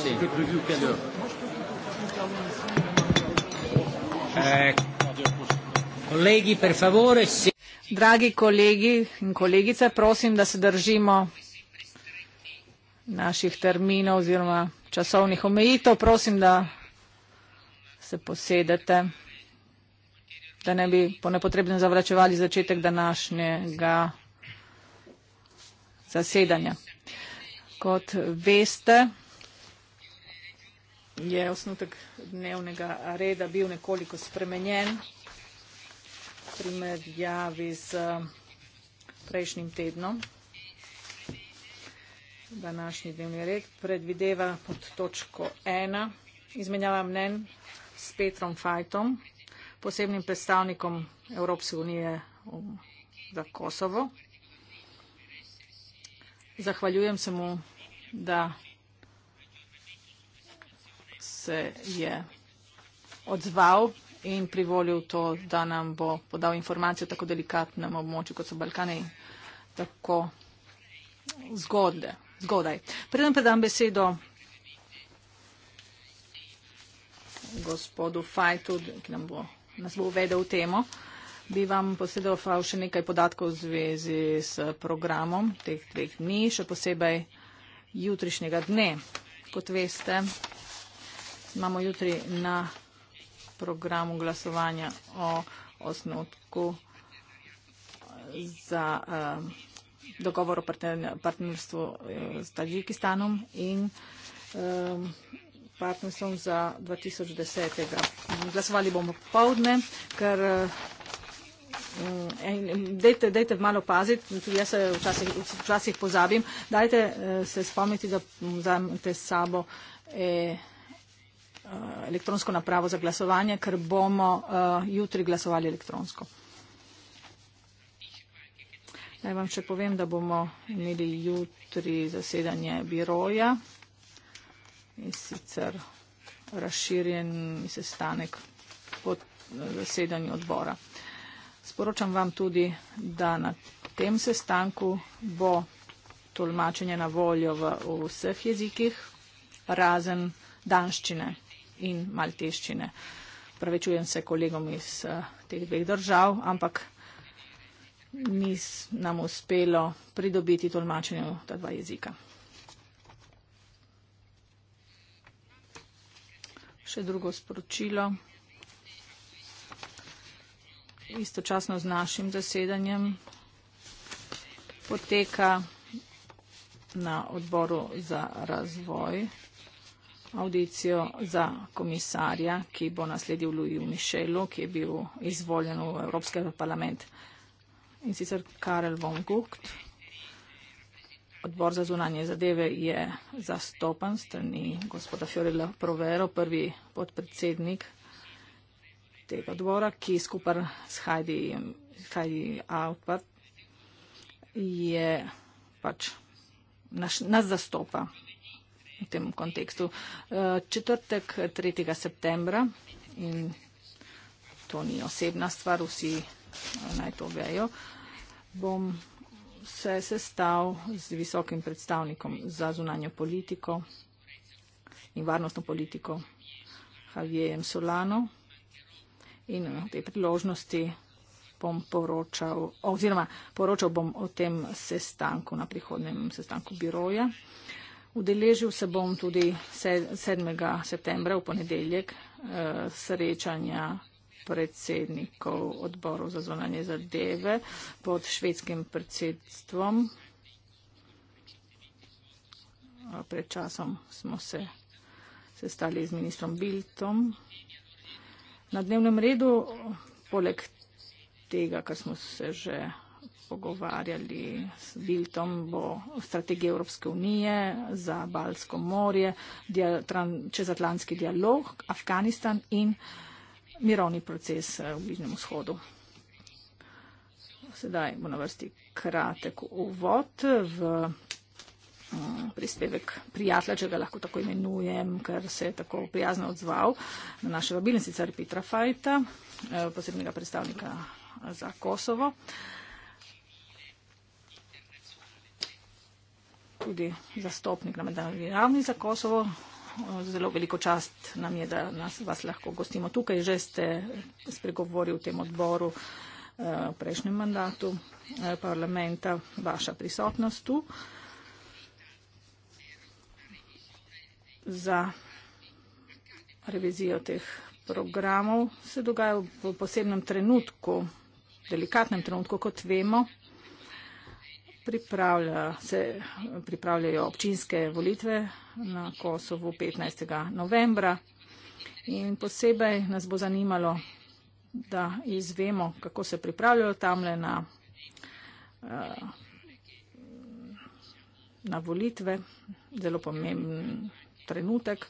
Sì. Che preview che ha? Eh, colleghi, per favore, sì. Dragi colleghi in kolegice, prosim, da se držimo naših terminov oziroma časovnih omejitev. Prosim, da se posedete, da ne bi po nepotrebnem zavračevali začetek današnjega zasedanja. Kot veste, je osnutek dnevnega reda bil nekoliko spremenjen v primerjavi z eh, prejšnjim tednom. Današnji dnevni red predvideva pod točko ena izmenjava mnen s Petrom Fajtom, posebnim predstavnikom Evropske unije za Kosovo. Zahvaljujem se mu, da se je odzval in privolil to, da nam bo podal informacijo o tako delikatnem območju, kot so Balkani, tako zgodle, zgodaj. Predem predam besedo gospodu Fajtu, ki nam bo, nas bo uvedel v temo. Bi vam posedel fal še nekaj podatkov v zvezi s programom teh treh dni, še posebej jutrišnjega dne. Kot veste, imamo jutri na programu glasovanja o osnotku za eh, dogovor o partnerstvu eh, s Tadžikistanom in eh, partnerstvom za 2010. Glasovali bomo povdne, ker eh, dejte, dejte malo paziti, tudi jaz se včasih, včasih pozabim, dajte eh, se spomniti, da vzamete s sabo eh, Eh, elektronsko napravo za glasovanje, ker bomo eh, jutri glasovali elektronsko. Naj vam še povem, da bomo imeli jutri zasedanje biroja in sicer razširjen sestanek po eh, zasedanju odbora. Sporočam vam tudi, da na tem sestanku bo tolmačenje na voljo v vseh jezikih, razen danščine in malteščine. Pravečujem se kolegom iz uh, teh dveh držav, ampak ni nam uspelo pridobiti tolmačenja ta dva jezika. Še drugo sporočilo. Istočasno z našim zasedanjem poteka na odboru za razvoj audicijo za komisarja, ki bo nasledil Louis Michelu, ki je bil izvoljen v Evropski parlament. In sicer Karel von Gucht, odbor za zunanje zadeve je zastopan strani gospoda Fiorella Provero, prvi podpredsednik tega odbora, ki skupaj s Heidi, Heidi Alpert je pač naš, nas zastopa v tem kontekstu. Eh, četrtek 3. septembra in to ni osebna stvar, vsi eh, naj to vejo, bom se sestal z visokim predstavnikom za zunanjo politiko in varnostno politiko Javijem Solano in v tej priložnosti bom poročal, oziroma poročal bom o tem sestanku na prihodnem sestanku biroja. Udeležil se bom tudi 7. septembra v ponedeljek eh, srečanja predsednikov odborov za zvonanje zadeve pod švedskim predsedstvom. Eh, pred časom smo se sestali z ministrom Biltom. Na dnevnem redu, poleg tega, kar smo se že pogovarjali s Viltom, bo strategija Evropske unije za Balsko morje, čezatlantski dialog, Afganistan in mirovni proces eh, v Bližnjem vzhodu. Sedaj bo na vrsti kratek uvod v mm, prispevek prijatelja, če ga lahko tako imenujem, ker se je tako prijazno odzval na naše vabilnice, sicer Petra Fajta, eh, posebnega predstavnika za Kosovo. Uh, tudi zastopnik na mednarodni ravni za Kosovo. Zelo veliko čast nam je, da nas, vas lahko gostimo tukaj. Že ste spregovorili v tem odboru eh, v prejšnjem mandatu eh, parlamenta, vaša prisotnost tu. Za revizijo teh programov se dogaja v posebnem trenutku, delikatnem trenutku, kot vemo, pripravlja, se pripravljajo občinske volitve na Kosovo 15. novembra. In posebej nas bo zanimalo, da izvemo, kako se pripravljajo tamle na, eh, na volitve. Zelo pomemben trenutek.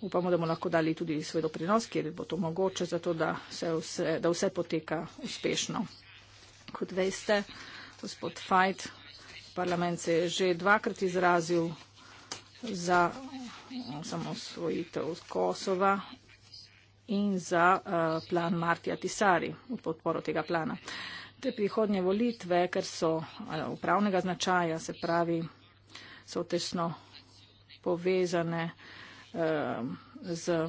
Upamo, da bomo lahko dali tudi svoj doprinos, kjer bo to mogoče, zato da, vse, da vse poteka uspešno. Kot veste, gospod Fajt, parlament se je že dvakrat izrazil za samosvojitev Kosova in za uh, plan Martija Tisari v podporo tega plana. Te prihodnje volitve, ker so uh, upravnega značaja, se pravi, so tesno povezane uh, z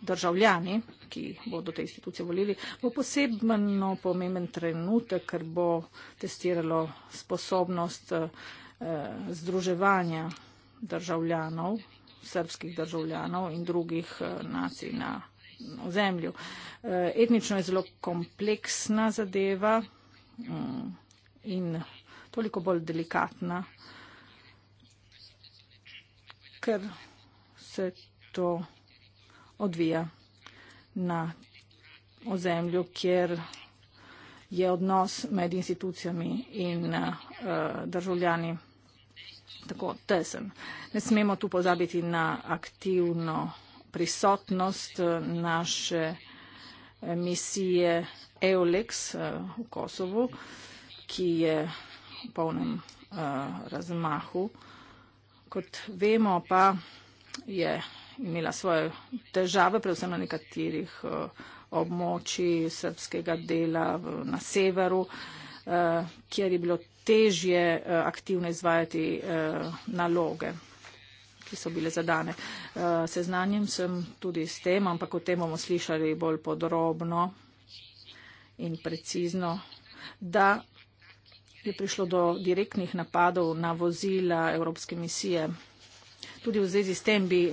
državljani, ki bodo te institucije volili, bo posebno pomemben trenutek, ker bo testiralo sposobnost eh, združevanja državljanov, srpskih državljanov in drugih eh, nacij na ozemlju. Eh, etnično je zelo kompleksna zadeva mm, in toliko bolj delikatna, ker se to odvija na ozemlju, kjer je odnos med institucijami in uh, državljani tako tesen. Ne smemo tu pozabiti na aktivno prisotnost eh, naše eh, misije EOLEX v Kosovu, ki je v polnem uh, razmahu. Kot vemo, pa je imela svoje težave, predvsem na nekaterih eh, območji srpskega dela na severu, eh, kjer je bilo težje eh, aktivno izvajati naloge, ki so bile zadane. Seznanjem sem tudi s tem, ampak o tem bomo slišali bolj podrobno in precizno, da je prišlo do direktnih napadov na vozila Evropske misije Tudi v zvezi s tem bi uh,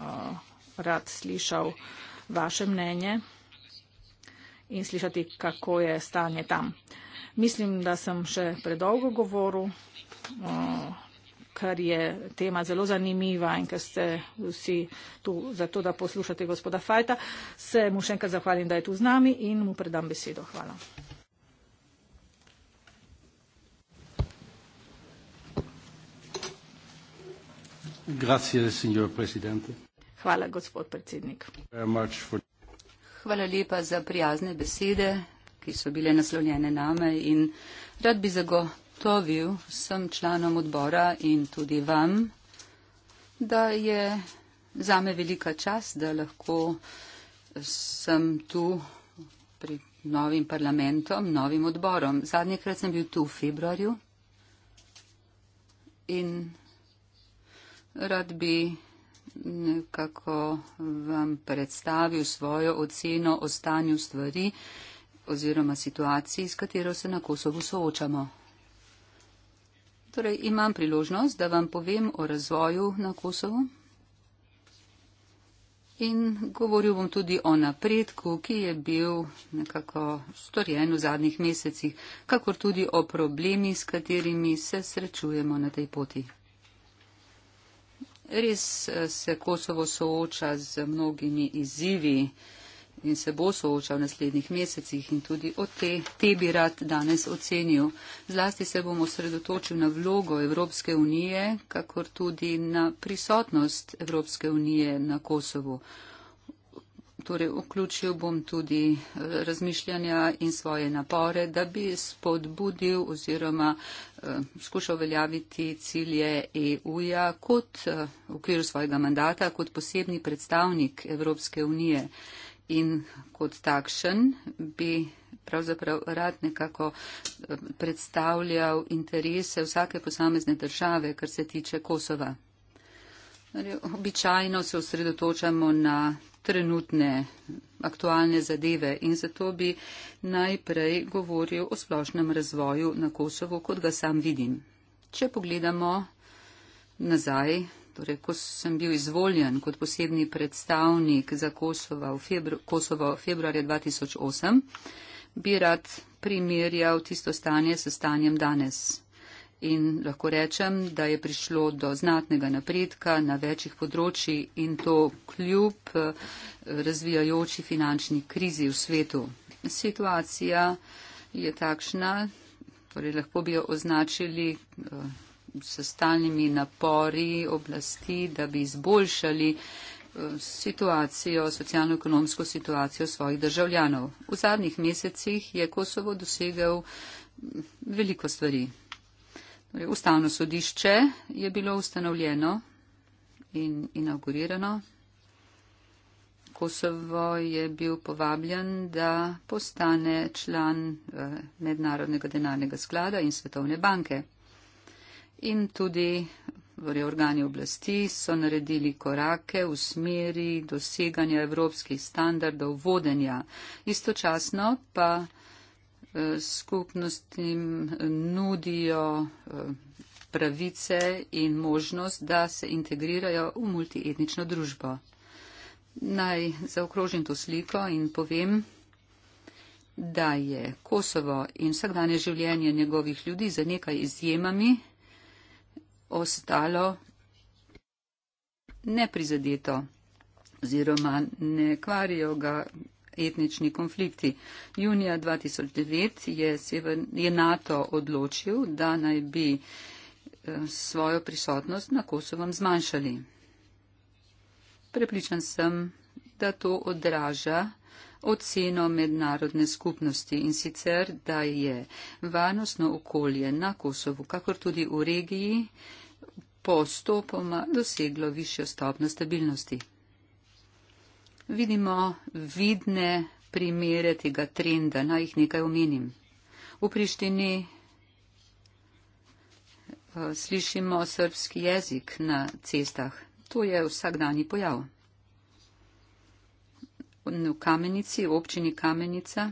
uh, rad slišal vaše mnenje in slišati, kako je stanje tam. Mislim, da sem še predolgo govoril, uh, ker je tema zelo zanimiva in ker ste vsi tu zato, da poslušate gospoda Fajta. Se mu še enkrat zahvalim, da je tu z nami in mu predam besedo. Hvala. Hvala, gospod predsednik. Hvala lepa za prijazne besede, ki so bile naslovljene name in rad bi zagotovil vsem članom odbora in tudi vam, da je zame velika čas, da lahko sem tu pri novim parlamentom, novim odborom. Zadnjikrat sem bil tu v februarju in Rad bi nekako vam predstavil svojo oceno o stanju stvari oziroma situaciji, s katero se na Kosovu soočamo. Torej, imam priložnost, da vam povem o razvoju na Kosovu in govoril bom tudi o napredku, ki je bil nekako storjen v zadnjih mesecih, kakor tudi o problemi, s katerimi se srečujemo na tej poti. Res eh, se Kosovo sooča z mnogimi izzivi in se bo soočal v naslednjih mesecih in tudi o te, te bi rad danes ocenil. Zlasti se bomo sredotočili na vlogo Evropske unije, kakor tudi na prisotnost Evropske unije na Kosovu. Torej, vključil bom tudi eh, razmišljanja in svoje napore, da bi spodbudil oziroma eh, skušal veljaviti cilje EU-ja kot eh, v okviru svojega mandata, kot posebni predstavnik Evropske unije in kot takšen bi pravzaprav rad nekako eh, predstavljal interese vsake posamezne države, kar se tiče Kosova. Torej, običajno se osredotočamo na trenutne aktualne zadeve in zato bi najprej govoril o splošnem razvoju na Kosovo, kot ga sam vidim. Če pogledamo nazaj, torej ko sem bil izvoljen kot posebni predstavnik za Kosovo, febru, Kosovo februarja 2008, bi rad primerjal tisto stanje s stanjem danes in lahko rečem, da je prišlo do znatnega napredka na večjih področjih in to kljub eh, razvijajoči finančni krizi v svetu. Situacija je takšna, torej lahko bi jo označili eh, s stalnimi napori oblasti, da bi izboljšali eh, situacijo, socialno-ekonomsko situacijo svojih državljanov. V zadnjih mesecih je Kosovo dosegel mm, veliko stvari. Ustavno sodišče je bilo ustanovljeno in inaugurirano. Kosovo je bil povabljen, da postane član eh, Mednarodnega denarnega sklada in Svetovne banke. In tudi torej, organi oblasti so naredili korake v smeri doseganja evropskih standardov vodenja. Istočasno pa skupnostim nudijo eh, pravice in možnost, da se integrirajo v multietnično družbo. Naj zaokrožim to sliko in povem, da je Kosovo in vsakdanje življenje njegovih ljudi za nekaj izjemami ostalo neprizadeto oziroma ne kvarijo ga etnični konflikti. Junija 2009 je, sever, je NATO odločil, da naj bi eh, svojo prisotnost na Kosovem zmanjšali. Prepričan sem, da to odraža oceno mednarodne skupnosti in sicer, da je varnostno okolje na Kosovu, kakor tudi v regiji, postopoma doseglo višjo stopno stabilnosti. Vidimo vidne primere tega trenda, naj jih nekaj omenim. V Prištini eh, slišimo srpski jezik na cestah. To je vsakdani pojav. V kamenici, v občini kamenica,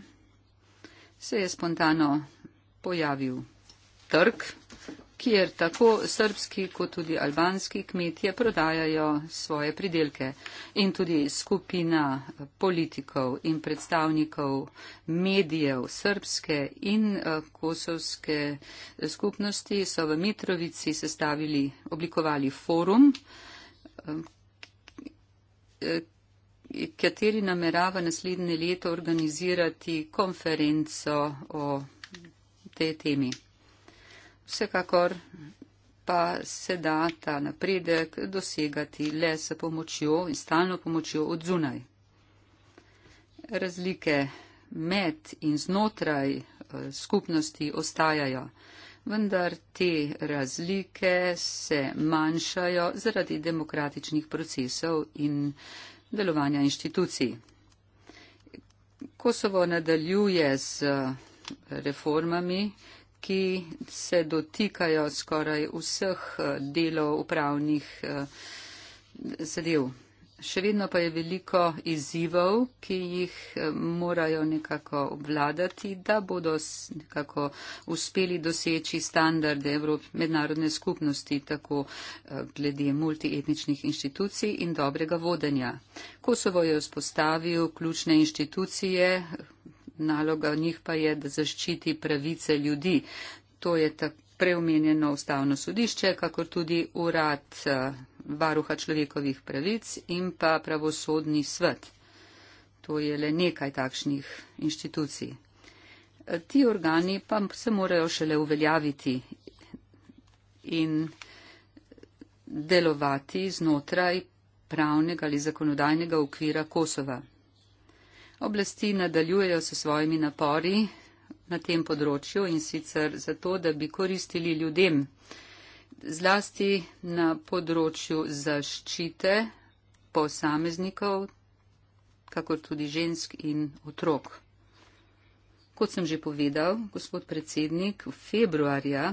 se je spontano pojavil trg kjer tako srbski kot tudi albanski kmetje prodajajo svoje pridelke. In tudi skupina politikov in predstavnikov medijev srbske in eh, kosovske eh, skupnosti so v Mitrovici sestavili, oblikovali forum, eh, kateri namerava naslednje leto organizirati konferenco o tej temi. Vsekakor pa se da ta napredek dosegati le s pomočjo in stalno pomočjo od zunaj. Razlike med in znotraj eh, skupnosti ostajajo, vendar te razlike se manjšajo zaradi demokratičnih procesov in delovanja inštitucij. Kosovo nadaljuje z eh, reformami, ki se dotikajo skoraj vseh eh, delov upravnih eh, zadev. Še vedno pa je veliko izzivov, ki jih eh, morajo nekako obvladati, da bodo nekako uspeli doseči standarde Evrop mednarodne skupnosti, tako glede multietničnih inštitucij in dobrega vodenja. Kosovo je vzpostavil ključne inštitucije, naloga njih pa je, da zaščiti pravice ljudi. To je tako preomenjeno ustavno sodišče, kakor tudi urad eh, varuha človekovih pravic in pa pravosodni svet. To je le nekaj takšnih inštitucij. Eh, ti organi pa se morajo šele uveljaviti in delovati znotraj pravnega ali zakonodajnega okvira Kosova. Oblasti nadaljujejo s svojimi napori na tem področju in sicer zato, da bi koristili ljudem. Zlasti na področju zaščite posameznikov, kakor tudi žensk in otrok. Kot sem že povedal, gospod predsednik, v februarja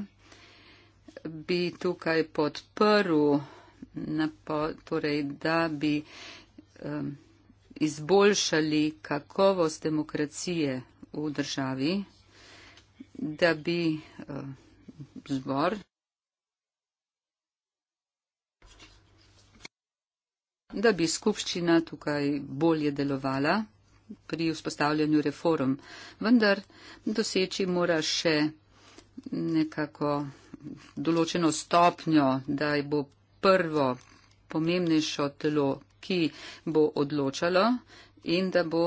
bi tukaj podprl, torej da bi. Um, izboljšali kakovost demokracije v državi, da bi uh, zbor da bi skupščina tukaj bolje delovala pri vzpostavljanju reform. Vendar doseči mora še nekako določeno stopnjo, da bo prvo pomembnejšo telo ki bo odločalo in da bo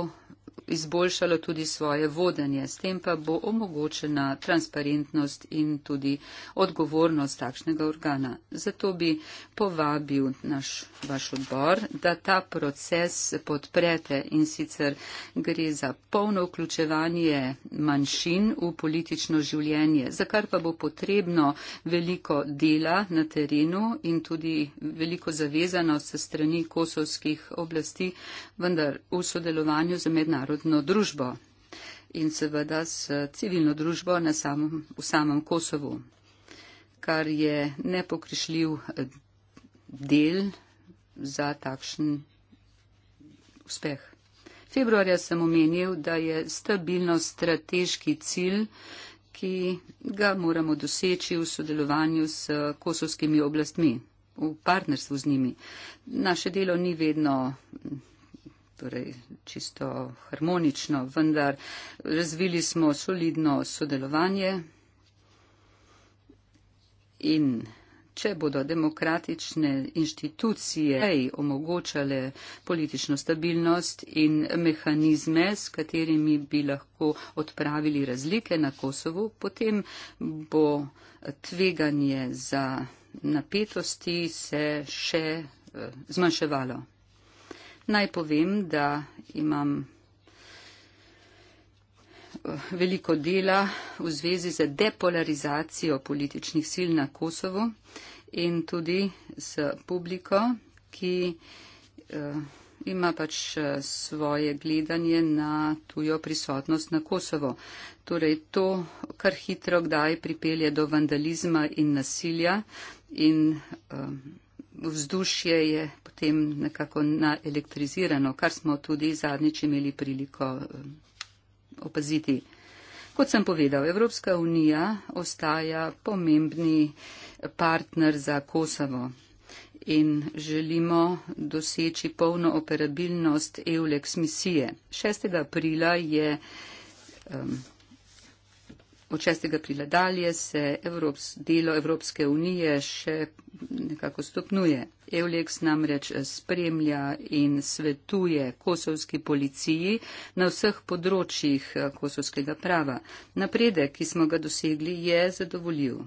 izboljšalo tudi svoje vodenje, s tem pa bo omogočena transparentnost in tudi odgovornost takšnega organa. Zato bi povabil naš, vaš odbor, da ta proces podprete in sicer gre za polno vključevanje manjšin v politično življenje, za kar pa bo potrebno veliko dela na terenu in tudi veliko zavezanost se strani kosovskih oblasti, vendar v sodelovanju z mednarodnimi mednarodno družbo in seveda s civilno družbo na samom, v samem Kosovu, kar je nepokrišljiv eh, del za takšen uspeh. Februarja sem omenil, da je stabilnost strateški cilj, ki ga moramo doseči v sodelovanju s kosovskimi oblastmi, v partnerstvu z njimi. Naše delo ni vedno torej čisto harmonično, vendar razvili smo solidno sodelovanje in če bodo demokratične inštitucije omogočale politično stabilnost in mehanizme, s katerimi bi lahko odpravili razlike na Kosovo, potem bo tveganje za napetosti se še eh, zmanjševalo. Naj povem, da imam eh, veliko dela v zvezi z depolarizacijo političnih sil na Kosovo in tudi s publiko, ki eh, ima pač eh, svoje gledanje na tujo prisotnost na Kosovo. Torej, to kar hitro kdaj pripelje do vandalizma in nasilja in uh, vzdušje je potem nekako naelektrizirano, kar smo tudi zadnjič imeli priliko eh, opaziti. Kot sem povedal, Evropska unija ostaja pomembni partner za Kosovo in želimo doseči polno operabilnost EULEX misije. 6. aprila je um, Od 6. aprila dalje se Evrops, delo Evropske unije še nekako stopnjuje. Eulex namreč spremlja in svetuje kosovski policiji na vseh področjih eh, kosovskega prava. Napredek, ki smo ga dosegli, je zadovoljiv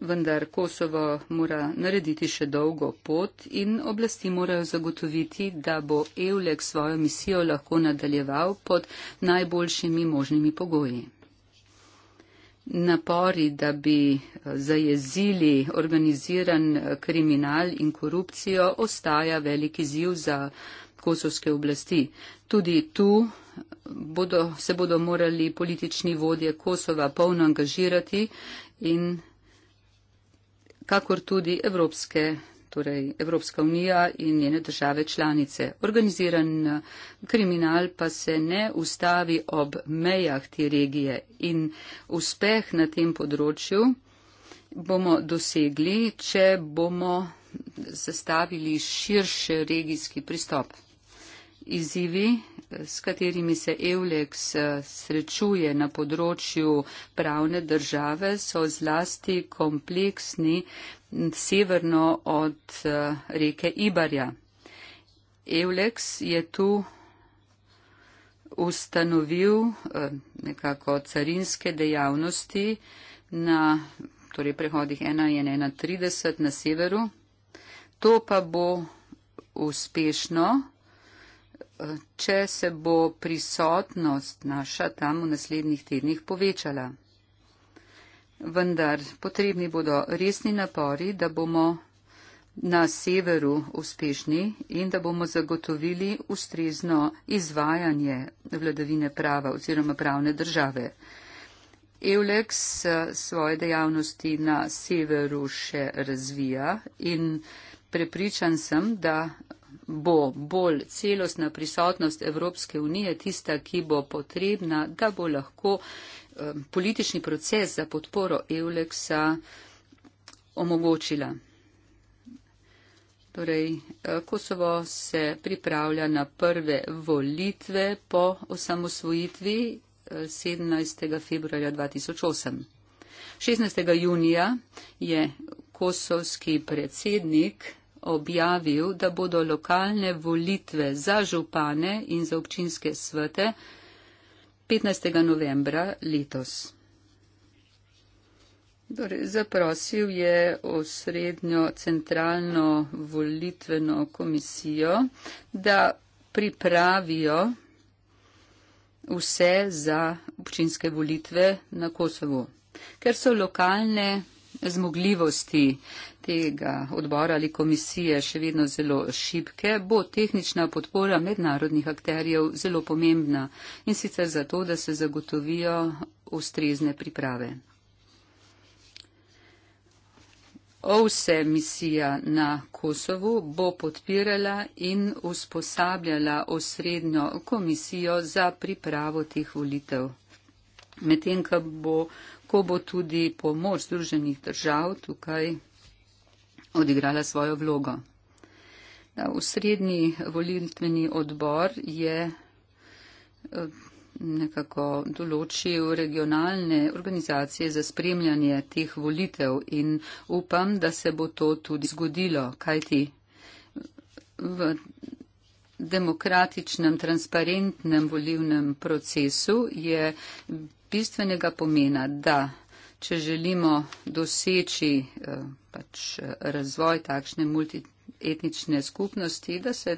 vendar Kosovo mora narediti še dolgo pot in oblasti morajo zagotoviti, da bo Eulek svojo misijo lahko nadaljeval pod najboljšimi možnimi pogoji. Napori, da bi eh, zajezili organiziran eh, kriminal in korupcijo, ostaja veliki ziv za kosovske oblasti. Tudi tu eh, bodo, se bodo morali politični vodje Kosova polno angažirati in kakor tudi Evropske, torej Evropska unija in njene države članice. Organiziran eh, kriminal pa se ne ustavi ob mejah te regije in uspeh na tem področju bomo dosegli, če bomo zastavili širše regijski pristop izzivi, s katerimi se Eulex eh, srečuje na področju pravne države, so zlasti kompleksni severno od eh, reke Ibarja. Eulex je tu ustanovil eh, nekako carinske dejavnosti na torej prehodih 1 in 31 na severu. To pa bo uspešno če se bo prisotnost naša tam v naslednjih tednih povečala. Vendar potrebni bodo resni napori, da bomo na severu uspešni in da bomo zagotovili ustrezno izvajanje vladavine prava oziroma pravne države. Eulex eh, svoje dejavnosti na severu še razvija in prepričan sem, da bo bolj celostna prisotnost Evropske unije tista, ki bo potrebna, da bo lahko um, politični proces za podporo Euleksa omogočila. Torej, e, Kosovo se pripravlja na prve volitve po osamosvojitvi 17. E, februarja 2008. 16. junija je kosovski predsednik objavil, da bodo lokalne volitve za župane in za občinske svete 15. novembra letos. Dore, zaprosil je osrednjo centralno volitveno komisijo, da pripravijo vse za občinske volitve na Kosovo. Ker so lokalne zmogljivosti tega odbora ali komisije še vedno zelo šibke, bo tehnična podpora mednarodnih akterjev zelo pomembna in sicer zato, da se zagotovijo ustrezne priprave. OVSE misija na Kosovo bo podpirala in usposabljala osrednjo komisijo za pripravo teh volitev. Medtem, ko bo ko bo tudi pomoč Združenih držav tukaj odigrala svojo vlogo. Da, v srednji volitveni odbor je eh, nekako določil regionalne organizacije za spremljanje teh volitev in upam, da se bo to tudi zgodilo, kajti v demokratičnem, transparentnem volivnem procesu je bistvenega pomena, da če želimo doseči eh, pač, eh, razvoj takšne multietnične skupnosti, da se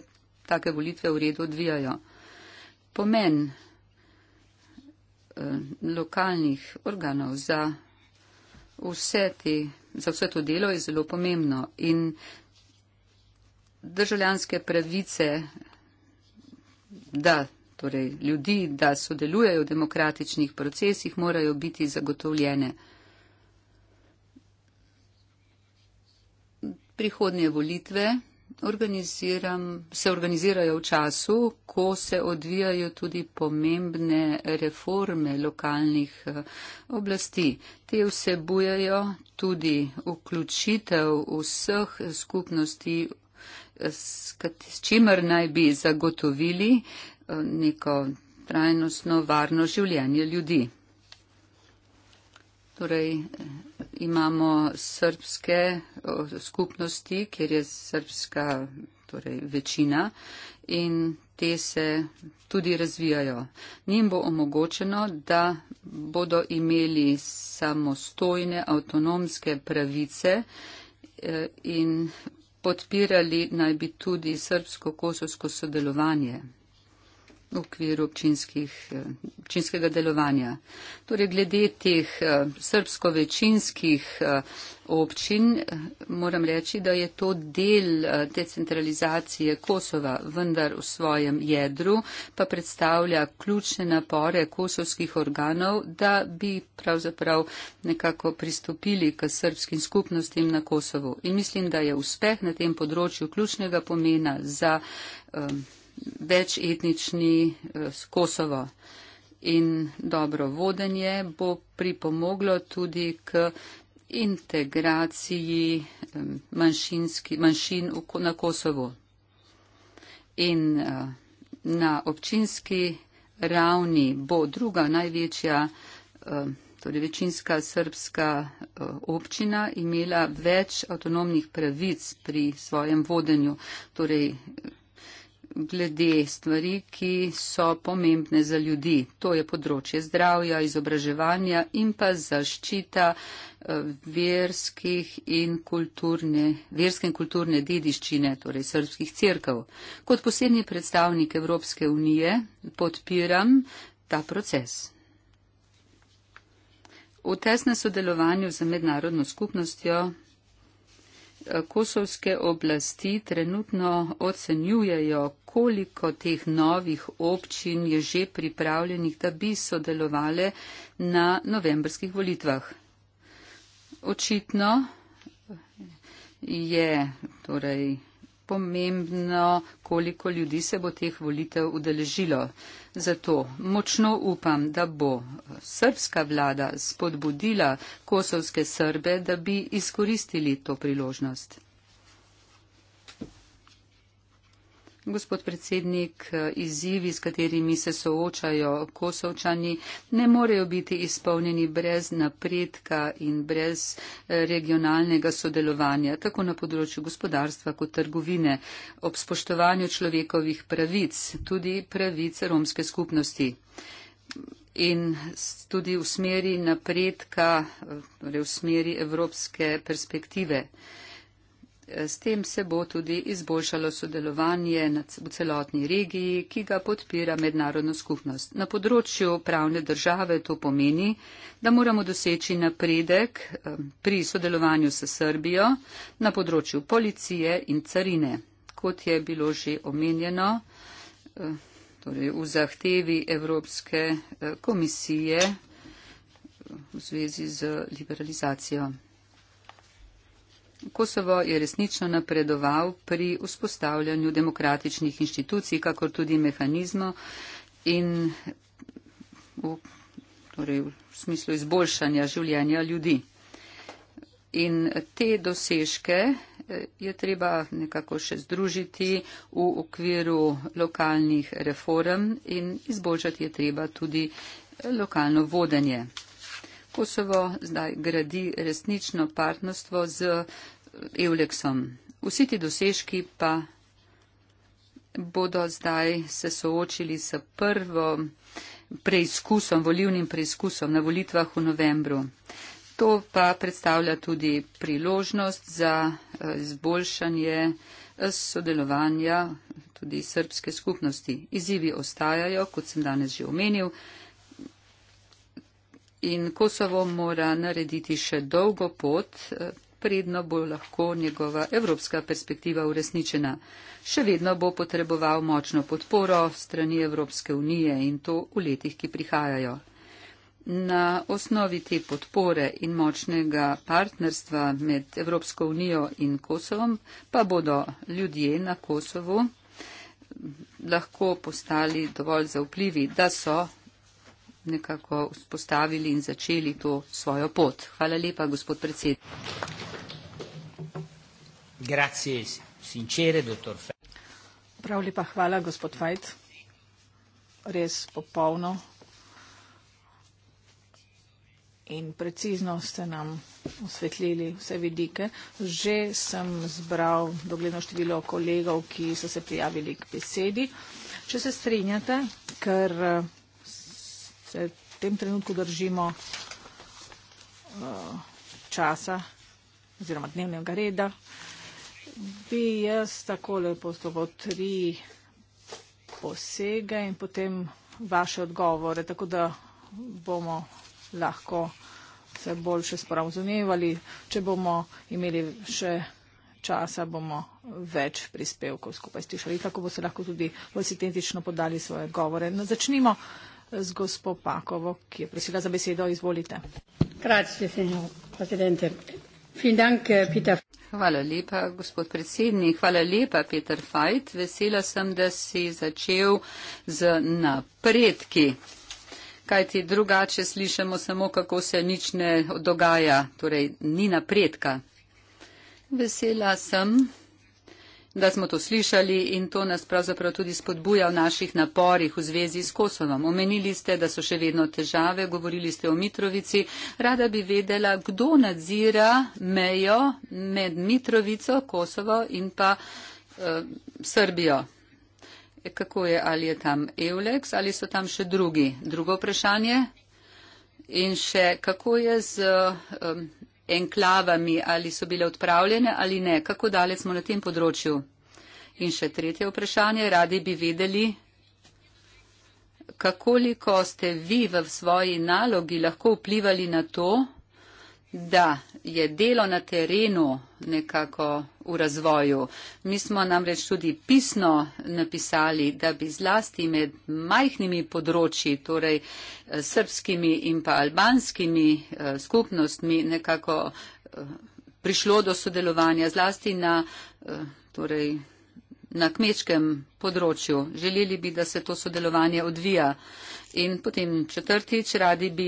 take volitve v redu odvijajo. Pomen eh, lokalnih organov za vse, te, za vse to delo je zelo pomembno in državljanske pravice, da torej ljudi, da sodelujejo v demokratičnih procesih, morajo biti zagotovljene. Prihodnje volitve se organizirajo v času, ko se odvijajo tudi pomembne reforme lokalnih eh, oblasti. Te vsebujejo tudi vključitev vseh skupnosti, s čimer naj bi zagotovili neko trajnostno, varno življenje ljudi. Torej, imamo srpske skupnosti, kjer je srpska torej, večina in te se tudi razvijajo. Njim bo omogočeno, da bodo imeli samostojne, avtonomske pravice e, in podpirali naj bi tudi srpsko-kosovsko sodelovanje v okviru eh, občinskega delovanja. Torej, glede teh eh, srbsko-večinskih eh, občin, moram reči, da je to del decentralizacije Kosova, vendar v svojem jedru pa predstavlja ključne napore kosovskih organov, da bi pravzaprav nekako pristopili k srbskim skupnostim na Kosovu. In mislim, da je uspeh na tem področju ključnega pomena za. Um, večetnični eh, s Kosovo. In dobro vodenje bo pripomoglo tudi k integraciji manjšin na Kosovo. In eh, na občinski ravni bo druga največja, torej večinska srpska eh, občina imela več avtonomnih pravic pri svojem vodenju. Torej, glede stvari, ki so pomembne za ljudi. To je področje zdravja, izobraževanja in pa zaščita eh, verskih in kulturne, verske in kulturne dediščine, torej srpskih crkav. Kot posebni predstavnik Evropske unije podpiram ta proces. V tesnem sodelovanju z mednarodno skupnostjo kosovske oblasti trenutno ocenjujejo, koliko teh novih občin je že pripravljenih, da bi sodelovali na novembrskih volitvah. Očitno je torej pomembno, koliko ljudi se bo teh volitev udeležilo. Zato močno upam, da bo srpska vlada spodbudila kosovske Srbe, da bi izkoristili to priložnost. Gospod predsednik, eh, izzivi, s katerimi se soočajo kosovčani, ne morejo biti izpolnjeni brez napredka in brez eh, regionalnega sodelovanja, tako na področju gospodarstva kot trgovine, ob spoštovanju človekovih pravic, tudi pravic romske skupnosti in tudi v smeri napredka, eh, torej v smeri evropske perspektive. S tem se bo tudi izboljšalo sodelovanje v celotni regiji, ki ga podpira mednarodna skupnost. Na področju pravne države to pomeni, da moramo doseči napredek pri sodelovanju s Srbijo na področju policije in carine, kot je bilo že omenjeno torej v zahtevi Evropske eh, komisije v zvezi z liberalizacijo. Kosovo je resnično napredoval pri vzpostavljanju demokratičnih inštitucij, kakor tudi mehanizmo in v, torej v smislu izboljšanja življenja ljudi. In te dosežke eh, je treba nekako še združiti v okviru lokalnih reform in izboljšati je treba tudi eh, lokalno vodenje. Kosovo zdaj gradi resnično partnerstvo z Euleksom. Vsi ti dosežki pa bodo zdaj se soočili s prvo preizkusom, volivnim preizkusom na volitvah v novembru. To pa predstavlja tudi priložnost za eh, izboljšanje eh, sodelovanja tudi srpske skupnosti. Izzivi ostajajo, kot sem danes že omenil, in Kosovo mora narediti še dolgo pot eh, predno bo lahko njegova evropska perspektiva uresničena. Še vedno bo potreboval močno podporo strani Evropske unije in to v letih, ki prihajajo. Na osnovi te podpore in močnega partnerstva med Evropsko unijo in Kosovom pa bodo ljudje na Kosovu lahko postali dovolj zaupljivi, da so nekako vzpostavili in začeli to svojo pot. Hvala lepa, gospod predsednik. Grazie sincere, dottor Fajt. Prav lepa hvala, gospod Fajt. Res popolno in precizno ste nam osvetlili vse vidike. Že sem zbral dogledno število kolegov, ki so se prijavili k besedi. Če se strinjate, ker eh, se v tem trenutku držimo eh, časa oziroma dnevnega reda, bi jaz takole postopo tri posege in potem vaše odgovore, tako da bomo lahko se boljše sporazumevali. Če bomo imeli še časa, bomo več prispevkov skupaj slišali. Tako bo se lahko tudi bolj sintetično podali svoje govore. No, začnimo z gospod Pakovo, ki je prosila za besedo. Izvolite. Grazie, signor Presidente. Vielen Dank, eh, Peter. Hvala lepa, gospod predsednik. Hvala lepa, Peter Fajt. Vesela sem, da si začel z napredki. Kaj ti drugače slišamo samo, kako se nič ne dogaja, torej ni napredka. Vesela sem, da smo to slišali in to nas pravzaprav tudi spodbuja v naših naporih v zvezi s Kosovom. Omenili ste, da so še vedno težave, govorili ste o Mitrovici. Rada bi vedela, kdo nadzira mejo med Mitrovico, Kosovo in pa eh, Srbijo. E, kako je, ali je tam Eulex, ali so tam še drugi? Drugo vprašanje. In še kako je z. Eh, enklavami, ali so bile odpravljene ali ne, kako daleč smo na tem področju. In še tretje vprašanje, radi bi vedeli, kakoliko ste vi v svoji nalogi lahko vplivali na to, da je delo na terenu nekako v razvoju. Mi smo namreč tudi pisno napisali, da bi zlasti med majhnimi področji, torej eh, srpskimi in pa albanskimi eh, skupnostmi, nekako eh, prišlo do sodelovanja zlasti na torej, na kmečkem področju. Želeli bi, da se to sodelovanje odvija. In potem četrtič, radi bi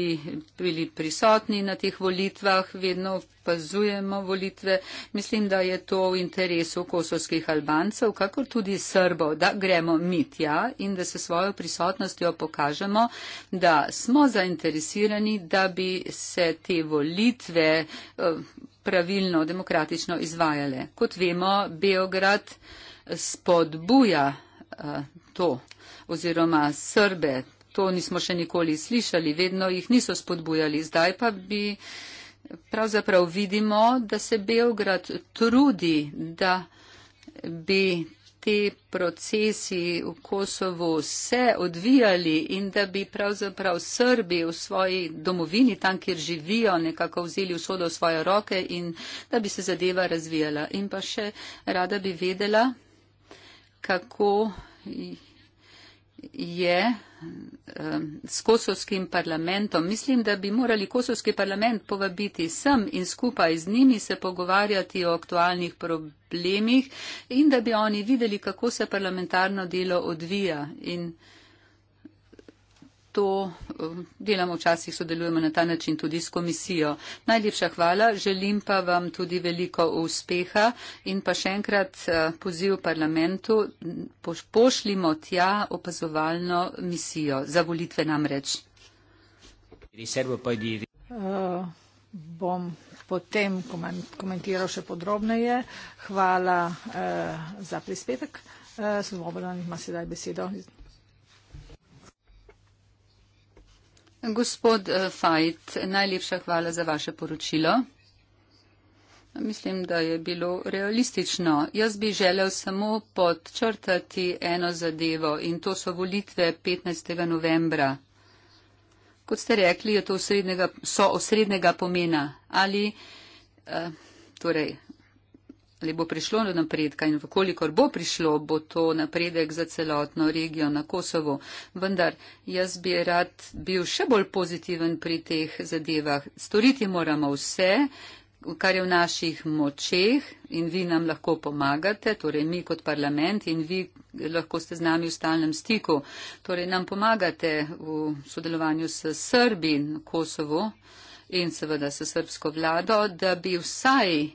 bili prisotni na teh volitvah, vedno pazujemo volitve. Mislim, da je to v interesu kosovskih Albancev, kakor tudi Srbov, da gremo mi tja in da se svojo prisotnostjo pokažemo, da smo zainteresirani, da bi se te volitve eh, pravilno, demokratično izvajale. Kot vemo, Beograd spodbuja eh, to oziroma srbe. To nismo še nikoli slišali, vedno jih niso spodbujali. Zdaj pa bi pravzaprav vidimo, da se Belgrad trudi, da bi te procesi v Kosovu se odvijali in da bi pravzaprav Srbi v svoji domovini, tam, kjer živijo, nekako vzeli usodo v svoje roke in da bi se zadeva razvijala. In pa še rada bi vedela, kako je s kosovskim parlamentom. Mislim, da bi morali kosovski parlament povabiti sem in skupaj z njimi se pogovarjati o aktualnih problemih in da bi oni videli, kako se parlamentarno delo odvija. In to um, delamo včasih, sodelujemo na ta način tudi s komisijo. Najlepša hvala, želim pa vam tudi veliko uspeha in pa še enkrat uh, poziv parlamentu, pošljimo tja opazovalno misijo za volitve namreč. Uh, bom potem komentiral še podrobneje. Hvala uh, za prispevek. Uh, Svobodan ima sedaj besedo. Gospod eh, Fajt, najlepša hvala za vaše poročilo. Mislim, da je bilo realistično. Jaz bi želel samo podčrtati eno zadevo in to so volitve 15. novembra. Kot ste rekli, je to osrednjega, so osrednjega pomena. Ali, eh, torej, ali bo prišlo do napredka in vkolikor bo prišlo, bo to napredek za celotno regijo na Kosovo. Vendar jaz bi rad bil še bolj pozitiven pri teh zadevah. Storiti moramo vse, kar je v naših močeh in vi nam lahko pomagate, torej mi kot parlament in vi lahko ste z nami v stalnem stiku. Torej nam pomagate v sodelovanju s Srbi na Kosovo in seveda s srbsko vlado, da bi vsaj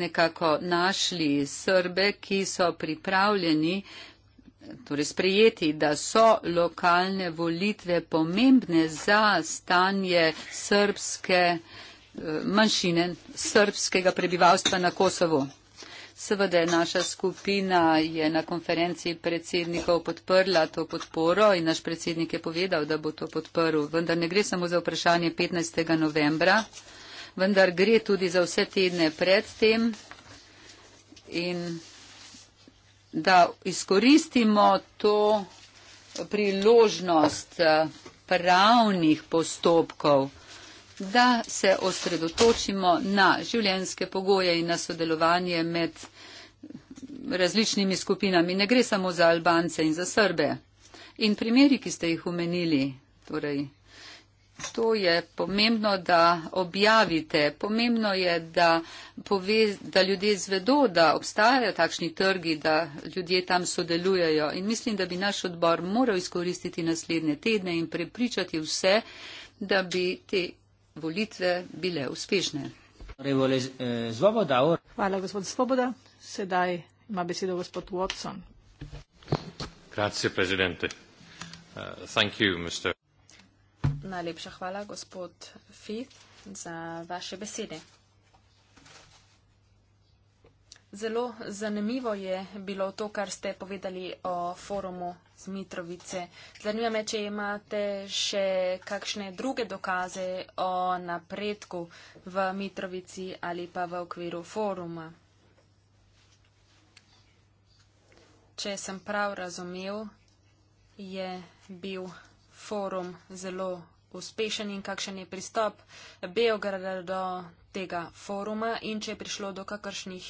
nekako našli Srbe, ki so pripravljeni torej sprejeti, da so lokalne volitve pomembne za stanje srbske eh, manjšine, srbskega prebivalstva na Kosovo. Seveda je naša skupina je na konferenciji predsednikov podprla to podporo in naš predsednik je povedal, da bo to podprl. Vendar ne gre samo za vprašanje 15. novembra, vendar gre tudi za vse tedne pred tem in da izkoristimo to priložnost eh, pravnih postopkov da se osredotočimo na življenske pogoje in na sodelovanje med različnimi skupinami. Ne gre samo za Albance in za Srbe. In primeri, ki ste jih omenili, torej. To je pomembno, da objavite. Pomembno je, da, pove, da ljudje zvedo, da obstajajo takšni trgi, da ljudje tam sodelujejo. In mislim, da bi naš odbor moral izkoristiti naslednje tedne in prepričati vse, da bi te volitve bile uspešne. Eh, hvala, gospod Svoboda. Sedaj ima besedo gospod Watson. Eh, Najlepša hvala, gospod Fith, za vaše besede. Zelo zanimivo je bilo to, kar ste povedali o forumu z Mitrovice. Zanima me, če imate še kakšne druge dokaze o napredku v Mitrovici ali pa v okviru foruma. Če sem prav razumel, je bil forum zelo uspešen in kakšen je pristop Beograda do tega foruma in če je prišlo do kakršnih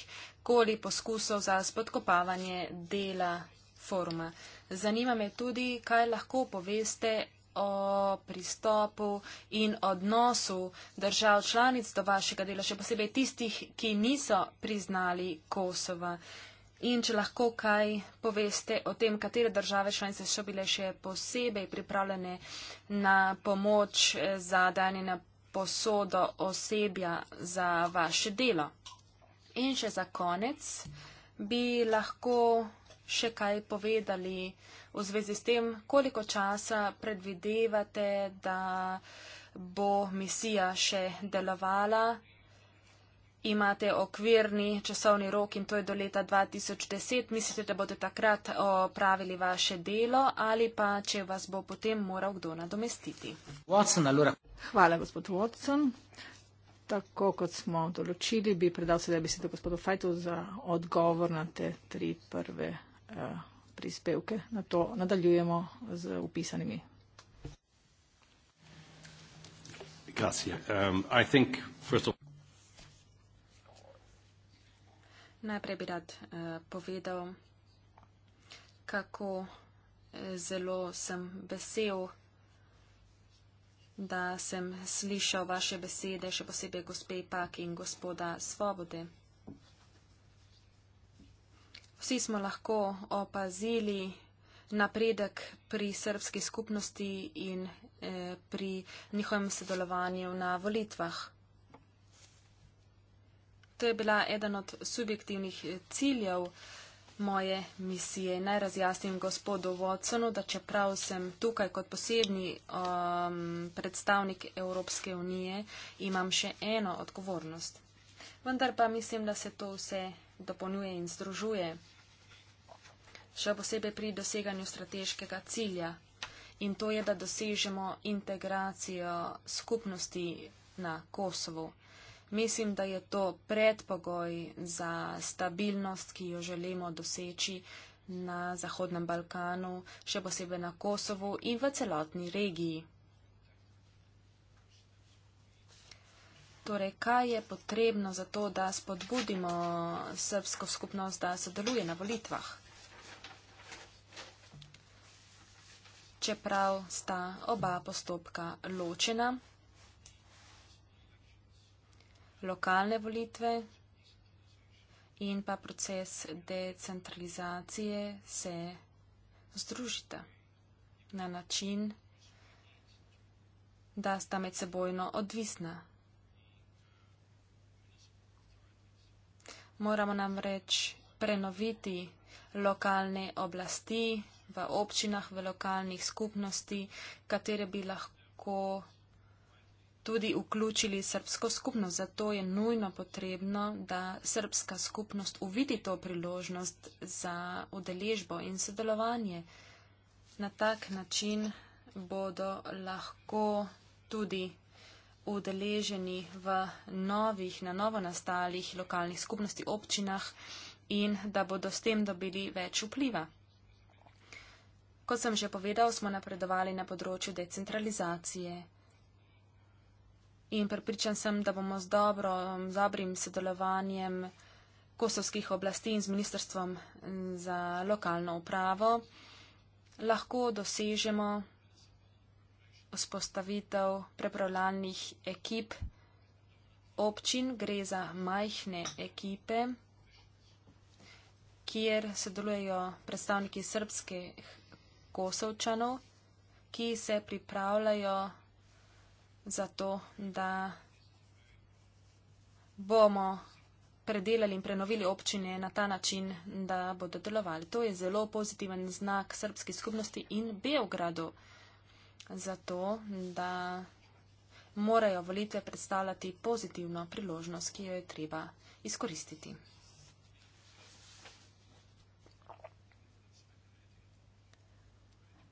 karkoli poskusov za spodkopavanje dela foruma. Zanima me tudi, kaj lahko poveste o pristopu in odnosu držav članic do vašega dela, še posebej tistih, ki niso priznali Kosova. In če lahko kaj poveste o tem, katere države članice so bile še posebej pripravljene na pomoč za danje na posodo osebja za vaše delo. In še za konec bi lahko še kaj povedali v zvezi s tem, koliko časa predvidevate, da bo misija še delovala. Imate okvirni časovni rok in to je do leta 2010. Mislite, da boste takrat opravili vaše delo ali pa, če vas bo potem moral kdo nadomestiti? Watson, Hvala, gospod Watson. Tako kot smo določili, bi predal sedaj besedo gospodu Fajtu za odgovor na te tri prve uh, prispevke. Na to nadaljujemo z upisanimi. Um, Najprej bi rad uh, povedal, kako eh, zelo sem vesel da sem slišal vaše besede, še posebej gospe Pak in gospoda Svobode. Vsi smo lahko opazili napredek pri srpski skupnosti in eh, pri njihovem sodelovanju na volitvah. To je bila eden od subjektivnih eh, ciljev eh, moje misije. Naj razjasnim gospodu Vodcenu, da čeprav sem tukaj kot posebni um, predstavnik Evropske unije, imam še eno odgovornost. Vendar pa mislim, da se to vse dopolnjuje in združuje, še posebej pri doseganju strateškega cilja. In to je, da dosežemo integracijo skupnosti na Kosovo. Mislim, da je to predpogoj za stabilnost, ki jo želimo doseči na Zahodnem Balkanu, še posebej na Kosovu in v celotni regiji. Torej, kaj je potrebno za to, da spodbudimo srbsko skupnost, da sodeluje na volitvah? Čeprav sta oba postopka ločena, lokalne volitve in pa proces decentralizacije se združita na način, da sta med sebojno odvisna. Moramo namreč prenoviti lokalne oblasti v občinah, v lokalnih skupnosti, katere bi lahko tudi vključili srpsko skupnost. Zato je nujno potrebno, da srpska skupnost uvidi to priložnost za udeležbo in sodelovanje. Na tak način bodo lahko tudi udeleženi v novih, na novo nastalih lokalnih skupnosti občinah in da bodo s tem dobili več vpliva. Kot sem že povedal, smo napredovali na področju decentralizacije in pripričan sem, da bomo z dobro, z dobrim sodelovanjem kosovskih oblasti in z Ministrstvom za lokalno upravo lahko dosežemo vzpostavitev prepravljalnih ekip občin, gre za majhne ekipe kjer sodelujejo predstavniki srpskih kosovčanov, ki se pripravljajo zato, da bomo predelali in prenovili občine na ta način, da bodo delovali. To je zelo pozitiven znak srpski skupnosti in Beogradu, zato, da morajo volitve predstavljati pozitivno priložnost, ki jo je treba izkoristiti.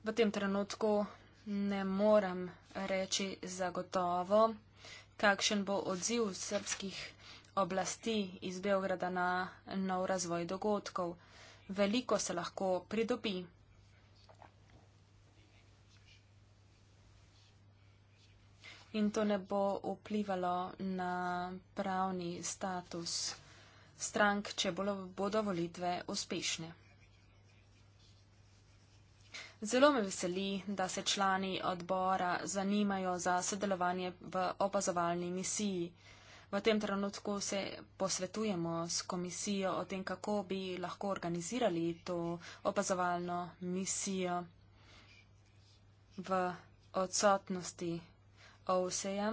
V tem trenutku ne morem reči zagotovo, kakšen bo odziv srpskih oblasti iz Beograda na nov razvoj dogodkov. Veliko se lahko pridobi. In to ne bo vplivalo na pravni status strank, če bodo volitve uspešne. Zelo me veseli, da se člani odbora zanimajo za sodelovanje v opazovalni misiji. V tem trenutku se posvetujemo s komisijo o tem, kako bi lahko organizirali to opazovalno misijo v odsotnosti OSEJA,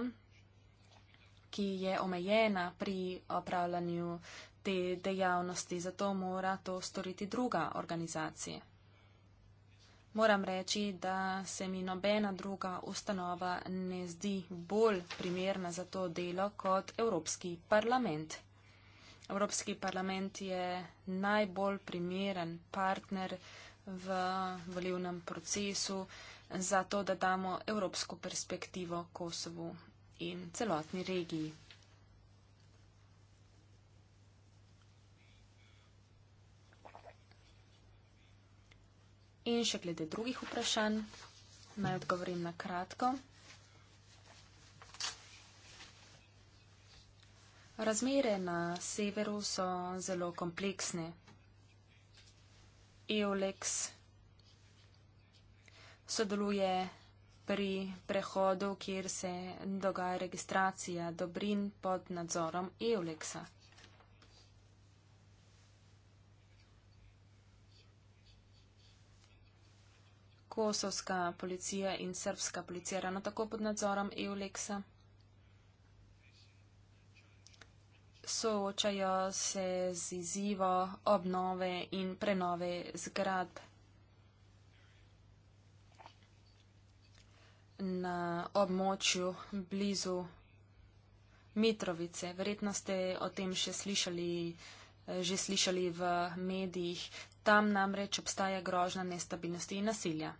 ki je omejena pri opravljanju te dejavnosti, zato mora to storiti druga organizacija. Moram reči, da se mi nobena druga ustanova ne zdi bolj primerna za to delo kot Evropski parlament. Evropski parlament je najbolj primeren partner v volivnem procesu za to, da damo evropsko perspektivo Kosovu in celotni regiji. In še glede drugih vprašanj, naj odgovorim na kratko. Razmere na severu so zelo kompleksne. EOLEX sodeluje pri prehodu, kjer se dogaja registracija dobrin pod nadzorom EOLEXa. kosovska policija in srpska policija ravno tako pod nadzorom EULEX-a. Soočajo se z izzivo obnove in prenove zgradb. Na območju blizu Mitrovice. Verjetno ste o tem še slišali, že slišali v medijih. Tam namreč obstaja grožna nestabilnosti in nasilja.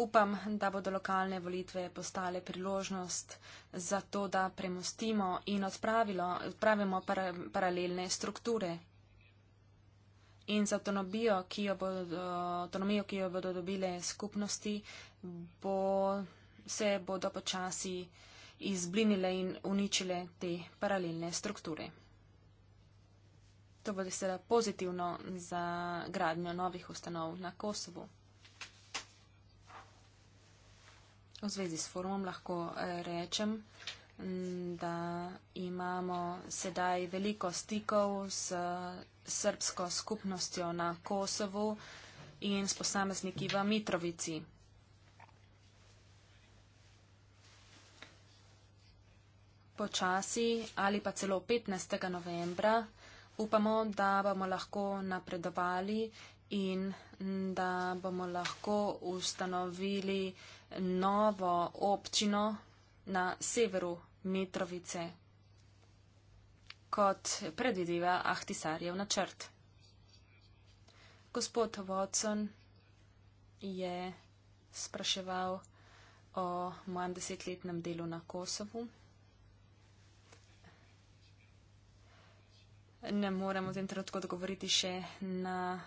Upam, da bodo lokalne volitve postale priložnost za to, da premostimo in odpravimo para, paralelne strukture. In za avtonomijo, ki jo bodo, avtonomijo, ki jo bodo dobile skupnosti, bo, se bodo počasi izblinile in uničile te paralelne strukture. To bo seveda pozitivno za gradnjo novih ustanov na Kosovo. V zvezi s forumom lahko eh, rečem, da imamo sedaj veliko stikov s eh, srbsko skupnostjo na Kosovu in s posamezniki v Mitrovici. Počasi ali pa celo 15. novembra upamo, da bomo lahko napredovali in da bomo lahko ustanovili novo občino na severu Metrovice, kot predvideva Ahtisarjev načrt. Gospod Watson je spraševal o manj desetletnem delu na Kosovu. Ne moremo v tem trenutku odgovoriti še na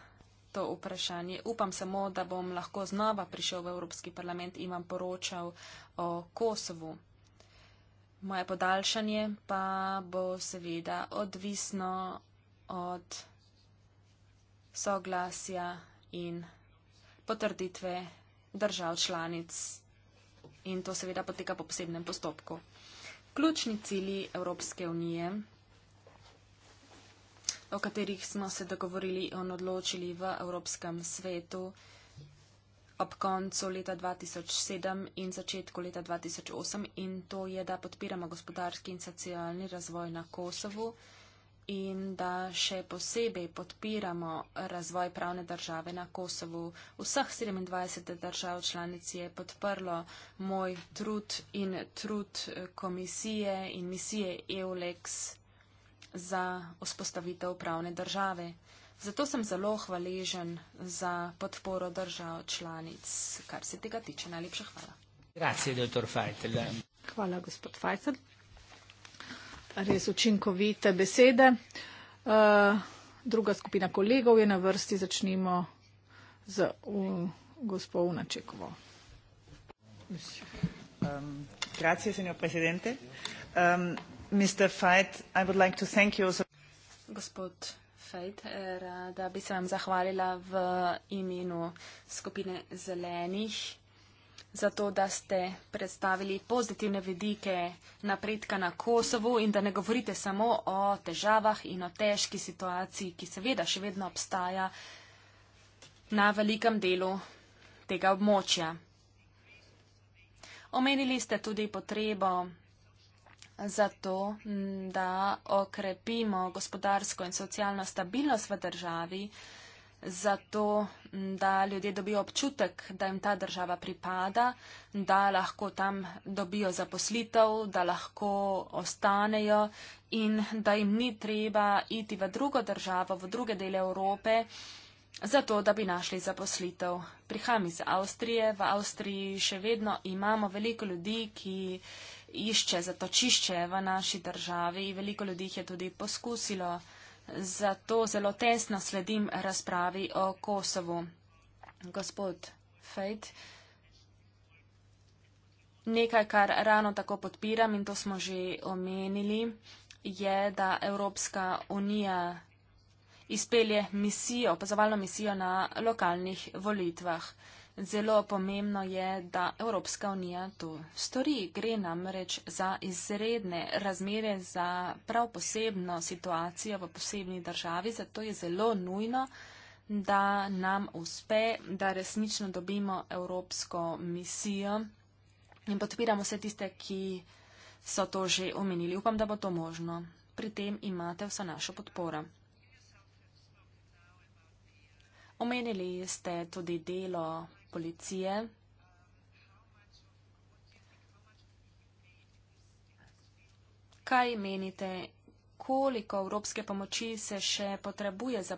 to vprašanje. Upam samo, da bom lahko znova prišel v Evropski parlament in vam poročal o Kosovu. Moje podaljšanje pa bo seveda odvisno od soglasja in potrditve držav članic. In to seveda poteka po posebnem postopku. Ključni cilji Evropske unije o katerih smo se dogovorili in odločili v Evropskem svetu ob koncu leta 2007 in začetku leta 2008 in to je, da podpiramo gospodarski in socialni razvoj na Kosovu in da še posebej podpiramo razvoj pravne države na Kosovu. Vseh 27 držav članic je podprlo moj trud in trud eh, komisije in misije EULEX za vzpostavitev pravne države. Zato sem zelo hvaležen za podporo držav članic, kar se tega tiče. Najlepša hvala. Grazie, dottor Feitel. Hvala, gospod Feitel. Res učinkovite besede. Uh, druga skupina kolegov je na vrsti. Začnimo z um, gospod Unačekovo. Um, grazie, senjor predsednik. Um, Gospod Fejt, rada bi se vam zahvalila v imenu skupine zelenih za to, da ste predstavili pozitivne vidike napredka na Kosovu in da ne govorite samo o težavah in o težki situaciji, ki seveda še vedno obstaja na velikem delu tega območja. Omenili ste tudi potrebo zato, da okrepimo gospodarsko in socialno stabilnost v državi, zato, da ljudje dobijo občutek, da jim ta država pripada, da lahko tam dobijo zaposlitev, da lahko ostanejo in da jim ni treba iti v drugo državo, v druge dele Evrope. Zato, da bi našli zaposlitev. Prihajam iz Avstrije. V Avstriji še vedno imamo veliko ljudi, ki išče zatočišče v naši državi. Veliko ljudi jih je tudi poskusilo, zato zelo tesno sledim razpravi o Kosovu. Gospod Fejt, nekaj, kar rano tako podpiram in to smo že omenili, je, da Evropska unija izpelje misijo, opazovalno misijo na lokalnih volitvah. Zelo pomembno je, da Evropska unija to stori. Gre namreč za izredne razmere, za prav posebno situacijo v posebni državi, zato je zelo nujno, da nam uspe, da resnično dobimo evropsko misijo in podpiramo vse tiste, ki so to že omenili. Upam, da bo to možno. Pri tem imate vso našo podporo. Omenili ste tudi delo policije. Kaj menite, koliko evropske pomoči se še potrebuje za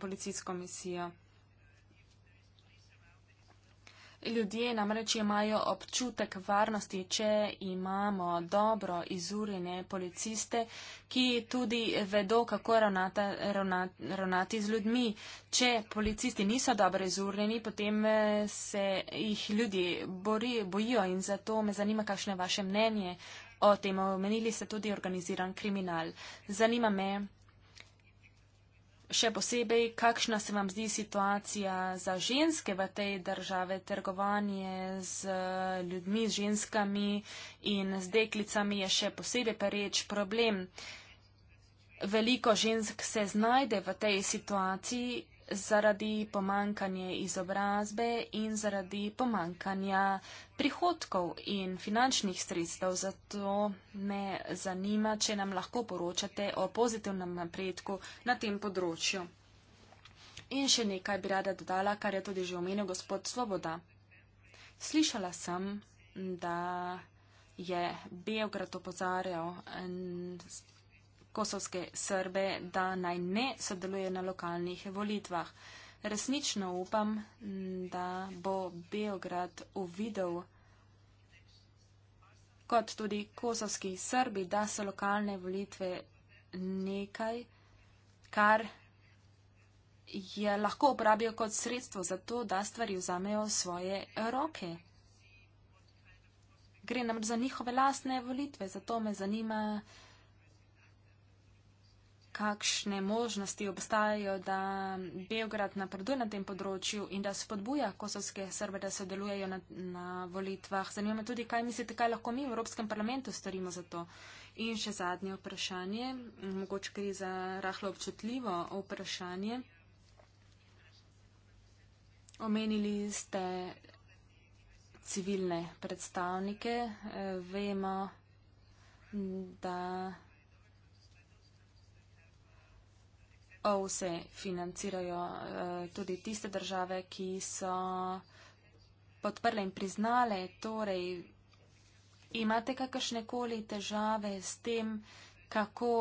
policijsko misijo? Ljudje namreč imajo občutek varnosti, če imamo dobro izurjene policiste, ki tudi vedo, kako ravnata, ravna, ravnati z ljudmi. Če policisti niso dobro izurjeni, potem eh, se jih ljudje bori, bojijo in zato me zanima, kakšno je vaše mnenje o tem. Omenili ste tudi organiziran kriminal. Zanima me še posebej, kakšna se vam zdi situacija za ženske v tej državi, trgovanje z eh, ljudmi, z ženskami in z deklicami je še posebej pereč problem. Veliko žensk se znajde v tej situaciji zaradi pomankanja izobrazbe in zaradi pomankanja prihodkov in finančnih sredstev. Zato me zanima, če nam lahko poročate o pozitivnem napredku na tem področju. In še nekaj bi rada dodala, kar je tudi že omenil gospod Svoboda. Slišala sem, da je Beograd opozarjal kosovske Srbe, da naj ne sodeluje na lokalnih volitvah. Resnično upam, da bo Beograd uvidel, kot tudi kosovski Srbi, da so lokalne volitve nekaj, kar je lahko uporabijo kot sredstvo za to, da stvari vzamejo svoje roke. Gre nam za njihove lastne volitve, zato me zanima, kakšne možnosti obstajajo, da Beograd napreduje na tem področju in da spodbuja kosovske srbe, da sodelujejo na, na volitvah. Zanima me tudi, kaj mislite, kaj lahko mi v Evropskem parlamentu storimo za to. In še zadnje vprašanje, mogoče gre za rahlo občutljivo vprašanje. Omenili ste civilne predstavnike. Vemo, da OVSE financirajo eh, tudi tiste države, ki so podprle in priznale. Torej, imate kakršne koli težave s tem, kako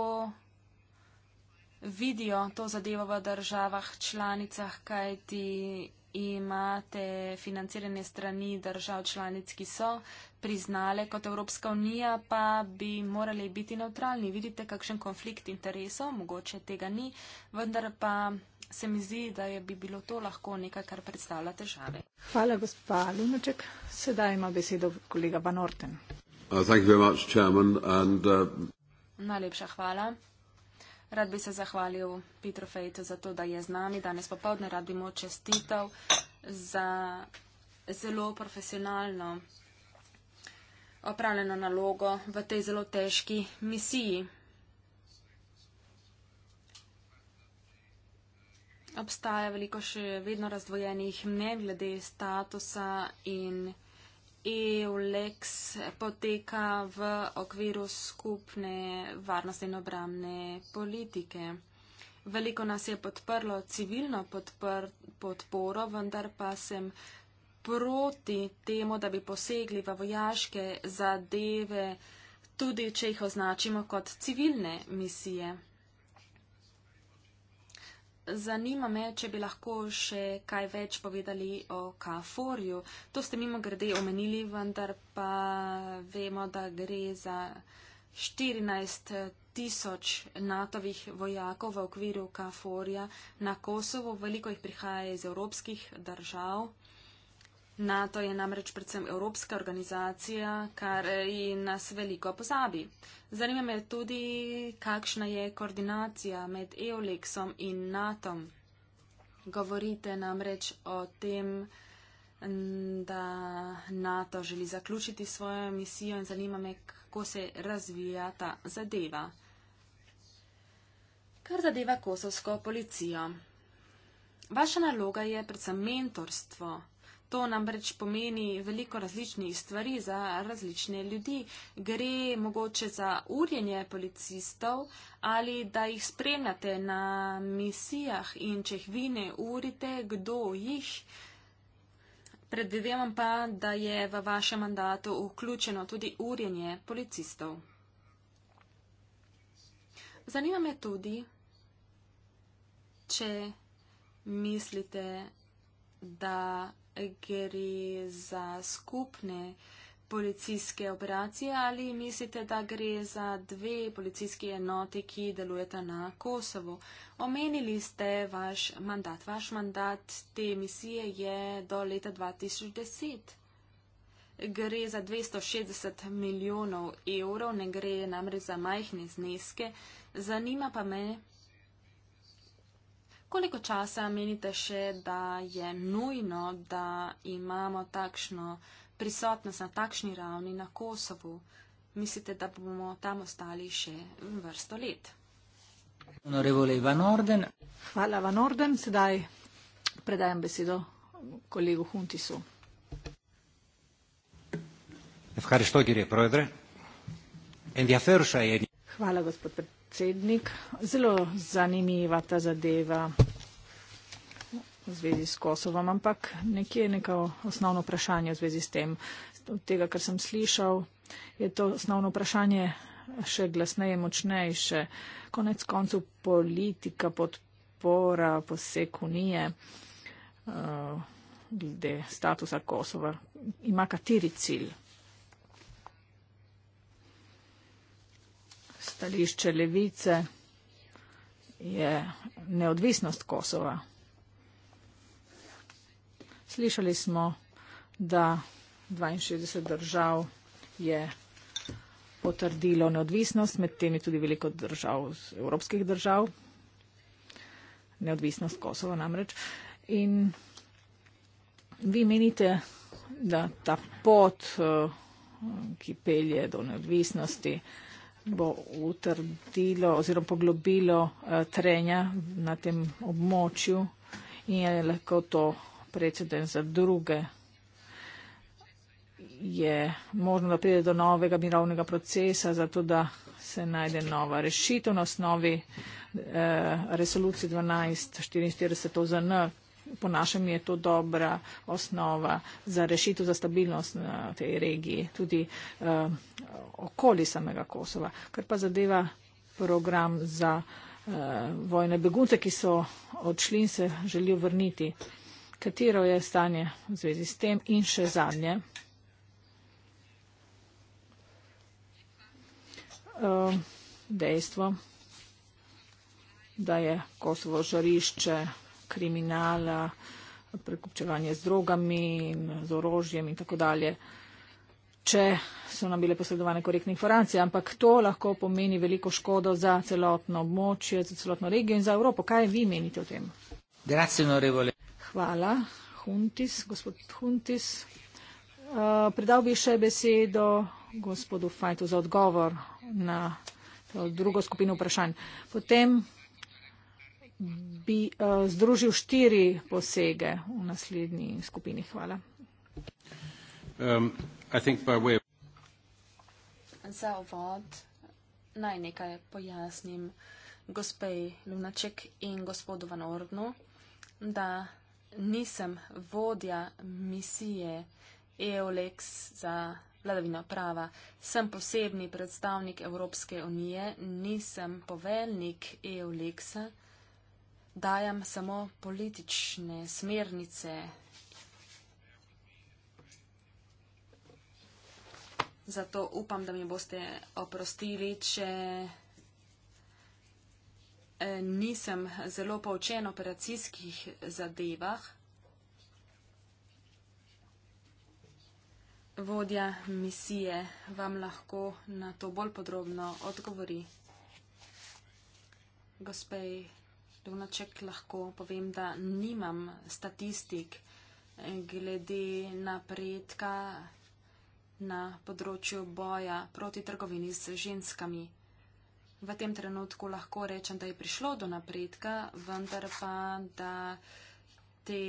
vidijo to zadevo v državah članicah, kajti imate financiranje strani držav članic, ki so priznale kot Evropska unija, pa bi morali biti neutralni. Vidite, kakšen konflikt interesov, mogoče tega ni, vendar pa se mi zdi, da je bi bilo to lahko nekaj, kar predstavlja težave. Hvala, gospa Lunaček. Sedaj ima besedo kolega Van Orten. Uh, much, chairman, and, uh... Najlepša hvala. Rad bi se zahvalil Petru Fejtu za to, da je z nami danes popovdne. Rad bi mu čestital za zelo profesionalno opravljeno nalogo v tej zelo težki misiji. Obstaja veliko še vedno razdvojenih mnen glede statusa in EULEX poteka v okviru skupne varnostne in obramne politike. Veliko nas je podprlo civilno podpr podporo, vendar pa sem proti temu, da bi posegli v vojaške zadeve, tudi če jih označimo kot civilne misije. Zanima me, če bi lahko še kaj več povedali o Kaforju. To ste mimo grede omenili, vendar pa vemo, da gre za 14 tisoč NATO-vih vojakov v okviru Kaforja na Kosovo. Veliko jih prihaja iz evropskih držav. NATO je namreč predvsem evropska organizacija, kar eh, nas veliko pozabi. Zanima me tudi, kakšna je koordinacija med EOLEX-om in NATO-om. Govorite namreč o tem, da NATO želi zaključiti svojo misijo in zanima me, kako se razvija ta zadeva. Kar zadeva kosovsko policijo. Vaša naloga je predvsem mentorstvo. To namreč pomeni veliko različnih stvari za različne ljudi. Gre mogoče za urjenje policistov ali da jih spremljate na misijah in če jih vi ne urite, kdo jih. Predvidevam pa, da je v vašem mandatu vključeno tudi urjenje policistov. Zanima me tudi, če mislite, da gre za skupne policijske operacije ali mislite, da gre za dve policijske enote, ki delujeta na Kosovo. Omenili ste vaš mandat. Vaš mandat te misije je do leta 2010. Gre za 260 milijonov evrov, ne gre namreč za majhne zneske. Zanima pa me, Koliko časa menite še, da je nujno, da imamo takšno prisotnost na takšni ravni na Kosovu? Mislite, da bomo tam ostali še vrsto let? Hvala, Van Orden. Sedaj predajam besedo kolegu Huntisu. Hvala, gospod predsednik predsednik. Zelo zanimiva ta zadeva v zvezi s Kosovom, ampak nekje je neko osnovno vprašanje v zvezi s tem. Od tega, kar sem slišal, je to osnovno vprašanje še glasneje, močnejše. Konec koncu politika podpora poseku nije eh, glede statusa Kosova. Ima kateri cilj? stališče levice je neodvisnost Kosova. Slišali smo, da 62 držav je potrdilo neodvisnost, med temi tudi veliko držav, evropskih držav, neodvisnost Kosova namreč. In vi menite, da ta pot, eh, ki pelje do neodvisnosti, uh, bo utrdilo oziroma poglobilo uh, trenja na tem območju in je lahko to preceden za druge. Je možno, da pride do novega mirovnega procesa, zato da se najde nova rešitev na osnovi uh, resolucije 1244 OZN, po našem je to dobra osnova za rešitev za stabilnost na tej regiji, tudi eh, okoli samega Kosova. Ker pa zadeva program za eh, vojne begunce, ki so odšli in se želijo vrniti. Katero je stanje v zvezi s tem in še zadnje? Eh, dejstvo, da je Kosovo žarišče kriminala, prekupčevanje z drogami, z orožjem in tako dalje, če so nam bile posredovane korektne informacije. Ampak to lahko pomeni veliko škodo za celotno območje, za celotno regijo in za Evropo. Kaj vi menite o tem? Grazie, onorevole. Hvala, Huntis, gospod Huntis. Uh, predal bi še besedo gospodu Fajtu za odgovor na drugo skupino vprašanj. Potem bi uh, združil štiri posege v naslednji skupini. Hvala. Um, Za ovod naj nekaj pojasnim gospej Lunaček in gospodu Van Ordnu, da nisem vodja misije EOLEX za vladavino prava. Sem posebni predstavnik Evropske unije, nisem poveljnik EOLEX-a dajam samo politične smernice. Zato upam, da mi boste oprostili, če e, nisem zelo poučen operacijskih zadevah. Vodja misije vam lahko na to bolj podrobno odgovori. Gospej. Dunaček lahko povem, da nimam statistik glede napredka na področju boja proti trgovini z ženskami. V tem trenutku lahko rečem, da je prišlo do napredka, vendar pa, da te,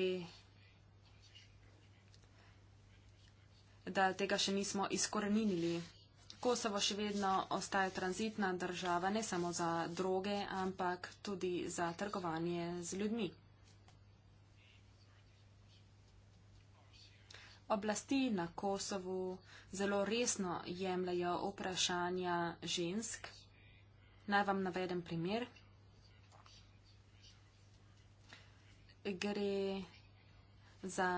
da tega še nismo izkorenili. Kosovo še vedno ostaja tranzitna država ne samo za droge, ampak tudi za trgovanje z ljudmi. Oblasti na Kosovu zelo resno jemljajo vprašanja žensk. Naj vam navedem primer. Gre za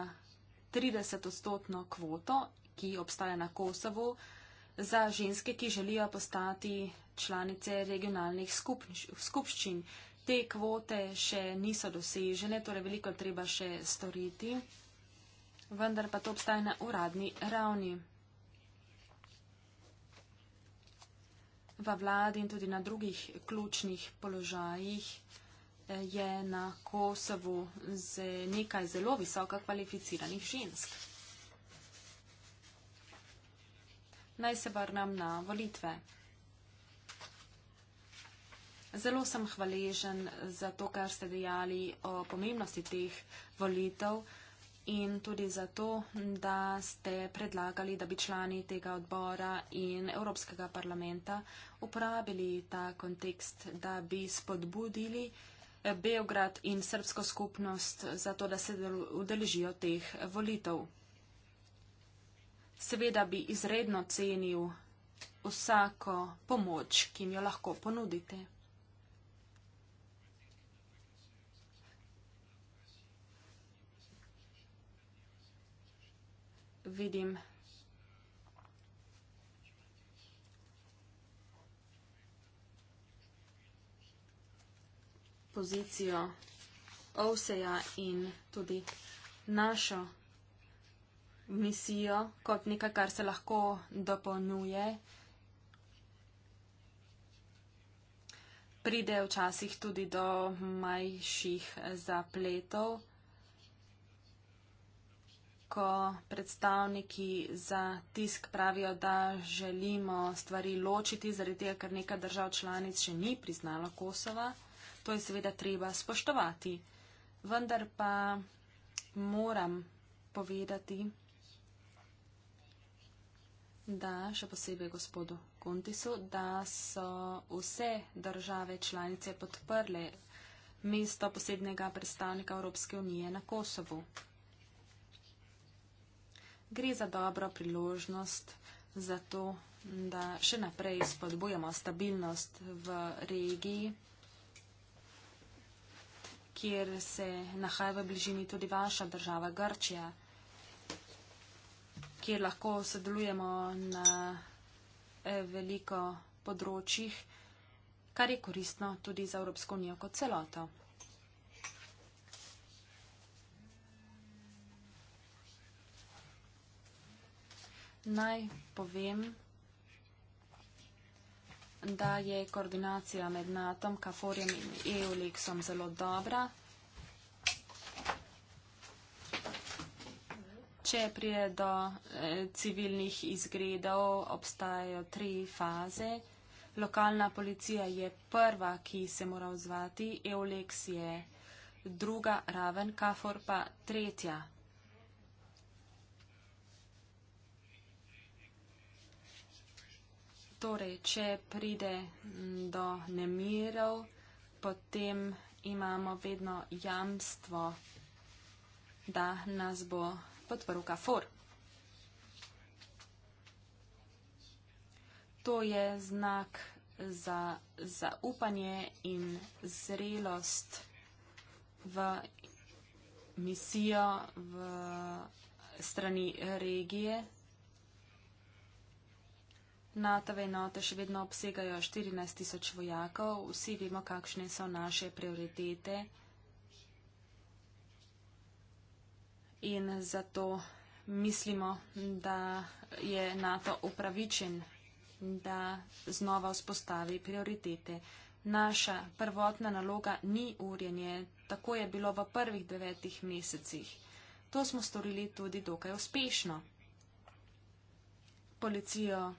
30-odstotno kvoto, ki obstaja na Kosovu, za ženske, ki želijo postati članice regionalnih skupščin. Te kvote še niso dosežene, torej veliko treba še storiti, vendar pa to obstaja na uradni ravni. V vladi in tudi na drugih ključnih položajih eh, je na Kosovu nekaj zelo visoko kvalificiranih žensk. naj se vrnem na volitve. Zelo sem hvaležen za to, kar ste dejali o pomembnosti teh volitev in tudi za to, da ste predlagali, da bi člani tega odbora in Evropskega parlamenta uporabili ta kontekst, da bi spodbudili eh, Beograd in srpsko skupnost za to, da se udeležijo teh volitev seveda bi izredno cenil vsako pomoč, ki mi jo lahko ponudite. Vidim, pozicijo Ovseja in tudi našo misijo, kot nekaj, kar se lahko dopolnjuje. Pride včasih tudi do manjših zapletov, ko predstavniki za tisk pravijo, da želimo stvari ločiti, zaradi tega, ker neka držav članic še ni priznala Kosova. To je seveda treba spoštovati. Vendar pa moram povedati, da, še posebej gospodu Kontisu, da so vse države članice podprle mesto posebnega predstavnika Evropske unije na Kosovu. Gre za dobro priložnost za to, da še naprej spodbujamo stabilnost v regiji, kjer se nahaja v bližini tudi vaša država Grčija kjer lahko sodelujemo na eh, veliko področjih, kar je koristno tudi za Evropsko unijo kot celoto. Naj povem, da je koordinacija med NATO, KFOR-jem in EU-leksom zelo dobra. Če prije do eh, civilnih izgredov, obstajajo tri faze. Lokalna policija je prva, ki se mora odzvati, EULEX je druga raven, KAFOR pa tretja. Torej, če pride do nemirov, potem imamo vedno jamstvo, da nas bo podprl Kafur. To je znak za zaupanje in zrelost v misijo v strani regije. NATO-ve enote še vedno obsegajo 14 tisoč vojakov. Vsi vemo, kakšne so naše prioritete. in zato mislimo, da je NATO upravičen, da znova vzpostavi prioritete. Naša prvotna naloga ni urjenje, tako je bilo v prvih devetih mesecih. To smo storili tudi dokaj uspešno. Policijo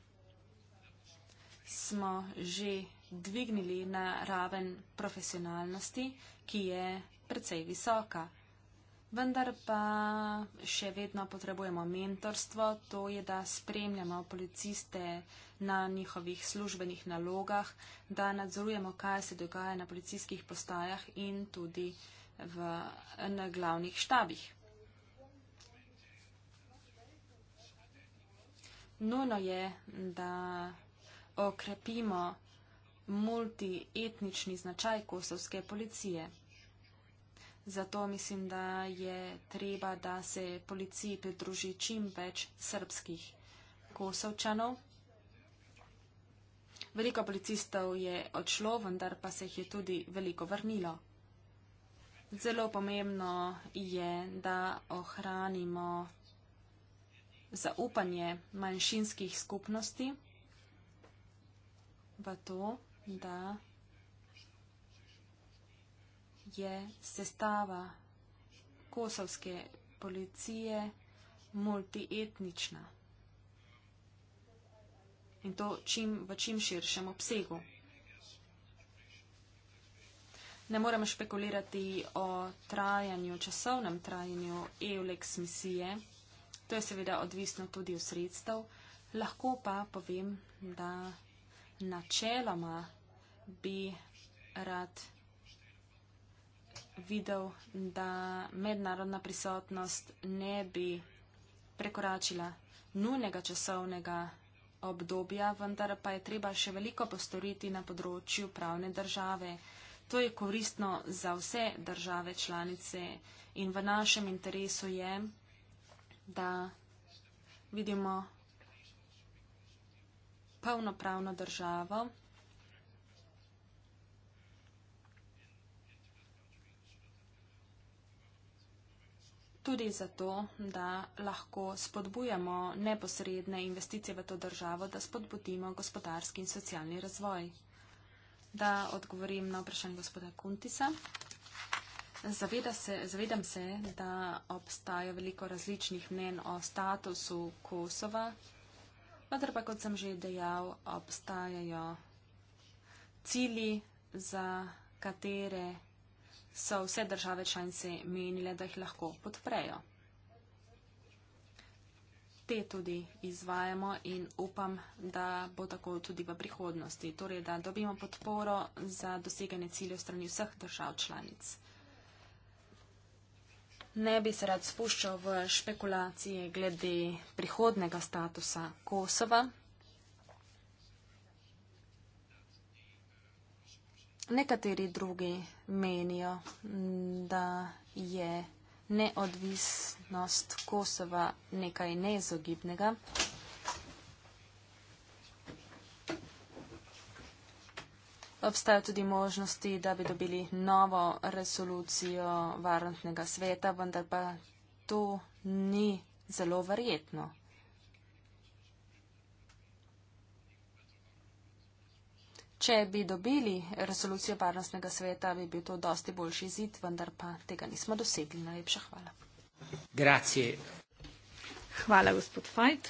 smo že dvignili na raven profesionalnosti, ki je precej visoka vendar pa še vedno potrebujemo mentorstvo, to je, da spremljamo policiste na njihovih službenih nalogah, da nadzorujemo, kaj se dogaja na policijskih postajah in tudi v, na glavnih štabih. Nujno je, da okrepimo multietnični značaj kosovske policije. Zato mislim, da je treba, da se policiji pridruži čim več srbskih kosovčanov. Veliko policistov je odšlo, vendar pa se jih je tudi veliko vrnilo. Zelo pomembno je, da ohranimo zaupanje manjšinskih skupnosti v to, da je sestava kosovske policije multietnična. In to čim, v čim širšem obsegu. Ne moremo špekulirati o trajanju, časovnem trajanju EULEX misije. To je seveda odvisno tudi od sredstev. Lahko pa povem, da načeloma bi rad videl, da mednarodna prisotnost ne bi prekoračila nujnega časovnega obdobja, vendar pa je treba še veliko postoriti na področju pravne države. To je koristno za vse države članice in v našem interesu je, da vidimo polnopravno državo. tudi zato, da lahko spodbujamo neposredne investicije v to državo, da spodbudimo gospodarski in socialni razvoj. Da odgovorim na vprašanje gospoda Kuntisa. Zaveda se, zavedam se, da obstaja veliko različnih mnen o statusu Kosova, vendar pa, kot sem že dejal, obstajajo cili, za katere so vse države članice menile, da jih lahko podprejo. Te tudi izvajamo in upam, da bo tako tudi v prihodnosti, torej da dobimo podporo za doseganje ciljev strani vseh držav članic. Ne bi se rad spuščal v špekulacije glede prihodnega statusa Kosova. Nekateri drugi menijo, da je neodvisnost Kosova nekaj neizogibnega. Obstajajo tudi možnosti, da bi dobili novo resolucijo Varnostnega sveta, vendar pa to ni zelo verjetno. Če bi dobili resolucijo varnostnega sveta, bi bil to dosti boljši zid, vendar pa tega nismo dosegli. Najlepša hvala. Grazie. Hvala, gospod Fajt.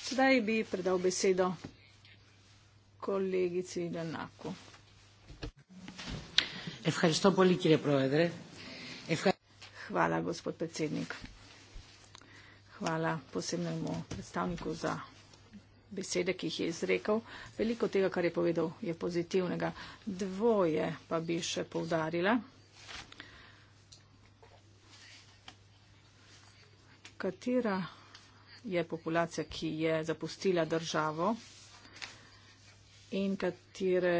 Sedaj bi predal besedo kolegici Renaku. Hvala, gospod predsednik. Hvala posebnemu predstavniku za besede, ki jih je izrekel. Veliko tega, kar je povedal, je pozitivnega. Dvoje pa bi še povdarila, katera je populacija, ki je zapustila državo in katere,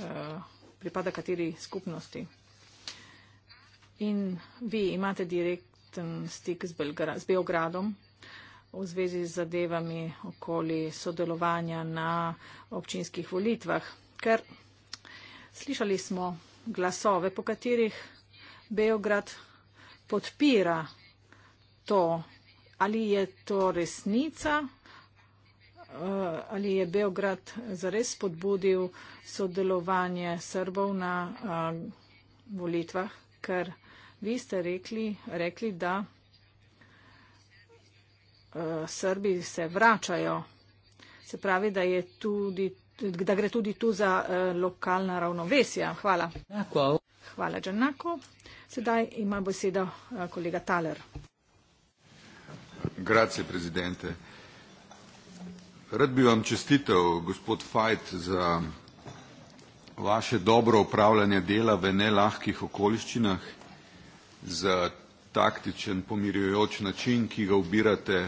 uh, pripada kateri skupnosti. In vi imate direktni stik z, Belgra z Beogradom, v zvezi z zadevami okoli sodelovanja na občinskih volitvah. Ker slišali smo glasove, po katerih Beograd podpira to, ali je to resnica, eh, ali je Beograd zares spodbudil sodelovanje Srbov na eh, volitvah, ker vi ste rekli, rekli da. Eh, Srbi se vračajo. Se pravi, da, tudi, da gre tudi tu za eh, lokalna ravnovesja. Hvala. Hvala, Džanako. Sedaj ima besedo eh, kolega Taler. Grazie, prezidente. Rad bi vam čestitev, gospod Fajt, za vaše dobro upravljanje dela v nelahkih okoliščinah, za taktičen pomirjujoč način, ki ga ubirate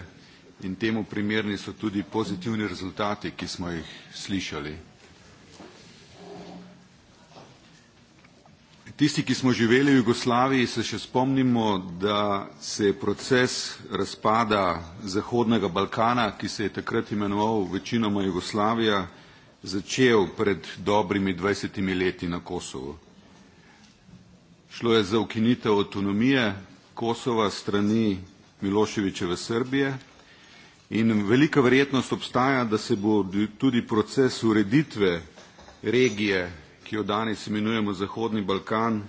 in temu primerni so tudi pozitivni rezultati, ki smo jih slišali. Tisti, ki smo živeli v Jugoslaviji, se še spomnimo, da se je proces razpada Zahodnega Balkana, ki se je takrat imenoval večinoma Jugoslavija, začel pred dobrimi 20 leti na Kosovo. Šlo je za ukinitev avtonomije Kosova strani Miloševičeve Srbije, In velika verjetnost obstaja, da se bo tudi proces ureditve regije, ki jo danes imenujemo Zahodni Balkan,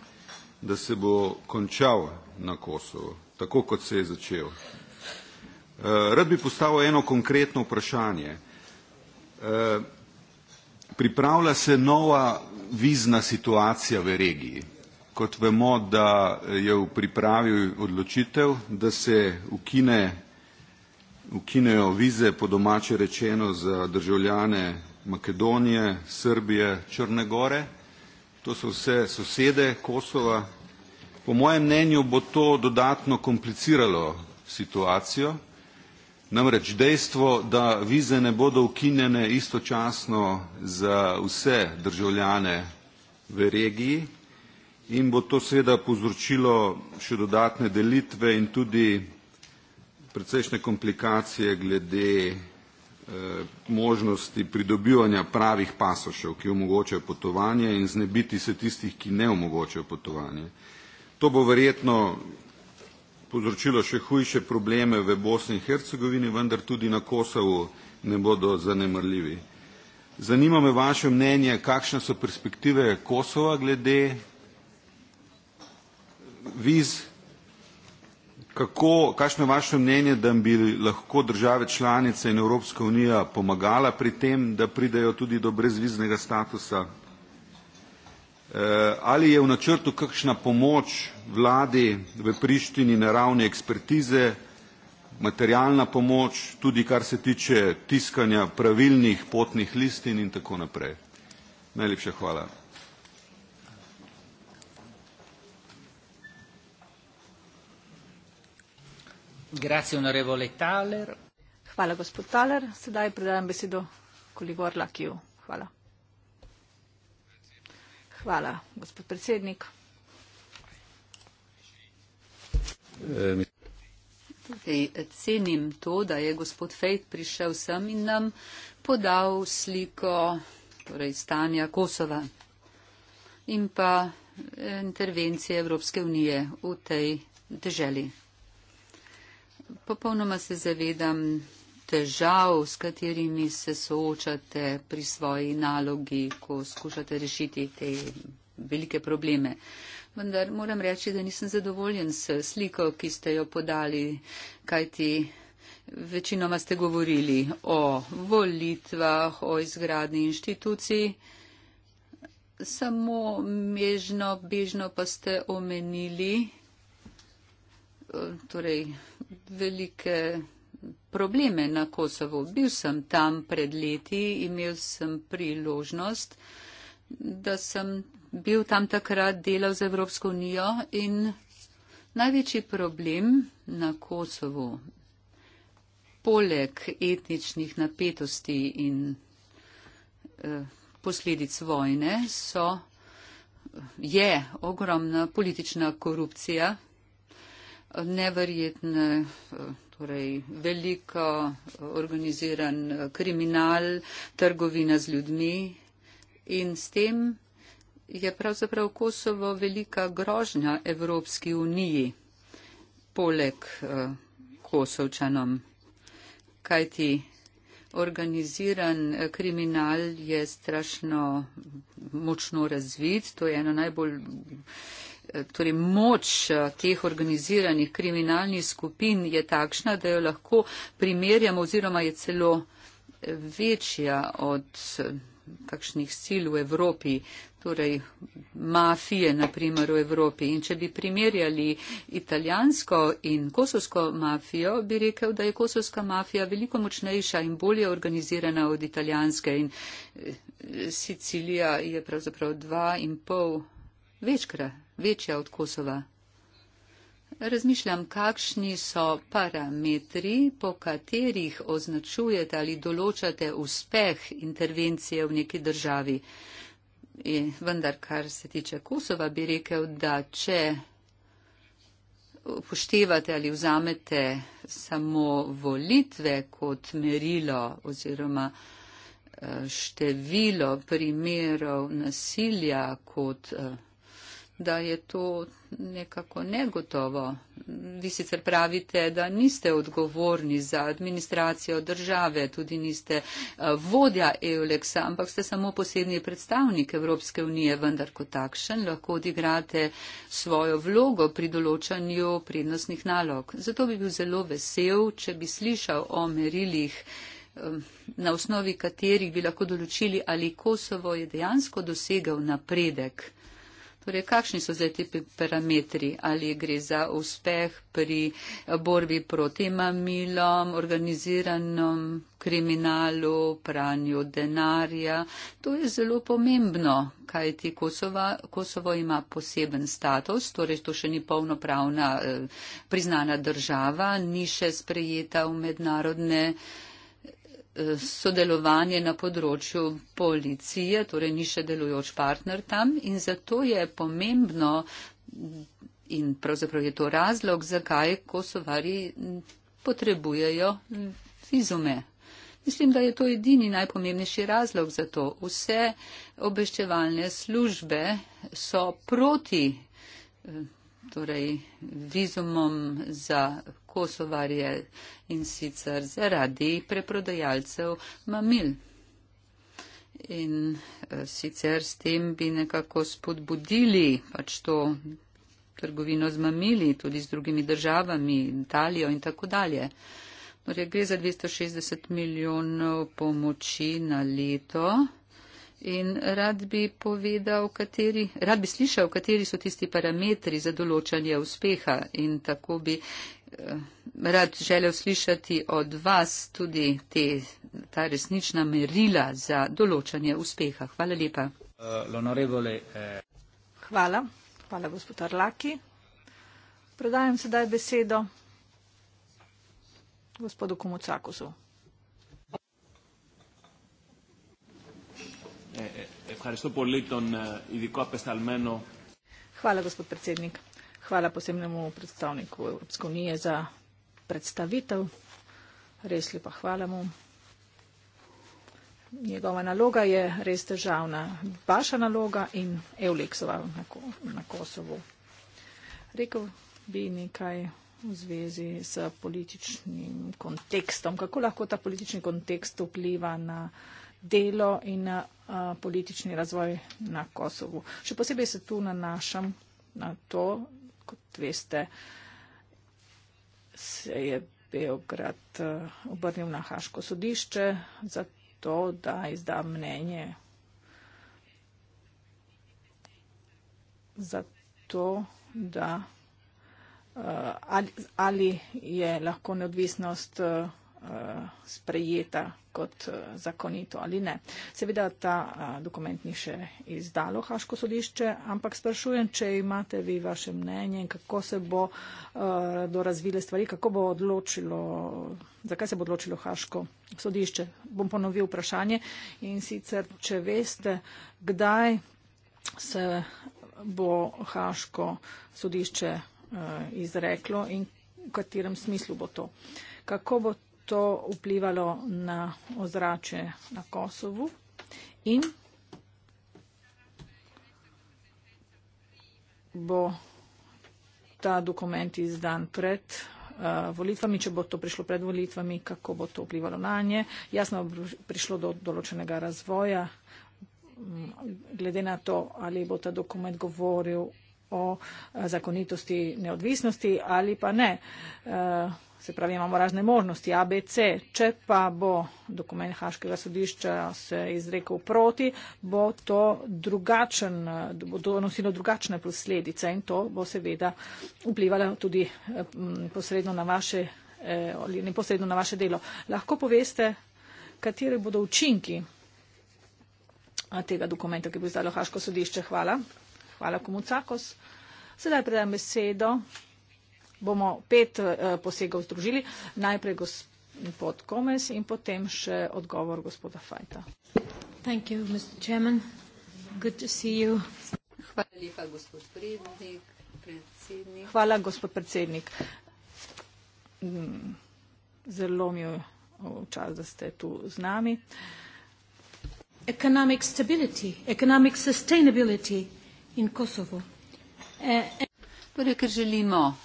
da se bo končal na Kosovo, tako kot se je začel. Eh, rad bi postavil eno konkretno vprašanje. Eh, pripravlja se nova vizna situacija v regiji. Kot vemo, da je v pripravi odločitev, da se ukine ukinejo vize, po domače rečeno, za državljane Makedonije, Srbije, Črne Gore. To so vse sosede Kosova. Po mojem mnenju bo to dodatno kompliciralo situacijo. Namreč dejstvo, da vize ne bodo ukinjene istočasno za vse državljane v regiji in bo to seveda povzročilo še dodatne delitve in tudi precejšnje komplikacije glede eh, možnosti pridobivanja pravih pasošev, ki omogočajo potovanje in znebiti se tistih, ki ne omogočajo potovanje. To bo verjetno povzročilo še hujše probleme v Bosni in Hercegovini, vendar tudi na Kosovu ne bodo zanemrljivi. Zanima me vaše mnenje, kakšne so perspektive Kosova glede viz kako, kakšno je vaše mnenje, da bi lahko države članice in Evropska unija pomagala pri tem, da pridejo tudi do brezviznega statusa? E, ali je v načrtu kakšna pomoč vladi v Prištini na ravni ekspertize, materialna pomoč, tudi kar se tiče tiskanja pravilnih potnih listin in tako naprej? Najlepša hvala. Hvala, gospod Taler. Sedaj predajam besedo kolegu Arlakiju. Hvala. Hvala, gospod predsednik. Okay, cenim to, da je gospod Fejt prišel sem in nam podal sliko torej stanja Kosova in pa eh, intervencije Evropske unije v tej državi. Popolnoma se zavedam težav, s katerimi se soočate pri svoji nalogi, ko skušate rešiti te velike probleme. Vendar moram reči, da nisem zadovoljen s sliko, ki ste jo podali, kajti večinoma ste govorili o volitvah, o izgradni inštituciji, samo mežno, bežno pa ste omenili torej, velike probleme na Kosovo. Bil sem tam pred leti, imel sem priložnost, da sem bil tam takrat delal z Evropsko unijo in največji problem na Kosovo, poleg etničnih napetosti in eh, posledic vojne, so, je ogromna politična korupcija neverjetne, torej veliko organiziran kriminal, trgovina z ljudmi in s tem je pravzaprav Kosovo velika grožnja Evropski uniji poleg Kosovčanom. Kajti organiziran kriminal je strašno močno razvit, to je eno najbolj Eh, torej moč eh, teh organiziranih kriminalnih skupin je takšna, da jo lahko primerjamo oziroma je celo večja od kakšnih eh, sil v Evropi, torej mafije na primer v Evropi. In če bi primerjali italijansko in kosovsko mafijo, bi rekel, da je kosovska mafija veliko močnejša in bolje organizirana od italijanske. In Sicilija je pravzaprav dva in pol večkrat večja od Kosova. Razmišljam, kakšni so parametri, po katerih označujete ali določate uspeh intervencije v neki državi. E, vendar, kar se tiče Kosova, bi rekel, da če upoštevate ali vzamete samo volitve kot merilo oziroma eh, število primerov nasilja kot. Uh, da je to nekako negotovo. Vi sicer pravite, da niste odgovorni za administracijo države, tudi niste eh, vodja EULEX-a, ampak ste samo posebni predstavnik Evropske unije, vendar kot takšen lahko odigrate svojo vlogo pri določanju prednostnih nalog. Zato bi bil zelo vesel, če bi slišal o merilih eh, na osnovi katerih bi lahko določili, ali Kosovo je dejansko dosegal napredek Torej, kakšni so zdaj ti parametri? Ali gre za uspeh pri borbi proti mamilom, organiziranom kriminalu, pranju denarja? To je zelo pomembno, kajti Kosova, Kosovo ima poseben status, torej to še ni polnopravna eh, priznana država, ni še sprejeta v mednarodne sodelovanje na področju policije, torej ni še delujoč partner tam in zato je pomembno in pravzaprav je to razlog, zakaj kosovari potrebujejo vizume. Mislim, da je to edini najpomembnejši razlog za to. Vse obveščevalne službe so proti eh, torej vizumom za Kosovarje in sicer zaradi preprodajalcev mamil. In e, sicer s tem bi nekako spodbudili pač to trgovino z mamili, tudi z drugimi državami, Italijo in tako dalje. Torej, gre za 260 milijonov pomoči na leto. In rad bi povedal, kateri, rad bi slišal, kateri so tisti parametri za določanje uspeha. In tako bi eh, rad želel slišati od vas tudi te, ta resnična merila za določanje uspeha. Hvala lepa. Eh, eh. Hvala. Hvala, gospod Arlaki. Predajam sedaj besedo gospodu Komucakusu. Ευχαριστώ πολύ τον ειδικό απεσταλμένο. Χάλα, κύριε Πρεσίδνικ. Χάλα, ποσέμινε μου πρεσταλνικού Ευρωπαϊκή για πρεσταβήτευ. Res lepa hvala mu. Njegova naloga je res težavna, vaša naloga in Euleksova na Kosovo. Rekl bi nekaj v zvezi s političnim kontekstom, kako lahko ta politični kontekst vpliva na delo in uh, politični razvoj na Kosovu. Še posebej se tu nanašam na to, kot veste, se je Beograd uh, obrnil na Haško sodišče za to, da izda mnenje za to, da uh, ali, ali je lahko neodvisnost uh, Eh, sprejeta kot eh, zakonito ali ne. Seveda ta eh, dokument ni še izdalo Haško sodišče, ampak sprašujem, če imate vi vaše mnenje in kako se bo dorazvile stvari, kako bo odločilo, zakaj se bo odločilo Haško sodišče. Bom ponovil vprašanje in sicer, če veste, kdaj se bo Haško sodišče izreklo in v katerem smislu bo to. Kako bo to vplivalo na ozračje na Kosovu in bo ta dokument izdan pred eh, volitvami, če bo to prišlo pred volitvami, kako bo to vplivalo na nje. Jasno bo prišlo do določenega razvoja, mm, glede na to, ali bo ta dokument govoril o eh, zakonitosti neodvisnosti ali pa ne. Uh, se pravi, imamo razne možnosti, ABC, če pa bo dokument Haškega sodišča se izrekel proti, bo to drugačen, bo to nosilo drugačne posledice in to bo seveda vplivalo tudi mm, posredno na vaše, eh, ali neposredno na vaše delo. Lahko poveste, kateri bodo učinki tega dokumenta, ki bo izdalo Haško sodišče. Hvala. Hvala komu cakos. Sedaj predam besedo bomo pet eh, posegov združili. Najprej gospod Gomez in potem še odgovor gospoda Fajta. Thank you, Mr. Chairman. Good to see you. Hvala lepa, gospod predsednik. predsednik. Hvala, gospod predsednik. Mm, zelo mi je čas, da ste tu z nami. Economic stability, economic sustainability in Kosovo. Eh, eh, torej, ker želimo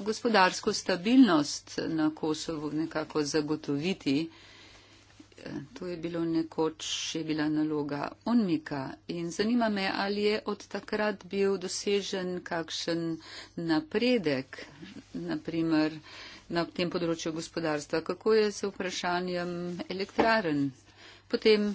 gospodarsko stabilnost na Kosovu nekako zagotoviti. Eh, to je bilo nekoč, je bila naloga onmika in zanima me, ali je od takrat bil dosežen kakšen napredek, naprimer na tem področju gospodarstva, kako je se vprašanjem elektraren. Potem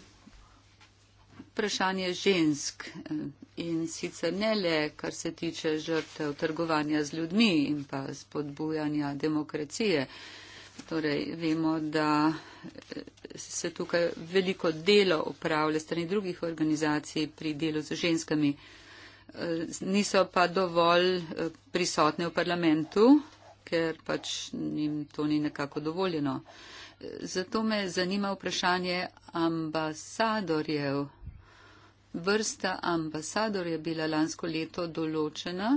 vprašanje žensk eh, in sicer ne le, kar se tiče žrtev trgovanja z ljudmi in pa spodbujanja demokracije. Torej, vemo, da eh, se tukaj veliko delo upravlja strani drugih organizacij pri delu z ženskami. Eh, niso pa dovolj prisotne v parlamentu, ker pač jim to ni nekako dovoljeno. Zato me zanima vprašanje ambasadorjev. Vrsta ambasador je bila lansko leto določena,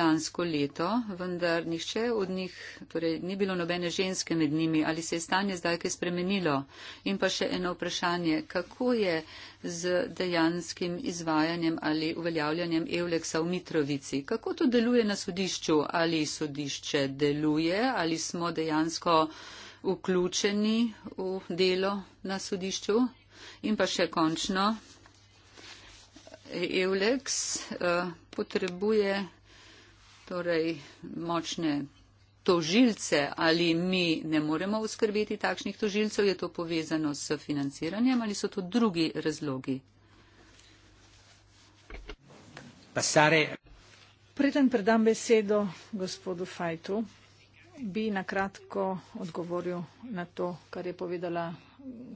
lansko leto, vendar nihče od njih, torej ni bilo nobene ženske med njimi, ali se je stanje zdaj kaj spremenilo. In pa še eno vprašanje, kako je z dejanskim izvajanjem ali uveljavljanjem Euleksa v Mitrovici? Kako to deluje na sodišču? Ali sodišče deluje, ali smo dejansko vključeni v delo na sodišču? In pa še končno, Eulex eh, potrebuje torej močne tožilce ali mi ne moremo oskrbeti takšnih tožilcev, je to povezano s financiranjem ali so to drugi razlogi? Pasare. Preden predam besedo gospodu Fajtu, bi na kratko odgovoril na to, kar je povedala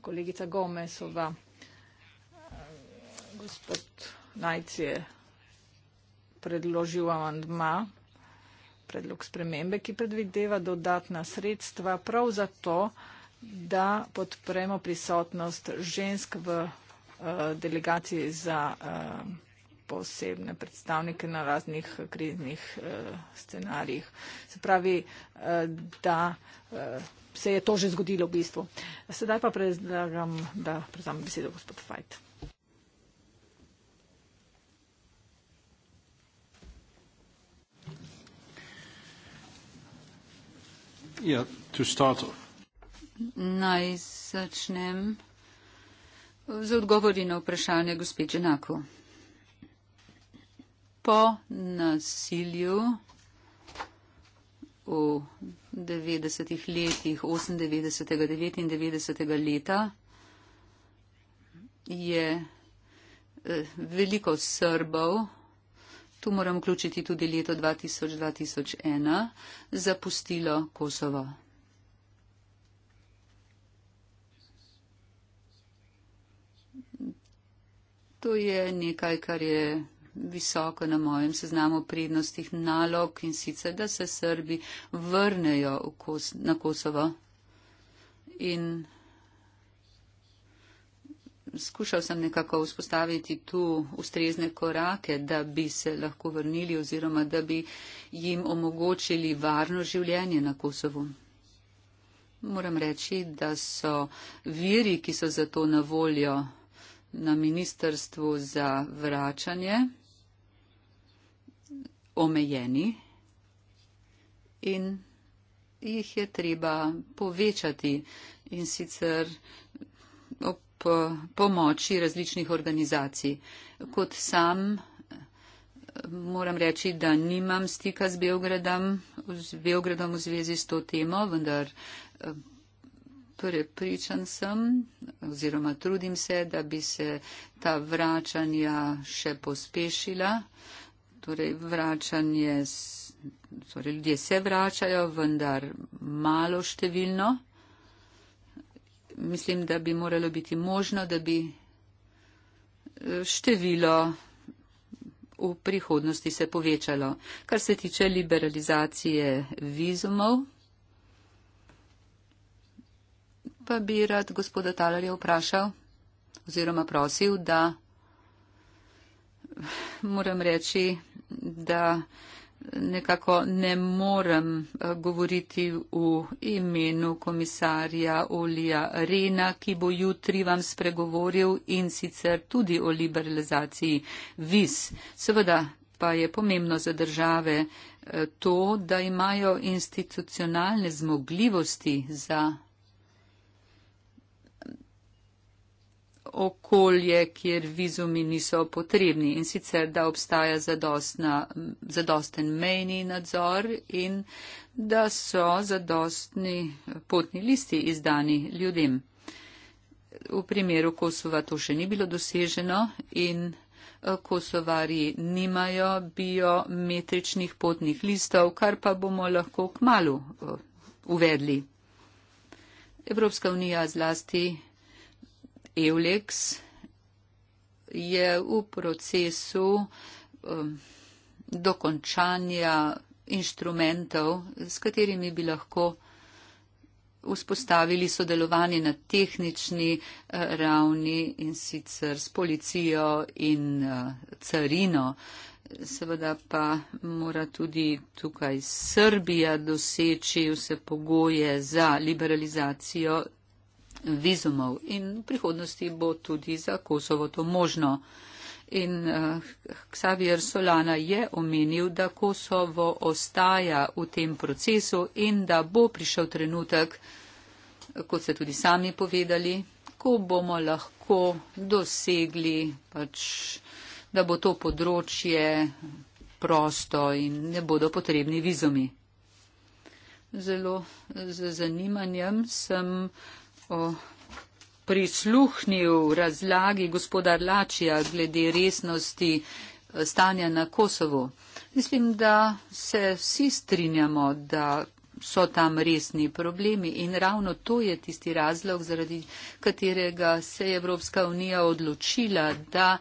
kolegica Gomesova. Gospod Najc je predložil amandma, predlog spremembe, ki predvideva dodatna sredstva prav zato, da podpremo prisotnost žensk v uh, delegaciji za uh, posebne predstavnike na raznih kriznih uh, scenarijih. Se pravi, uh, da uh, se je to že zgodilo v bistvu. Sedaj pa predlagam, da predstavim besedo gospod Fajt. Yeah, to start. Naj začnem z odgovori na vprašanje gospe Čenako. Po nasilju v 90. letih 98. 99. leta je eh, veliko Srbov Tu moram vključiti tudi leto 2000-2001, zapustilo Kosovo. To je nekaj, kar je visoko na mojem seznamu prednostih nalog in sicer, da se Srbi vrnejo Kos na Kosovo in skušal sem nekako vzpostaviti tu ustrezne korake, da bi se lahko vrnili oziroma da bi jim omogočili varno življenje na Kosovu. Moram reči, da so viri, ki so za to na voljo na Ministrstvu za vračanje, omejeni in jih je treba povečati. In sicer po pomoči različnih organizacij. Kot sam moram reči, da nimam stika z Beogradom, z Beogradom v zvezi s to temo, vendar eh, prepričan sem oziroma trudim se, da bi se ta vračanja še pospešila. Torej, vračanje, torej ljudje se vračajo, vendar malo številno mislim, da bi moralo biti možno, da bi e, število v prihodnosti se povečalo. Kar se tiče liberalizacije vizumov, pa bi rad gospoda Talarja vprašal oziroma prosil, da moram reči, da nekako ne morem eh, govoriti v imenu komisarja Olija Rena, ki bo jutri vam spregovoril in sicer tudi o liberalizaciji viz. Seveda pa je pomembno za države eh, to, da imajo institucionalne zmogljivosti za okolje, kjer vizumi niso potrebni in sicer, da obstaja zadostna, zadosten mejni nadzor in da so zadostni potni listi izdani ljudem. V primeru Kosova to še ni bilo doseženo in eh, Kosovari nimajo biometričnih potnih listov, kar pa bomo lahko k malu eh, uvedli. Evropska unija zlasti Eulex je v procesu um, dokončanja inštrumentov, s katerimi bi lahko vzpostavili sodelovanje na tehnični eh, ravni in sicer s policijo in eh, carino. Seveda pa mora tudi tukaj Srbija doseči vse pogoje za liberalizacijo vizumov in v prihodnosti bo tudi za Kosovo to možno. In eh, Xavier Solana je omenil, da Kosovo ostaja v tem procesu in da bo prišel trenutek, kot ste tudi sami povedali, ko bomo lahko dosegli, pač, da bo to področje prosto in ne bodo potrebni vizumi. Zelo z zanimanjem sem uh, prisluhnil razlagi gospoda Lačija glede resnosti eh, stanja na Kosovo. Mislim, da se vsi strinjamo, da so tam resni problemi in ravno to je tisti razlog, zaradi katerega se je Evropska unija odločila, da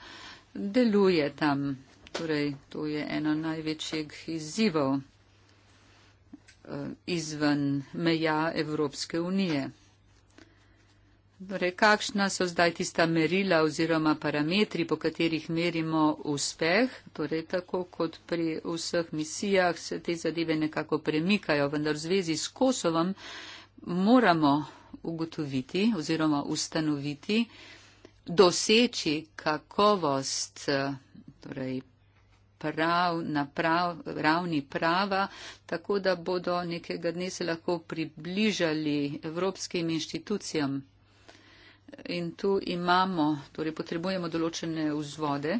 deluje tam. Torej, to je eno največjih izzivov eh, izven meja Evropske unije. Torej, kakšna so zdaj tista merila oziroma parametri, po katerih merimo uspeh? Torej, tako kot pri vseh misijah se te zadeve nekako premikajo, vendar v zvezi s Kosovom moramo ugotoviti oziroma ustanoviti, doseči kakovost, torej prav, na prav, ravni prava, tako da bodo nekega dne se lahko približali evropskim inštitucijam. In tu imamo, torej potrebujemo določene vzvode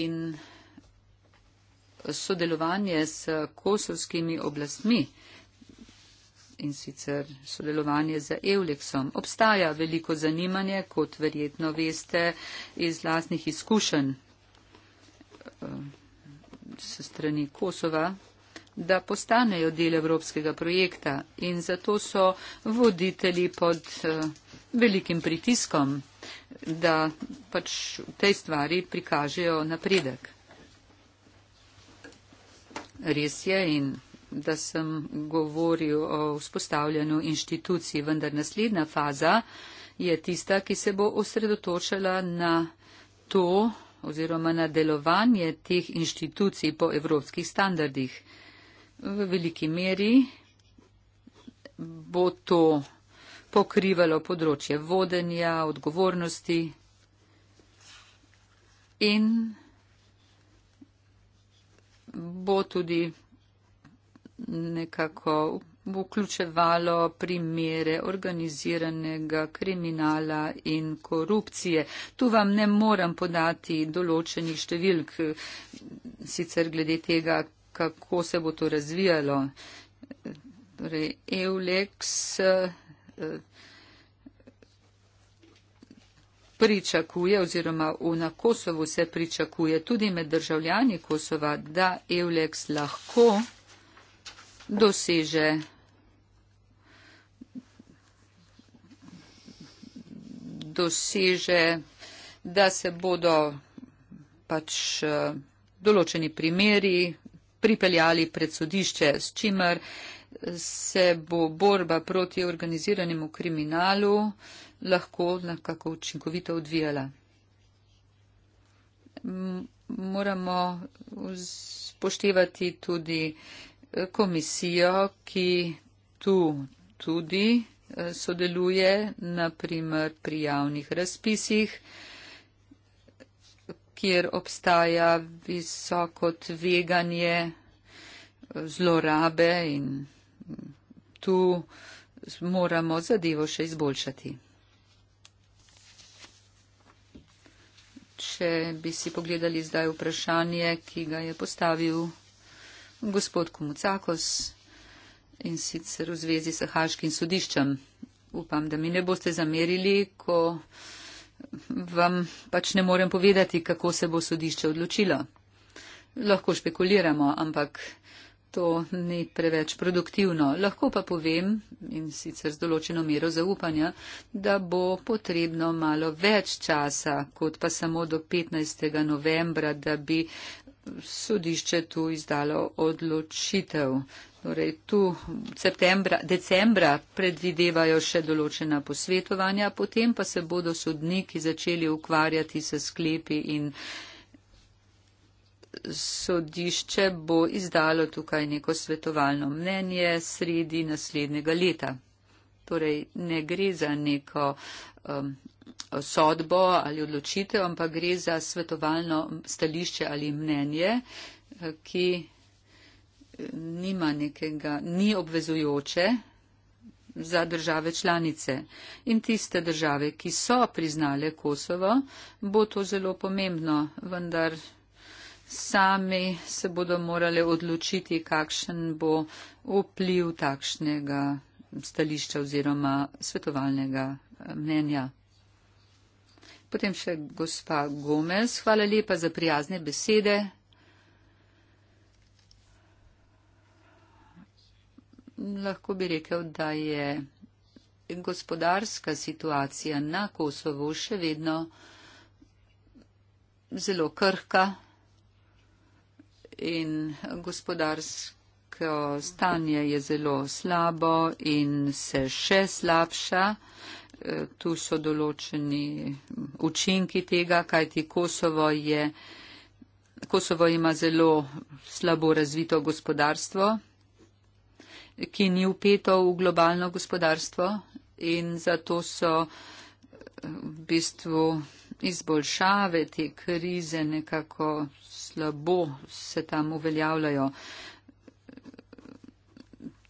in sodelovanje s kosovskimi oblastmi in sicer sodelovanje z Euleksom. Obstaja veliko zanimanje, kot verjetno veste, iz vlastnih izkušenj eh, s strani Kosova, da postanejo del evropskega projekta in zato so voditelji pod eh, velikim pritiskom, da pač v tej stvari prikažejo napredek. Res je in da sem govoril o vzpostavljanju inštitucij, vendar naslednja faza je tista, ki se bo osredotočala na to oziroma na delovanje teh inštitucij po evropskih standardih. V veliki meri bo to pokrivalo področje vodenja, odgovornosti in bo tudi nekako vključevalo primere organiziranega kriminala in korupcije. Tu vam ne moram podati določenih številk, sicer glede tega, kako se bo to razvijalo. Torej, EULEX pričakuje oziroma v, na Kosovo se pričakuje tudi med državljani Kosova, da Eulex lahko doseže doseže, da se bodo pač eh, določeni primeri pripeljali pred sodišče, s čimer uh, se bo borba proti organiziranemu kriminalu lahko nekako učinkovito odvijala. Moramo spoštevati tudi eh, komisijo, ki tu tudi eh, sodeluje, naprimer pri javnih razpisih, kjer obstaja visoko tveganje eh, zlorabe in tu moramo zadevo še izboljšati. Če bi si pogledali zdaj vprašanje, ki ga je postavil gospod Kumucakos in sicer v zvezi s Haškim sodiščem. Upam, da mi ne boste zamerili, ko vam pač ne morem povedati, kako se bo sodišče odločilo. Lahko špekuliramo, ampak to ni preveč produktivno. Lahko pa povem, in sicer z določeno mero zaupanja, da bo potrebno malo več časa, kot pa samo do 15. novembra, da bi sodišče tu izdalo odločitev. Torej, tu septembra, decembra predvidevajo še določena posvetovanja, potem pa se bodo sodniki začeli ukvarjati se sklepi in uh, sodišče bo izdalo tukaj neko svetovalno mnenje sredi naslednjega leta. Torej, ne gre za neko um, sodbo ali odločitev, ampak gre za svetovalno stališče ali mnenje, eh, ki eh, nima nekega, ni obvezujoče za države članice. In tiste države, ki so priznale Kosovo, bo to zelo pomembno, vendar sami se bodo morali odločiti, kakšen bo vpliv takšnega stališča oziroma svetovalnega eh, mnenja. Potem še gospa Gomez, hvala lepa za prijazne besede. Lahko bi rekel, da je gospodarska situacija na Kosovo še vedno zelo krhka in gospodarsko stanje je zelo slabo in se še slabša. E, tu so določeni učinki tega, kajti Kosovo, je, Kosovo ima zelo slabo razvito gospodarstvo, ki ni upeto v globalno gospodarstvo in zato so v bistvu izboljšave te krize nekako slabo se tam uveljavljajo.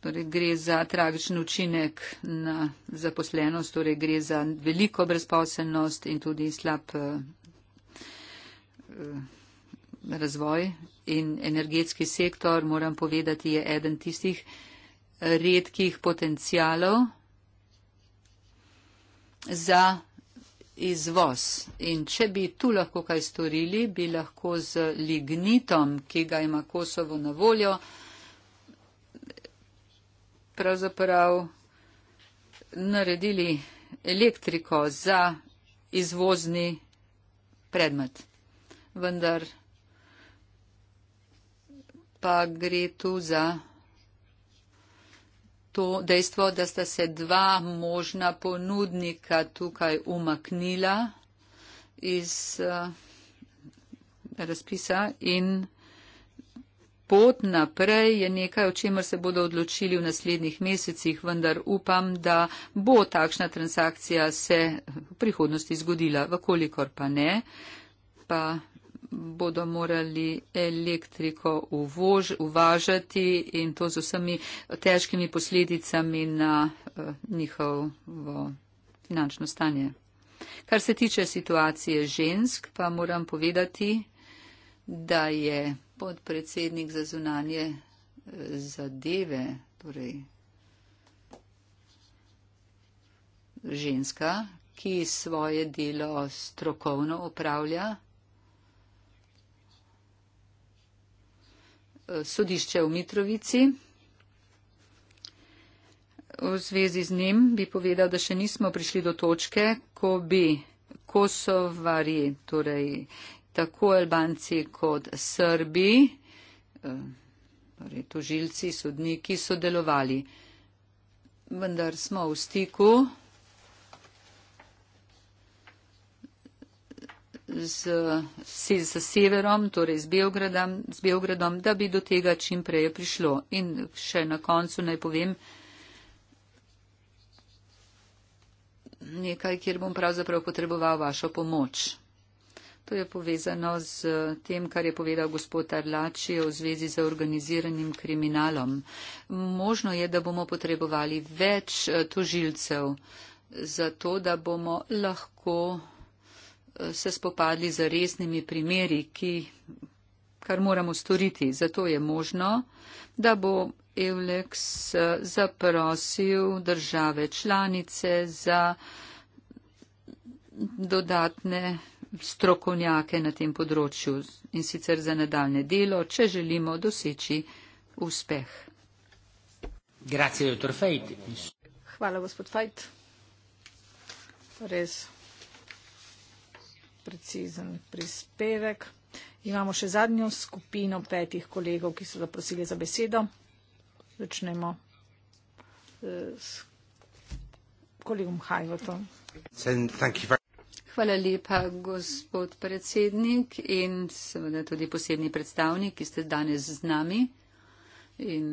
Torej, gre za tragičen učinek na zaposlenost, torej gre za veliko brezposelnost in tudi slab eh, eh, razvoj. In energetski sektor, moram povedati, je eden tistih redkih potencialov za izvoz. In če bi tu lahko kaj storili, bi lahko z lignitom, ki ga ima Kosovo na voljo, pravzaprav naredili elektriko za izvozni predmet. Vendar pa gre tu za to dejstvo, da sta se dva možna ponudnika tukaj umaknila iz eh, razpisa in pot naprej je nekaj, o čemer se bodo odločili v naslednjih mesecih, vendar upam, da bo takšna transakcija se v prihodnosti zgodila, vkolikor pa ne, pa bodo morali elektriko uvož, uvažati in to z vsemi težkimi posledicami na eh, njihovo finančno stanje. Kar se tiče situacije žensk, pa moram povedati, da je podpredsednik za zunanje eh, zadeve, torej ženska, ki svoje delo strokovno opravlja, sodišče v Mitrovici. V zvezi z njim bi povedal, da še nismo prišli do točke, ko bi Kosovari, torej tako Albanci kot Srbi, eh, torej tožilci, sodniki sodelovali. Vendar smo v stiku. z, se, z severom, torej z Belgradom, z Belgradom, da bi do tega čim prej prišlo. In še na koncu naj povem nekaj, kjer bom pravzaprav potreboval vašo pomoč. To je povezano z tem, kar je povedal gospod Arlači v zvezi z organiziranim kriminalom. Možno je, da bomo potrebovali več eh, tožilcev, zato da bomo lahko se spopadli z resnimi primeri, ki, kar moramo storiti. Zato je možno, da bo Eulex eh, zaprosil države članice za dodatne strokovnjake na tem področju in sicer za nadaljne delo, če želimo doseči uspeh. Grazie, Hvala, gospod Fajt. Res precizen prispevek. Imamo še zadnjo skupino petih kolegov, ki so zaprosili za besedo. Začnemo eh, s kolegom Hajvotom. Hvala lepa, gospod predsednik in seveda tudi posebni predstavnik, ki ste danes z nami. In,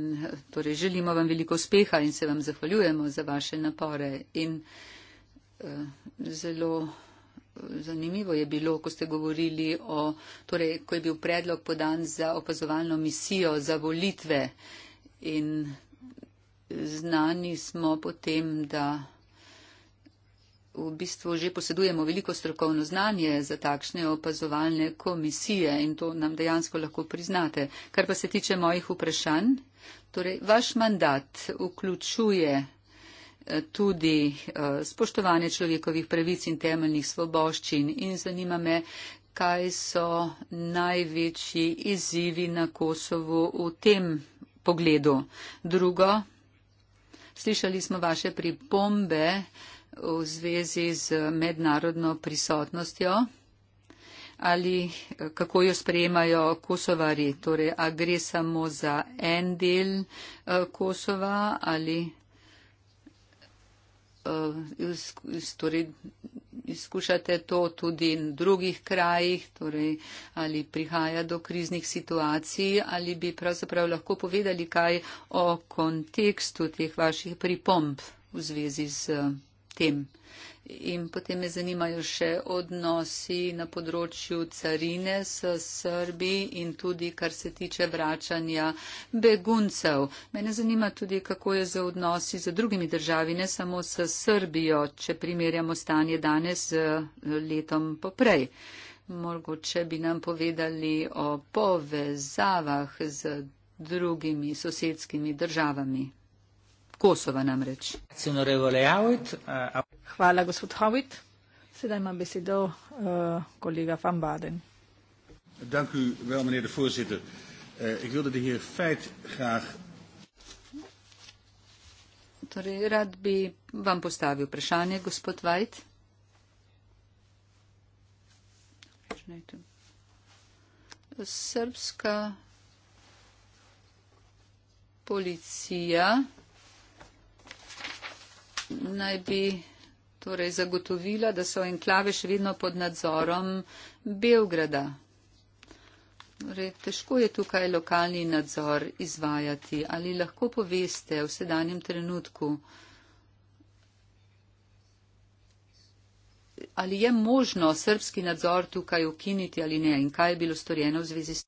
torej, želimo vam veliko uspeha in se vam zahvaljujemo za vaše napore in uh, zelo zanimivo je bilo, ko ste govorili o, torej, ko je bil predlog podan za opazovalno misijo za volitve in znani smo potem, da v bistvu že posedujemo veliko strokovno znanje za takšne opazovalne komisije in to nam dejansko lahko priznate. Kar pa se tiče mojih vprašanj, torej vaš mandat vključuje tudi eh, spoštovanje človekovih pravic in temeljnih svoboščin in zanima me, kaj so največji izzivi na Kosovo v tem pogledu. Drugo, slišali smo vaše pripombe v zvezi z mednarodno prisotnostjo ali eh, kako jo sprejemajo kosovari, torej a gre samo za en del eh, Kosova ali torej, izkušate to tudi v drugih krajih, torej, ali prihaja do kriznih situacij, ali bi pravzaprav lahko povedali kaj o kontekstu teh vaših pripomb v zvezi s eh, tem. In potem me zanimajo še odnosi na področju carine s Srbi in tudi kar se tiče vračanja beguncev. Mene zanima tudi, kako je za odnosi z drugimi državi, ne samo s Srbijo, če primerjamo stanje danes z eh, letom poprej. Mogoče bi nam povedali o povezavah z drugimi sosedskimi državami. Kosova namreč. Hvala, gospod Hovit. Sedaj ima besedo uh, kolega Van Baden. Dank u wel, meneer de voorzitter. Uh, ik wilde de heer Feit graag. Torej, rad bi vam postavil vprašanje, gospod Vajt. Srpska policija naj bi torej zagotovila, da so enklave še vedno pod nadzorom Belgrada. Torej, težko je tukaj lokalni nadzor izvajati. Ali lahko poveste v sedanjem trenutku, ali je možno srbski nadzor tukaj ukiniti ali ne in kaj je bilo storjeno v zvezi s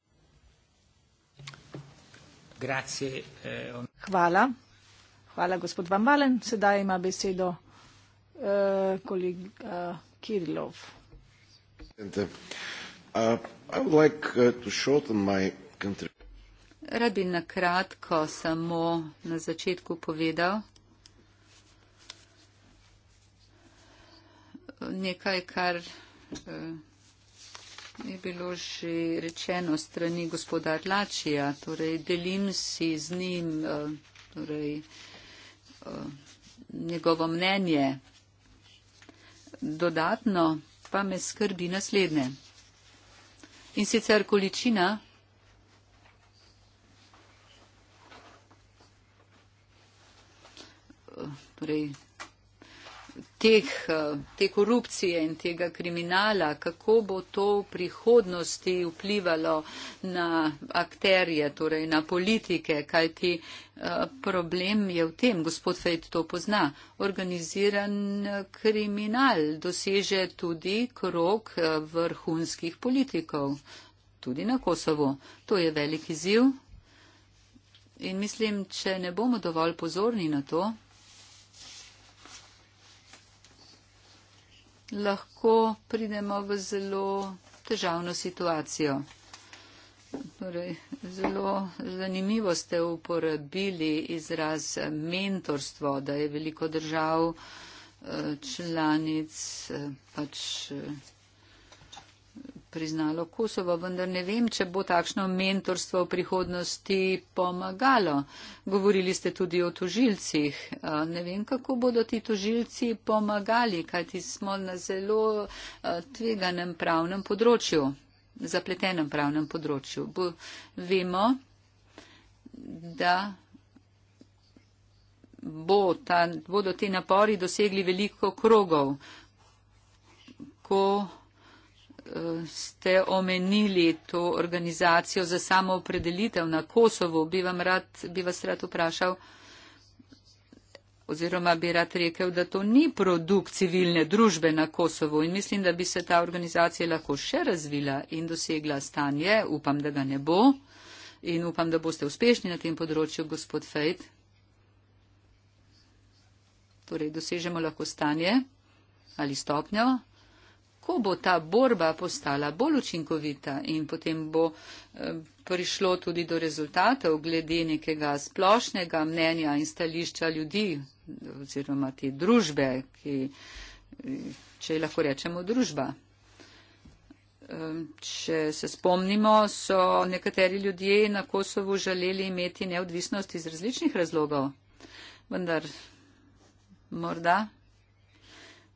tem? Eh, Hvala. Hvala, gospod Van Balen. Sedaj ima besedo eh, uh, kolega Kirilov. Uh, Rad bi na kratko samo na začetku povedal nekaj, kar uh, je bilo že rečeno strani gospoda Arlačija. Torej, delim si z njim uh, torej, uh, njegovo mnenje. Dodatno pa me skrbi naslednje. In sicer količina eh, torej, teh, eh, te korupcije in tega kriminala, kako bo to v prihodnosti vplivalo na akterje, torej na politike, kajti eh, problem je v tem, gospod Fejt to pozna, organiziran eh, kriminal doseže tudi krok vrhunskih politikov, tudi na Kosovo. To je velik izziv. In mislim, če ne bomo dovolj pozorni na to, lahko pridemo v zelo težavno situacijo. Torej, zelo zanimivo ste uporabili izraz mentorstvo, da je veliko držav eh, članic eh, pač eh, priznalo Kosovo, vendar ne vem, če bo takšno mentorstvo v prihodnosti pomagalo. Govorili ste tudi o tožilcih. Ne vem, kako bodo ti tožilci pomagali, kajti smo na zelo tveganem pravnem področju, zapletenem pravnem področju. Bo, vemo, da bo ta, bodo ti napori dosegli veliko krogov. Ko ste omenili to organizacijo za samoopredelitev na Kosovo, bi, rad, bi vas rad vprašal oziroma bi rad rekel, da to ni produkt civilne družbe na Kosovo in mislim, da bi se ta organizacija lahko še razvila in dosegla stanje, upam, da ga ne bo in upam, da boste uspešni na tem področju, gospod Fejt. Torej, dosežemo lahko stanje ali stopnjo kako bo ta borba postala bolj učinkovita in potem bo eh, prišlo tudi do rezultatov glede nekega splošnega mnenja in stališča ljudi oziroma te družbe, ki, eh, če lahko rečemo, družba. Eh, če se spomnimo, so nekateri ljudje na Kosovu želeli imeti neodvisnost iz različnih razlogov, vendar morda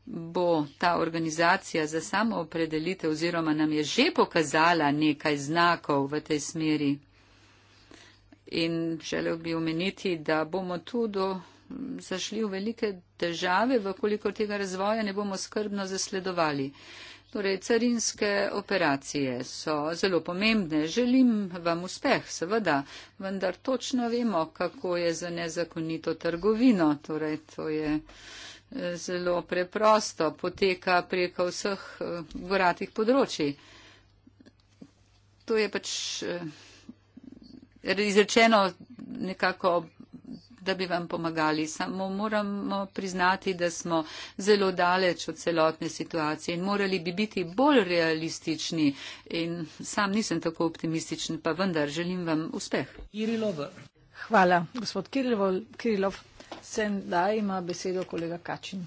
bo ta organizacija za samo opredelitev oziroma nam je že pokazala nekaj znakov v tej smeri. In želel bi omeniti, da bomo tu do zašli v velike težave, vkoliko tega razvoja ne bomo skrbno zasledovali. Torej, carinske operacije so zelo pomembne. Želim vam uspeh, seveda, vendar točno vemo, kako je za nezakonito trgovino. Torej, to je zelo preprosto, poteka preko vseh eh, goratih področji. To je pač eh, izrečeno nekako, da bi vam pomagali. Samo moramo priznati, da smo zelo daleč od celotne situacije in morali bi biti bolj realistični. In sam nisem tako optimističen, pa vendar želim vam uspeh. Hvala, gospod Kirilov. Kirilov. Sedaj ima besedo kolega Kačin.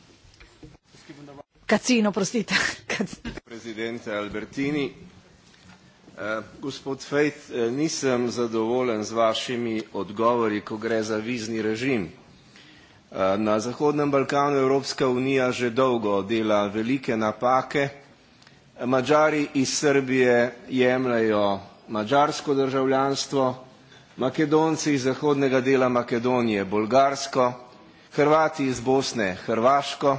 Kacino, prostite. Prezidente Albertini, eh, gospod Fejt, eh, nisem zadovoljen z vašimi odgovori, ko gre za vizni režim. Eh, na Zahodnem Balkanu Evropska unija že dolgo dela velike napake. Mađari iz Srbije jemljajo mađarsko državljanstvo, Makedonci iz zahodnega dela Makedonije, Bolgarsko, Hrvati iz Bosne, Hrvaško,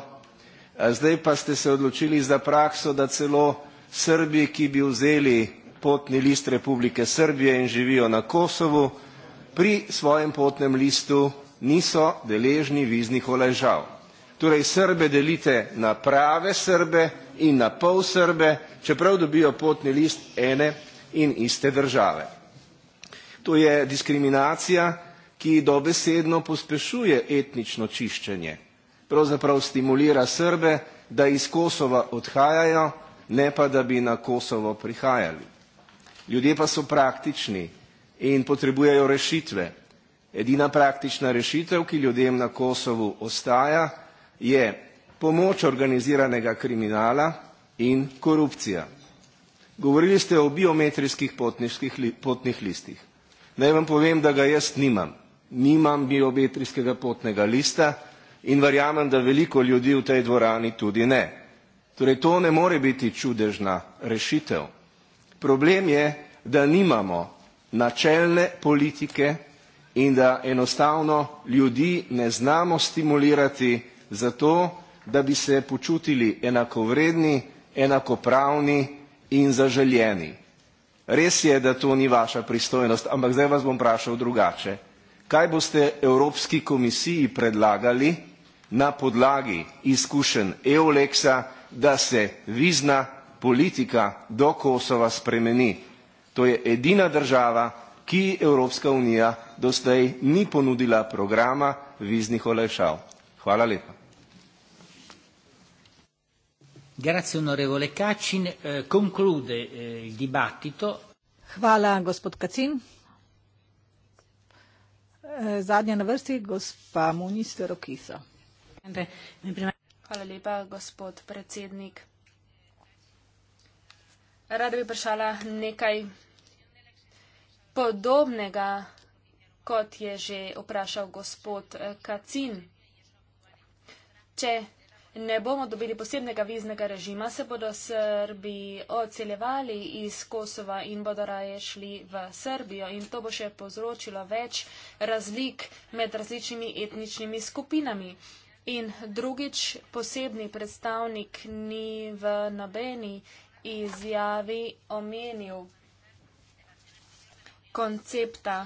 zdaj pa ste se odločili za prakso, da celo Srbi, ki bi vzeli potni list Republike Srbije in živijo na Kosovu, pri svojem potnem listu niso deležni viznih olajžav. Torej, Srbe delite na prave Srbe in na pol Srbe, čeprav dobijo potni list ene in iste države. To je diskriminacija, ki dobesedno pospešuje etnično čiščenje. Pravzaprav stimulira Srbe, da iz Kosova odhajajo, ne pa da bi na Kosovo prihajali. Ljudje pa so praktični in potrebujejo rešitve. Edina praktična rešitev, ki ljudem na Kosovu ostaja, je pomoč organiziranega kriminala in korupcija. Govorili ste o biometrijskih potniških li, potnih listih. Naj vam povem, da ga jaz nimam. Nimam biometrijskega potnega lista in verjamem, da veliko ljudi v tej dvorani tudi ne. Torej, to ne more biti čudežna rešitev. Problem je, da nimamo načelne politike in da enostavno ljudi ne znamo stimulirati za to, da bi se počutili enakovredni, enakopravni in zaželjeni. Res je, da to ni vaša pristojnost, ampak zdaj vas bom vprašal drugače. Kaj boste Evropski komisiji predlagali na podlagi izkušenj EOLEX-a, da se vizna politika do Kosova spremeni? To je edina država, ki Evropska unija doslej ni ponudila programa viznih olajšav. Hvala lepa. Grazie onorevole Kacin, eh, conclude eh, il dibattito. Hvala gospod Kacin. Eh, zadnja na vrsti, gospa minister Okisa. Hvala lepa, gospod predsednik. Rada bi vprašala nekaj podobnega, kot je že vprašal gospod eh, Kacin. Če ne bomo dobili posebnega viznega režima, se bodo Srbi odseljevali iz Kosova in bodo raje šli v Srbijo. In to bo še povzročilo več razlik med različnimi etničnimi skupinami. In drugič, posebni predstavnik ni v nobeni izjavi omenil koncepta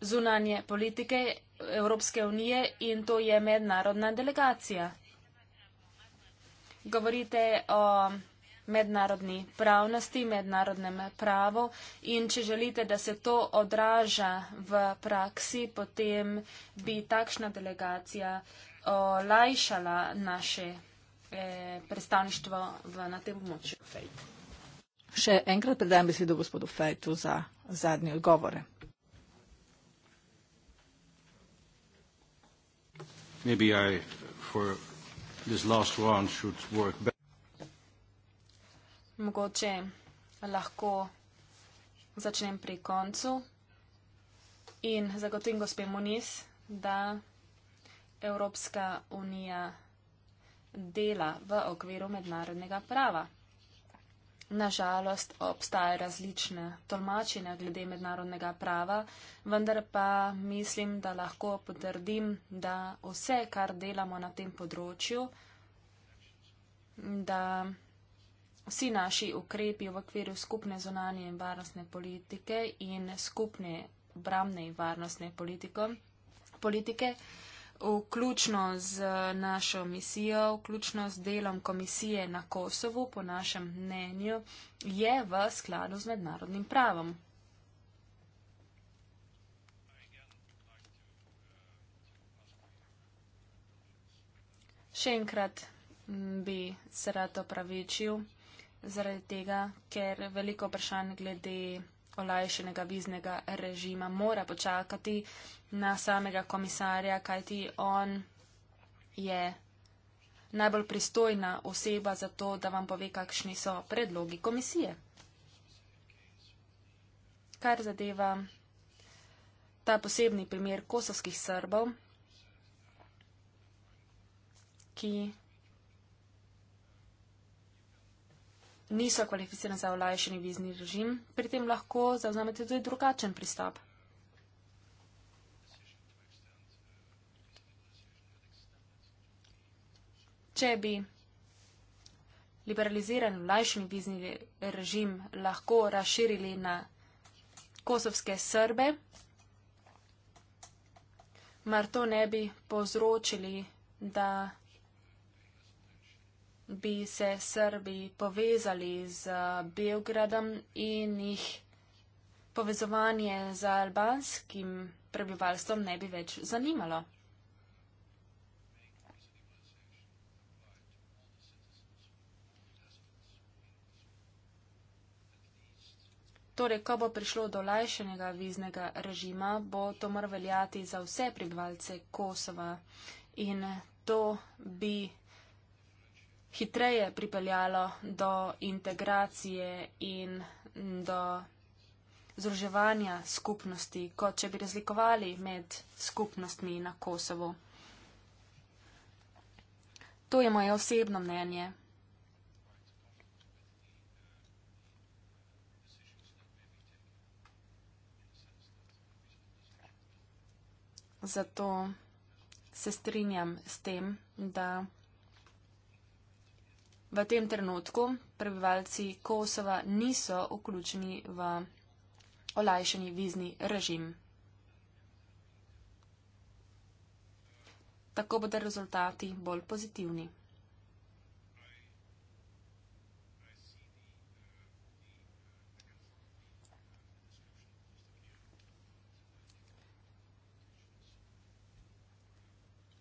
zunanje politike Evropske unije in to je mednarodna delegacija. Govorite o mednarodni pravnosti, mednarodnem pravu in če želite, da se to odraža v praksi, potem bi takšna delegacija eh, olajšala naše eh, predstavništvo na tem območju. Še enkrat predajam besedo gospodu Fejtu za zadnje odgovore. maybe I, for this last one, should work back. Mogoče lahko začnem pri koncu in zagotovim gospe Moniz, da Evropska unija dela v okviru mednarodnega prava. Nažalost obstajajo različne tolmačenja glede mednarodnega prava, vendar pa mislim, da lahko potrdim, da vse, kar delamo na tem področju, da vsi naši ukrepi v okviru skupne zonanje in varnostne politike in skupne obramne in varnostne politiko, politike vključno z našo misijo, vključno z delom komisije na Kosovu, po našem mnenju, je v skladu z mednarodnim pravom. Še enkrat bi se rad opravičil zaradi tega, ker veliko vprašanj glede olajšenega viznega režima mora počakati na samega komisarja, kajti on je najbolj pristojna oseba za to, da vam pove, kakšni so predlogi komisije. Kar zadeva ta posebni primer kosovskih srbov, ki niso kvalificirani za olajšeni vizni režim, pri tem lahko zavzamete tudi drugačen pristop. Če bi liberaliziran olajšeni vizni režim lahko razširili na kosovske srbe, mar to ne bi povzročili, da bi se Srbi povezali z eh, Belgradom in jih povezovanje z albanskim prebivalstvom ne bi več zanimalo. Torej, ko bo prišlo do lajšenega viznega režima, bo to moralo veljati za vse prebivalce Kosova in to bi hitreje pripeljalo do integracije in do združevanja skupnosti, kot če bi razlikovali med skupnostmi na Kosovo. To je moje osebno mnenje. Zato se strinjam s tem, da V tem trenutku prebivalci Kosova niso vključeni v olajšani vizni režim. Tako bodo rezultati bolj pozitivni.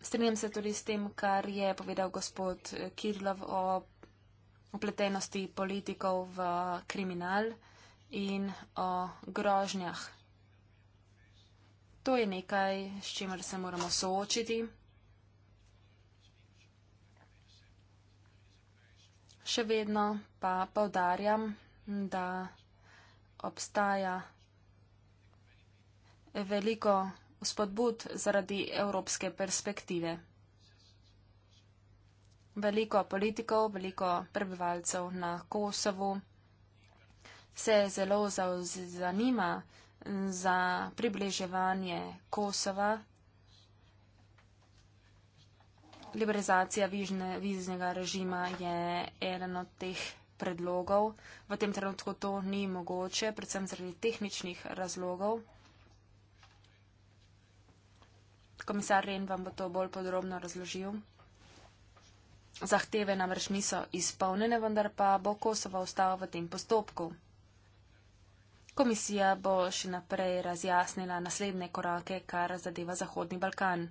Strenjam se tudi s tem, kar je povedal gospod Kirlov o upletenosti politikov v kriminal in o grožnjah. To je nekaj, s čimer se moramo soočiti. Še vedno pa povdarjam, da obstaja veliko spodbud zaradi evropske perspektive veliko politikov, veliko prebivalcev na Kosovu se zelo zanima za približevanje Kosova, liberalizacija viznega režima je eden od teh predlogov. V tem trenutku to ni mogoče, predvsem zaradi tehničnih razlogov. Komisar Ren vam bo to bolj podrobno razložil. Zahteve namreč niso izpolnjene, vendar pa bo Kosovo ostalo v tem postopku. Komisija bo še naprej razjasnila naslednje korake, kar zadeva Zahodni Balkan.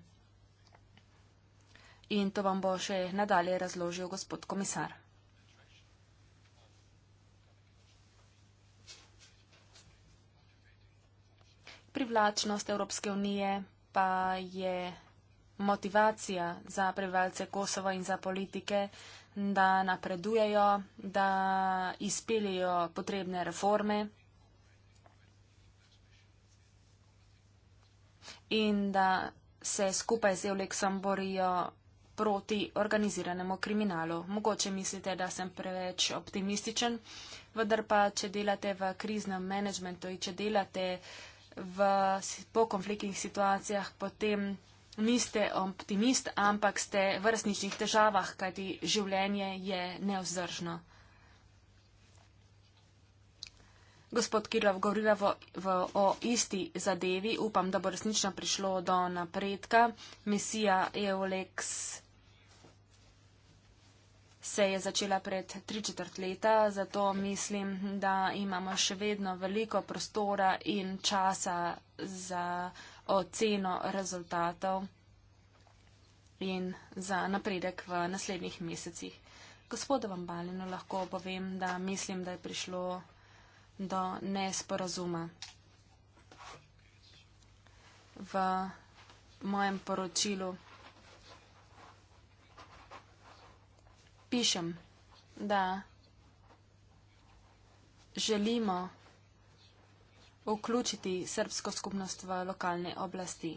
In to vam bo še nadalje razložil gospod komisar. Privlačnost Evropske unije pa je motivacija za prebivalce Kosova in za politike, da napredujejo, da izpeljejo potrebne reforme in da se skupaj z Eulexom borijo proti organiziranemu kriminalu. Mogoče mislite, da sem preveč optimističen, vendar pa, če delate v kriznem menedžmentu in če delate v pokonfliktnih situacijah, potem niste optimist, ampak ste v resničnih težavah, kajti življenje je neozdržno. Gospod Kirov, govorila o isti zadevi, upam, da bo resnično prišlo do napredka. Misija EOLEX se je začela pred tri četrt leta, zato mislim, da imamo še vedno veliko prostora in časa za oceno rezultatov in za napredek v naslednjih mesecih. Gospodu Vambalinu lahko povem, da mislim, da je prišlo do nesporazuma. V mojem poročilu pišem, da želimo vključiti srpsko skupnost v lokalne oblasti.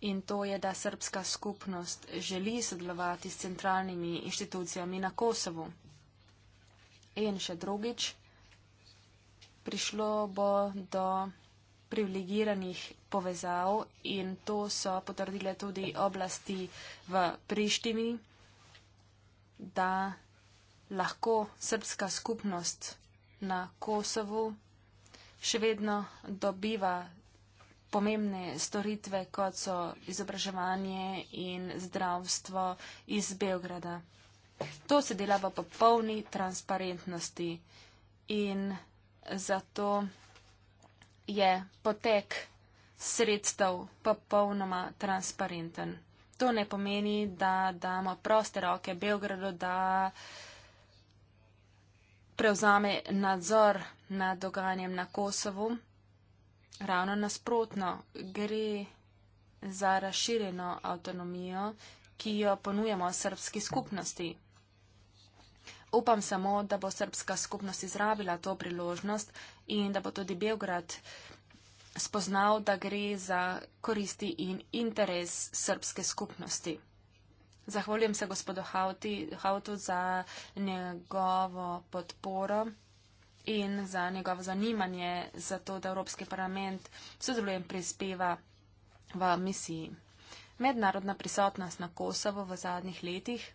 In to je, da srpska skupnost želi sodelovati s centralnimi inštitucijami na Kosovu. In še drugič, prišlo bo do privilegiranih povezav in to so potrdile tudi oblasti v Prištini, da lahko srpska skupnost na Kosovu, še vedno dobiva pomembne storitve, kot so izobraževanje in zdravstvo iz Beograda. To se dela v popolni transparentnosti in zato je potek sredstev popolnoma transparenten. To ne pomeni, da damo proste roke Beogradu, da uh, prevzame nadzor nad dogajanjem na Kosovu. Ravno nasprotno, gre za razširjeno avtonomijo, ki jo ponujemo srpski skupnosti. Upam samo, da bo srpska skupnost izrabila to priložnost in da bo tudi Belgrad spoznal, da gre za koristi in interes srpske skupnosti. Zahvaljujem se gospodu Hautu za njegovo podporo in za njegovo zanimanje za to, da Evropski parlament sodelujem prispeva v misiji. Mednarodna prisotnost na Kosovo v zadnjih letih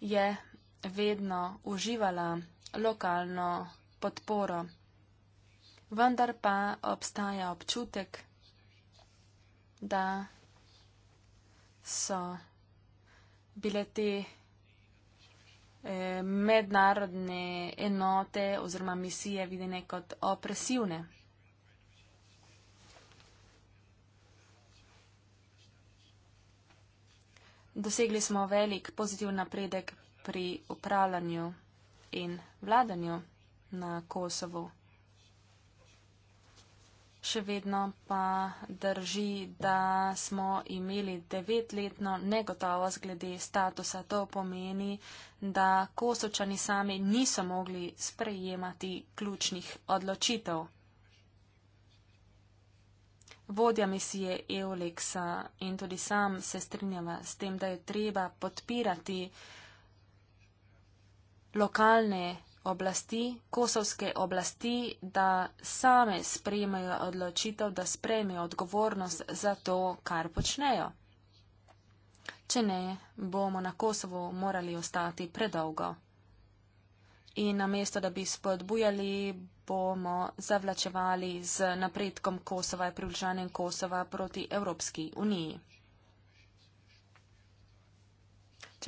je vedno uživala lokalno podporo, vendar pa obstaja občutek, da so bile te eh, mednarodne enote oziroma misije videne kot opresivne. Dosegli smo velik pozitiv napredek pri upravljanju in vladanju na Kosovo še vedno pa drži, da smo imeli devetletno negotovost glede statusa. To pomeni, da kosočani sami niso mogli sprejemati ključnih odločitev. Vodja misije Euleksa in tudi sam se strinjava s tem, da je treba podpirati lokalne oblasti, kosovske oblasti, da same sprejmejo odločitev, da sprejmejo odgovornost za to, kar počnejo. Če ne, bomo na Kosovo morali ostati predolgo. In namesto, da bi spodbujali, bomo zavlačevali z napredkom Kosova in približanjem Kosova proti Evropski uniji.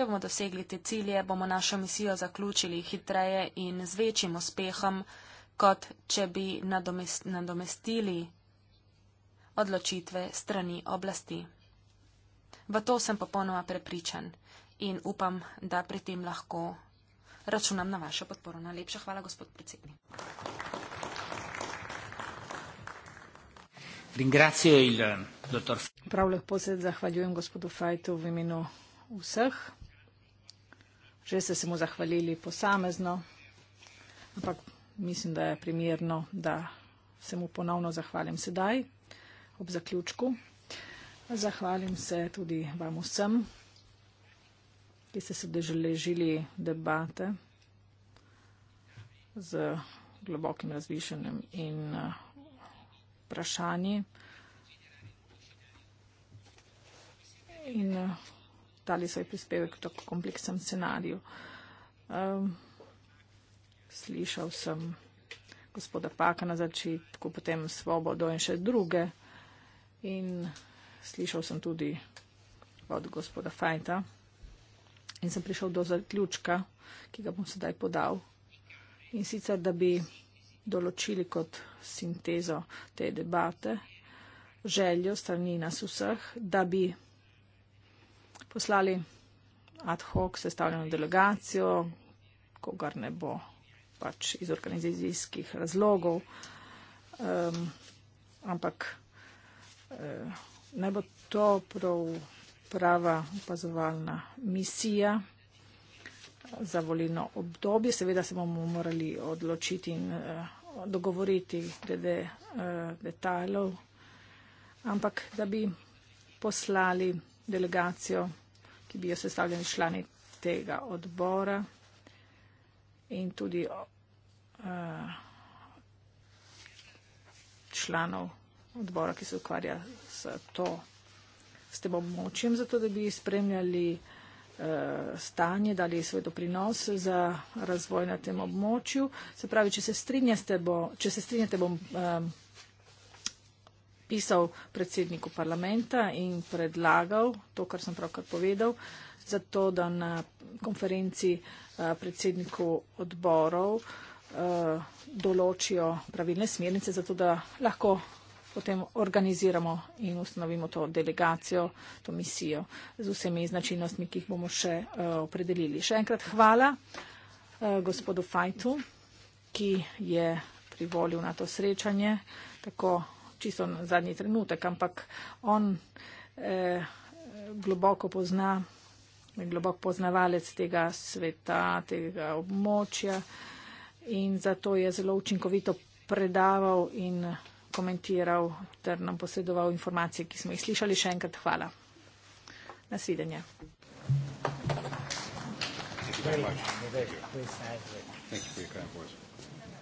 Če bomo dosegli te cilje, bomo našo misijo zaključili hitreje in z večjim uspehom, kot če bi nadomestili odločitve strani oblasti. V to sem popolnoma prepričan in upam, da pri tem lahko računam na vašo podporo. Najlepša hvala, gospod predsednik. Prav lepo se zahvaljujem gospodu Fajtu v imenu vseh. Že ste se mu zahvalili posamezno, ampak mislim, da je primerno, da se mu ponovno zahvalim sedaj, ob zaključku. Zahvalim se tudi vam vsem, ki ste se deželežili debate z globokim razvišenjem in vprašanji. In, uh, dali svoj prispevek k tako kompleksnem scenariju. Um, slišal sem gospoda Paka na začetku, potem Svobodo in še druge. In slišal sem tudi od gospoda Fajta. In sem prišel do zaključka, ki ga bom sedaj podal. In sicer, da bi določili kot sintezo te debate željo strani nas vseh, da bi poslali ad hoc sestavljeno delegacijo, kogar ne bo pač iz organizacijskih razlogov, um, ampak uh, naj bo to prav prava opazovalna misija eh, za volilno obdobje. Seveda se bomo morali odločiti in uh, dogovoriti glede uh, detajlov, ampak da bi poslali delegacijo, ki bi jo sestavljali člani tega odbora in tudi uh, članov odbora, ki se ukvarja s, to, s tem območjem, zato da bi spremljali uh, stanje, dali svoj doprinos za razvoj na tem območju. Se pravi, če se strinjate, bom. Um, pisal predsedniku parlamenta in predlagal to, kar sem pravkar povedal, zato da na konferenci eh, predsedniku odborov eh, določijo pravilne smernice, zato da lahko potem organiziramo in ustanovimo to delegacijo, to misijo z vsemi značilnostmi, ki jih bomo še eh, opredelili. Še enkrat hvala gospodu Fajtu, ki je privolil na to srečanje. Tako čisto na zadnji trenutek, ampak on eh, globoko pozna, globok poznavalec tega sveta, tega območja in zato je zelo učinkovito predaval in komentiral ter nam posredoval informacije, ki smo jih slišali. Še enkrat hvala. Nasvidenje. Thank you very much. Thank you for your kind voice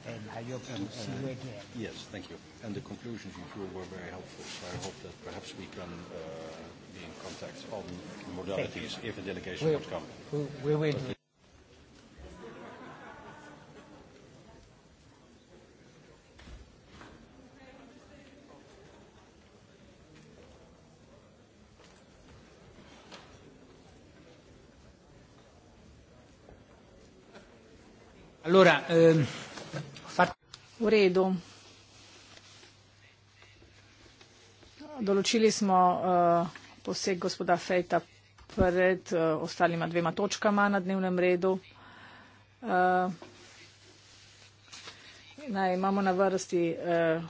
and I hope to see you again. Yes, thank you. And the conclusions you drew were very helpful, so I hope that perhaps we can uh, be in contact on modalities if a delegation we'll, would come. We, we will. Okay. Allora, ehm... V redu. Določili smo uh, poseg gospoda Fejta pred uh, ostalima dvema točkama na dnevnem redu. Uh, naj imamo na vrsti uh,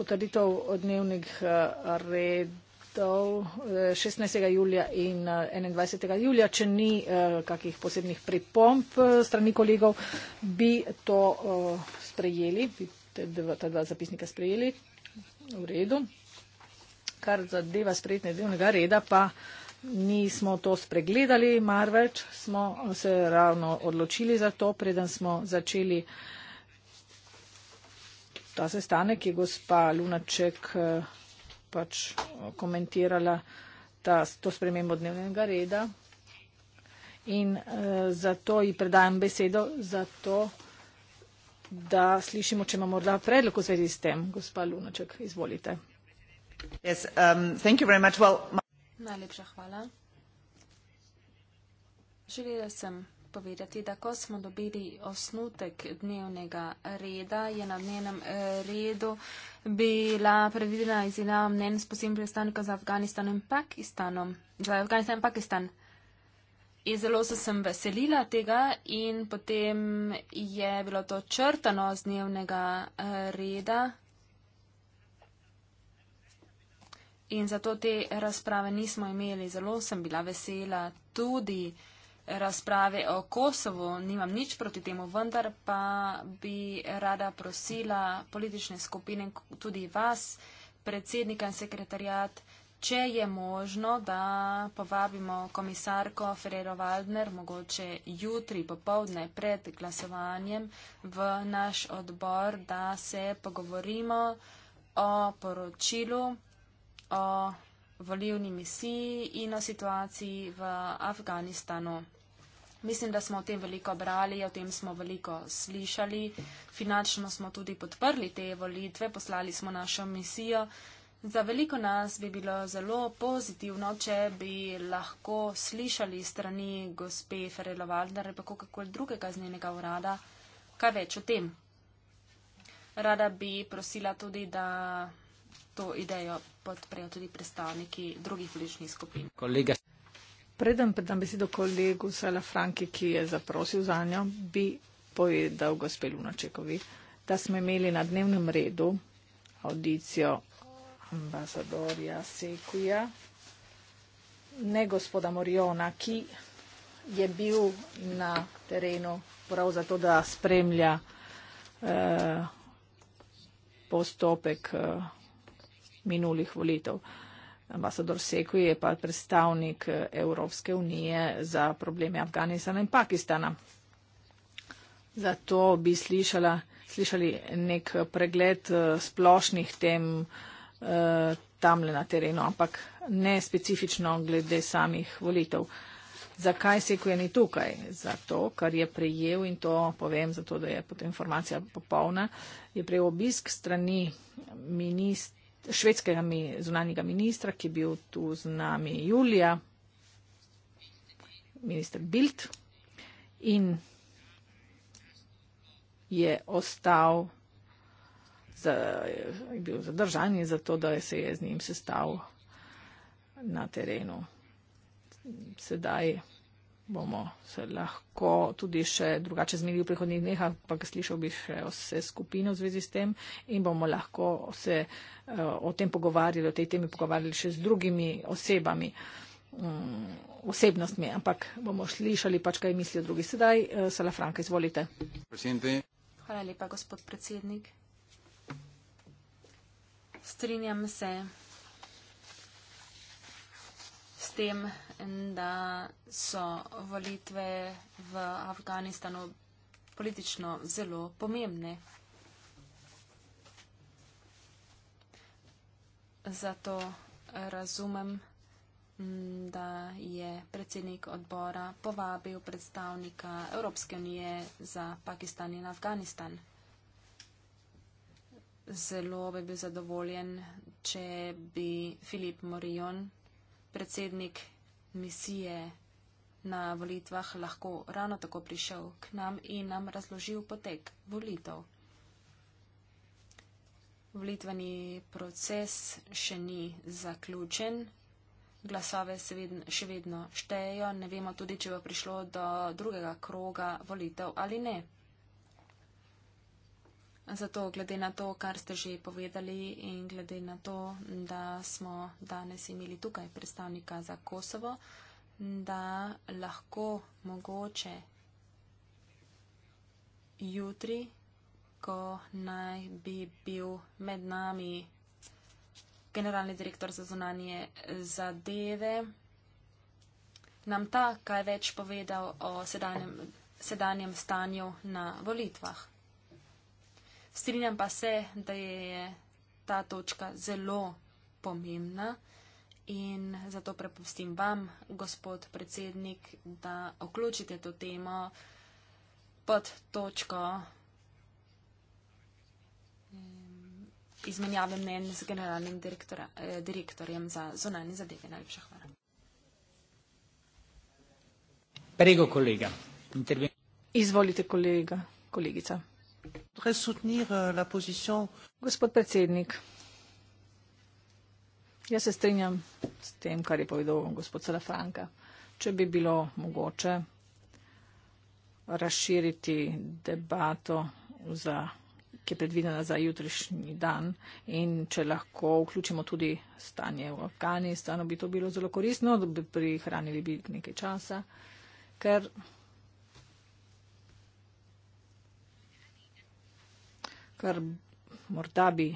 potrditev dnevnih uh, redov testov 16. Eh, julija in 21. Eh, julija, če ni eh, kakih posebnih pripomp strani kolegov, bi to sprejeli, bi ta dva zapisnika sprejeli v redu. Kar zadeva sprejetne delovnega reda, pa nismo to spregledali, marveč smo se ravno odločili za to, preden smo začeli ta sestanek, ki je gospa Lunaček pač eh, komentirala ta, to spremembo dnevnega reda. In e, zato ji predajam besedo, zato, da slišimo, če ima morda predlog v zvezi s tem. Gospa Lunoček, izvolite. Yes, um, well, Najlepša hvala. Želela sem povedati, da ko smo dobili osnutek dnevnega reda, je na dnevnem eh, redu bila predvidena izjava mnen s posebnim predstavnikom za Afganistan in Pakistanom. Za Afganistan in Pakistan. In zelo se sem veselila tega in potem je bilo to črtano z dnevnega eh, reda. In zato te razprave nismo imeli. Zelo sem bila vesela tudi razprave o Kosovo. Nimam nič proti temu, vendar pa bi rada prosila politične skupine, tudi vas, predsednika in sekretarjat, če je možno, da povabimo komisarko Ferrero Waldner, mogoče jutri popovdne pred glasovanjem v naš odbor, da se pogovorimo o poročilu, o volivni misiji in o situaciji v Afganistanu. Mislim, da smo o tem veliko brali, o tem smo veliko slišali. Finančno smo tudi podprli te volitve, poslali smo našo misijo. Za veliko nas bi bilo zelo pozitivno, če bi lahko slišali strani gospe Ferelo Valdnare, pa kakorkoli drugega z njenega urada, kaj več o tem. Rada bi prosila tudi, da to idejo podprejo tudi predstavniki drugih političnih skupin. Kolega. Preden predam besedo kolegu Sela Franki, ki je zaprosil za njo, bi povedal gospe Lunačekovi, da smo imeli na dnevnem redu audicijo ambasadorja Sekuja, ne gospoda Moriona, ki je bil na terenu prav zato, da spremlja eh, postopek eh, minulih volitev. Eh, Ambasador Sekuj je pa predstavnik eh, Evropske unije za probleme Afganistana in Pakistana. Zato bi slišala, slišali nek pregled eh, splošnih tem eh, tamle na terenu, ampak ne specifično glede samih volitev. Zakaj Sekuj ni tukaj? Zato, ker je prejel, in to povem, zato da je potem informacija popolna, je prejel obisk strani ministra švedskega zunanjega ministra, ki je bil tu z nami julija, minister Bild, in je ostal, za, je bil zadržan in zato, da se je z njim sestal na terenu. Sedaj bomo se lahko tudi še drugače zmenili v prihodnih dneh, ampak slišal bi še vse skupino v zvezi s tem in bomo lahko se eh, o tem pogovarjali, o tej temi pogovarjali še z drugimi osebami, mm, osebnostmi, ampak bomo slišali pač, kaj mislijo drugi. Sedaj, eh, Sala Franka, izvolite. Hvala lepa, gospod predsednik. Strinjam se tem, da so volitve v Afganistanu politično zelo pomembne. Zato razumem, da je predsednik odbora povabil predstavnika Evropske unije za Pakistan in Afganistan. Zelo bi bil zadovoljen, če bi Filip Morion predsednik misije na volitvah lahko ravno tako prišel k nam in nam razložil potek volitev. Volitveni proces še ni zaključen. Glasove se vedno, še vedno štejejo, ne vemo tudi, če bo prišlo do drugega kroga volitev ali ne. Zato, glede na to, kar ste že povedali in glede na to, da smo danes imeli tukaj predstavnika za Kosovo, da lahko mogoče jutri, ko naj bi bil med nami generalni direktor za zunanje zadeve, nam ta kaj več povedal o sedanjem, sedanjem stanju na volitvah. Strinjam pa se, da je ta točka zelo pomembna in zato prepustim vam, gospod predsednik, da oklučite to temo pod točko mm, izmenjave mnen z generalnim eh, direktorjem za zonalne zadeve. Najlepša hvala. Prego kolega. Intervju. Izvolite kolega, kolegica. Euh, gospod predsednik, jaz se strinjam s tem, kar je povedal gospod Salafranka. Če bi bilo mogoče razširiti debato, za, ki je predvidena za jutrišnji dan in če lahko vključimo tudi stanje v Afganistanu, bi to bilo zelo koristno, da bi prihranili bi nekaj časa, ker kar morda bi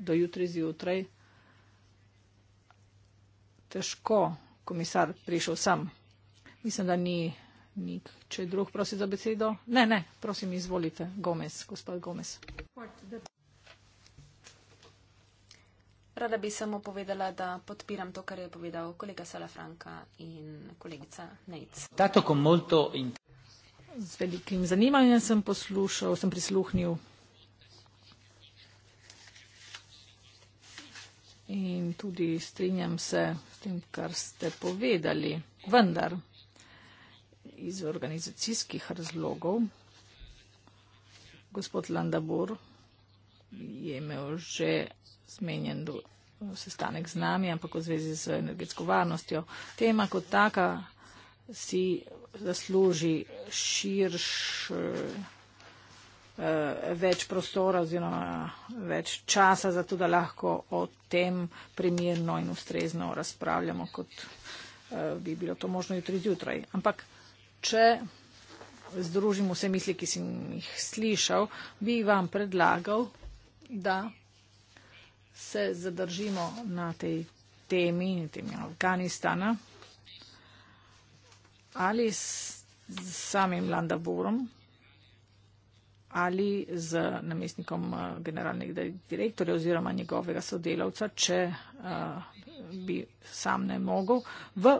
do jutri zjutraj težko komisar prišel sam. Mislim, da ni nik. Če drug prosi za besedo. Ne, ne, prosim, izvolite, Gomez, gospod Gomez. Rada bi samo povedala, da podpiram to, kar je povedal kolega Salafranka in kolegica Nejc. Z velikim zanimanjem sem poslušal, sem prisluhnil in tudi strinjam se s tem, kar ste povedali. Vendar iz organizacijskih razlogov gospod Landabur je imel že zmenjen do, sestanek z nami, ampak v zvezi z energetsko varnostjo. Tema kot taka si zasluži širš. Uh, Eh, več prostora oziroma več časa, zato da lahko o tem primirno in ustrezno razpravljamo, kot eh, bi bilo to možno jutri zjutraj. Ampak, če združim vse misli, ki sem jih slišal, bi vam predlagal, da se zadržimo na tej temi, temi Afganistana ali s samim Landaburom ali z namestnikom eh, generalnega direktorja oziroma njegovega sodelavca, če eh, bi sam ne mogel, v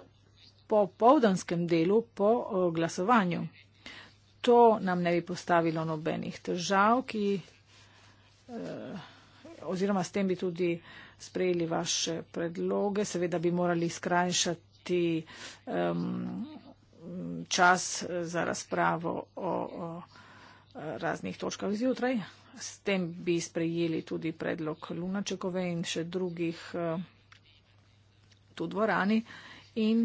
popovdanskem delu po eh, glasovanju. To nam ne bi postavilo nobenih težav, ki, oziroma s tem bi tudi sprejeli vaše predloge, seveda bi morali skrajšati um, čas za razpravo o. o raznih točkah zjutraj. S tem bi sprejeli tudi predlog Lunačekove in še drugih eh, tu dvorani in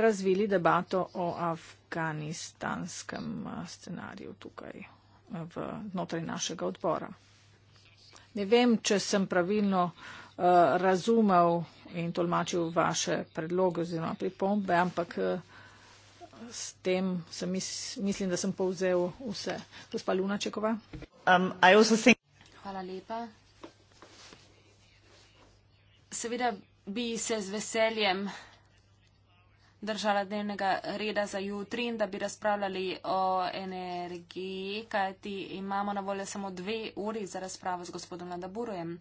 razvili debato o afganistanskem eh, scenariju tukaj eh, v notraj našega odbora. Ne vem, če sem pravilno razumel in tolmačil vaše predloge oziroma pripombe, ampak s tem sem mis, mislim, da sem povzel vse. Gospa Luna Čekova. Um, think... Hvala lepa. Seveda bi se z veseljem držala dnevnega reda za jutri in da bi razpravljali o energiji, kajti imamo na voljo samo dve uri za razpravo z gospodom Nadaburojem.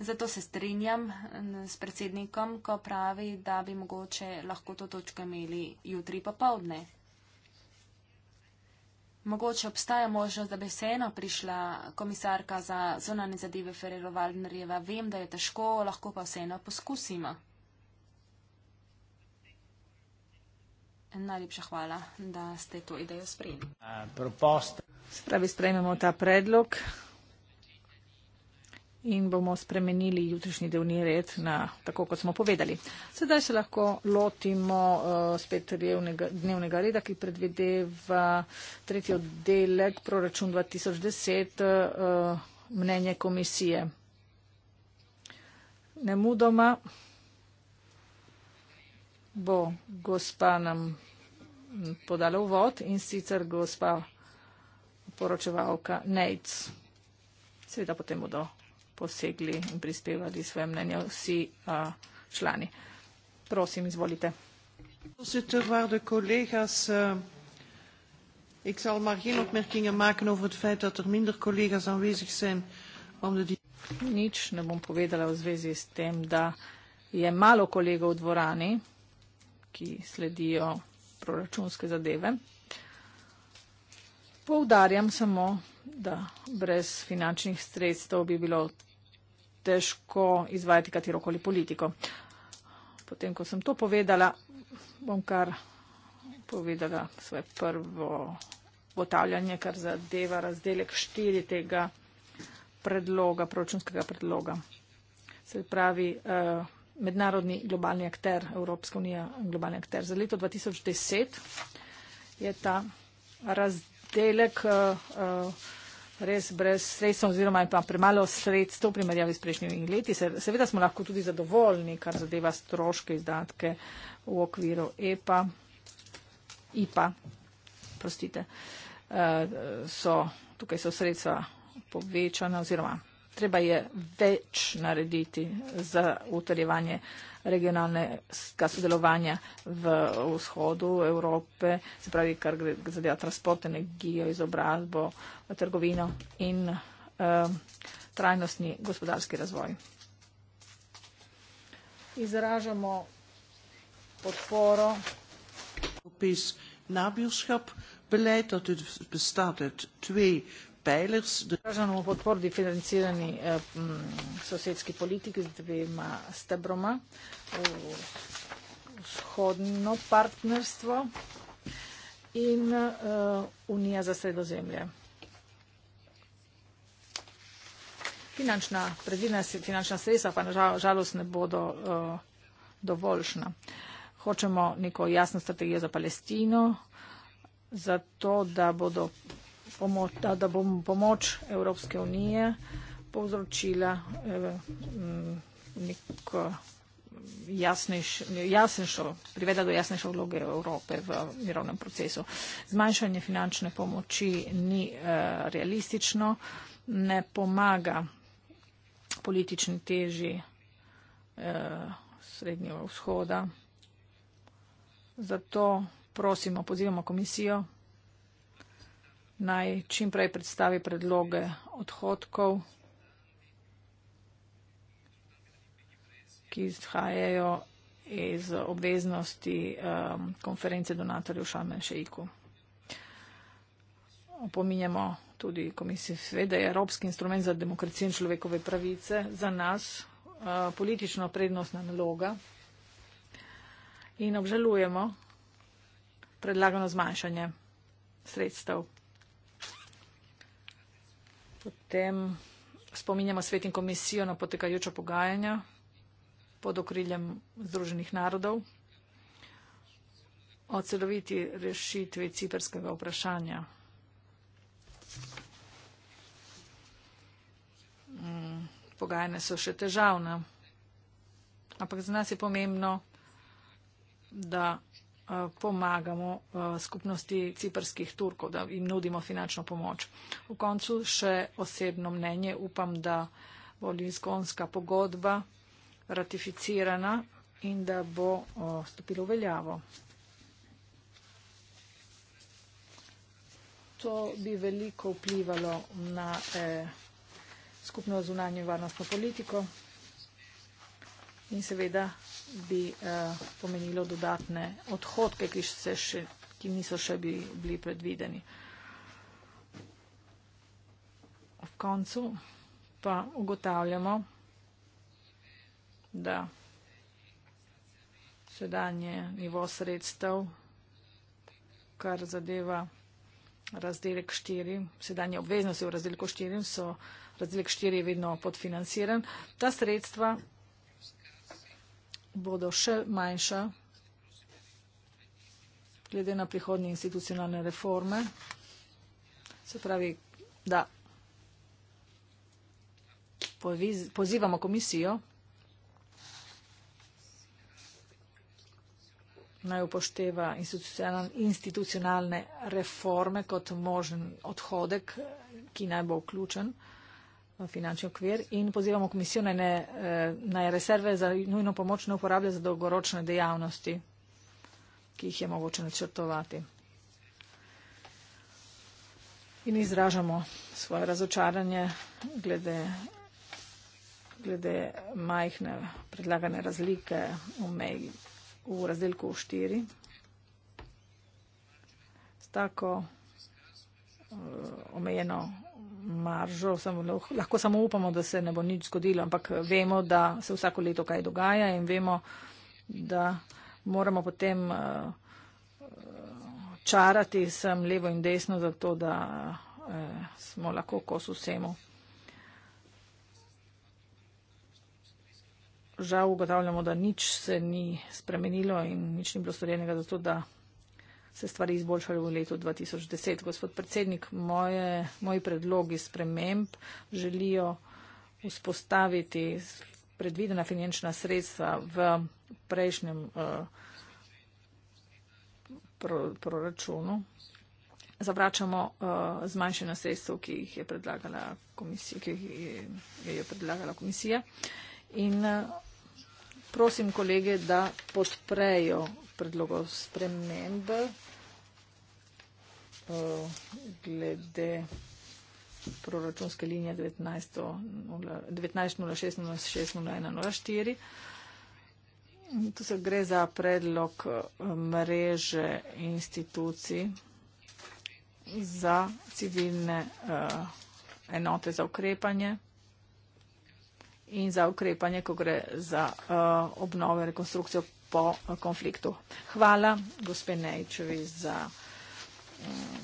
Zato se strinjam s predsednikom, ko pravi, da bi mogoče lahko to točko imeli jutri popovdne. Mogoče obstaja možnost, da bi vseeno prišla komisarka za zunanje zadeve Ferrero Valdnerjeva. Vem, da je težko, lahko pa vseeno poskusimo. Najlepša hvala, da ste to idejo sprejeli. Spravi, sprejmemo ta predlog in bomo spremenili jutrišnji delovni red na, tako, kot smo povedali. Sedaj se lahko lotimo uh, spet revnega, dnevnega reda, ki predvideva tretji oddelek proračun 2010 uh, eh, mnenje komisije. Nemudoma bo gospa nam podala uvod in sicer gospa poročevalka Nejc. Seveda potem bodo posegli in prispevali svoje mnenje vsi a, člani. Prosim, izvolite. Eh, er Nič ne bom povedala v zvezi s tem, da je malo kolegov v dvorani, ki sledijo proračunske zadeve. Poudarjam samo, da brez finančnih sredstev bi bilo težko izvajati katerokoli politiko. Potem, ko sem to povedala, bom kar povedala svoje prvo potavljanje, kar zadeva razdelek štiri tega predloga, proračunskega predloga. Se pravi, eh, mednarodni globalni akter, Evropska unija globalni akter. Za leto 2010 je ta razdelek. Eh, eh, res brez sredstva oziroma pa premalo sredstva v primerjavi s prejšnjimi leti. Seveda smo lahko tudi zadovoljni, kar zadeva stroške izdatke v okviru EPA. IPA, prostite, eh, so, tukaj so sredstva povečana oziroma treba je več narediti za utrjevanje regionalnega sodelovanja v vzhodu Evrope, se pravi, kar gre za del transport, energijo, izobrazbo, trgovino in um, trajnostni gospodarski razvoj. Izražamo podporo. Opis nabilskap. Beleid dat het bestaat uit twee pijlers. Izražamo v podpori financirani eh, sosedski politiki z dvema stebroma. Vzhodno partnerstvo in eh, Unija za sredozemlje. Finančna, predvidna finančna sredstva pa žalost ne bodo eh, dovoljšna. Hočemo neko jasno strategijo za Palestino, zato da bodo pomoč, da, da bom pomoč Evropske unije povzročila eh, mm, neko jasnejšo, privedla do jasnejše vloge Evrope v mirovnem procesu. Zmanjšanje finančne pomoči ni eh, realistično, ne pomaga politični teži eh, Srednjega vzhoda. Zato prosimo, pozivamo komisijo, naj čim prej predstavi predloge odhodkov, ki izhajajo iz obveznosti um, konference donatorjev v Šamenšejku. Opominjamo tudi komisijo sveda, je Evropski instrument za demokracijo in človekove pravice za nas uh, politično prednostna naloga in obžalujemo predlagano zmanjšanje sredstev Potem spominjamo svet in komisijo na potekajoča pogajanja pod okriljem Združenih narodov o celoviti rešitvi ciperskega vprašanja. Mm, pogajanja so še težavna, ampak za nas je pomembno, da Eh, pomagamo eh, skupnosti ciprskih Turkov, da jim nudimo finančno pomoč. V koncu še osebno mnenje. Upam, da bo Lizgonska pogodba ratificirana in da bo eh, stopila v veljavo. To bi veliko vplivalo na eh, skupno zunanje varnostno politiko in seveda bi uh, pomenilo dodatne odhodke, ki, še, ki niso še bi, bili predvideni. V koncu pa ugotavljamo, da sedanje nivo sredstev, kar zadeva razdelek 4, sedanje obveznosti v razdelku 4 so razdelek 4 vedno podfinanciran. Ta sredstva bodo še manjša glede na prihodnje institucionalne reforme. Se pravi, da pozivamo komisijo naj upošteva institucionalne reforme kot možen odhodek, ki naj bo vključen finančni okvir in pozivamo komisijo naj, eh, naj rezerve za nujno pomoč ne uporablja za dolgoročne dejavnosti, ki jih je mogoče načrtovati. In izražamo svoje razočaranje glede, glede majhne predlagane razlike v, mej, v razdelku 4. S tako eh, omejeno maržo, samo, lahko samo upamo, da se ne bo nič zgodilo, ampak vemo, da se vsako leto kaj dogaja in vemo, da moramo potem uh, čarati sem levo in desno, zato da uh, smo lahko kos vsemu. Žal ugotavljamo, da nič se ni spremenilo in nič ni bilo storjenega zato, da se stvari izboljšale v letu 2010. Gospod predsednik, moje, moji predlogi sprememb želijo vzpostaviti predvidena finančna sredstva v prejšnjem uh, proračunu. Zavračamo uh, zmanjšanje sredstev, ki jih je predlagala komisija. Ki je, je predlagala komisija. In uh, prosim kolege, da podprejo predlogov spremembe uh, glede proračunske linije 19.06.06.01.04. Tu se gre za predlog eh, mreže institucij za civilne uh, enote za ukrepanje in za ukrepanje, ko gre za uh, obnove, rekonstrukcijo po konfliktu. Hvala gospe Nejčevi za mm,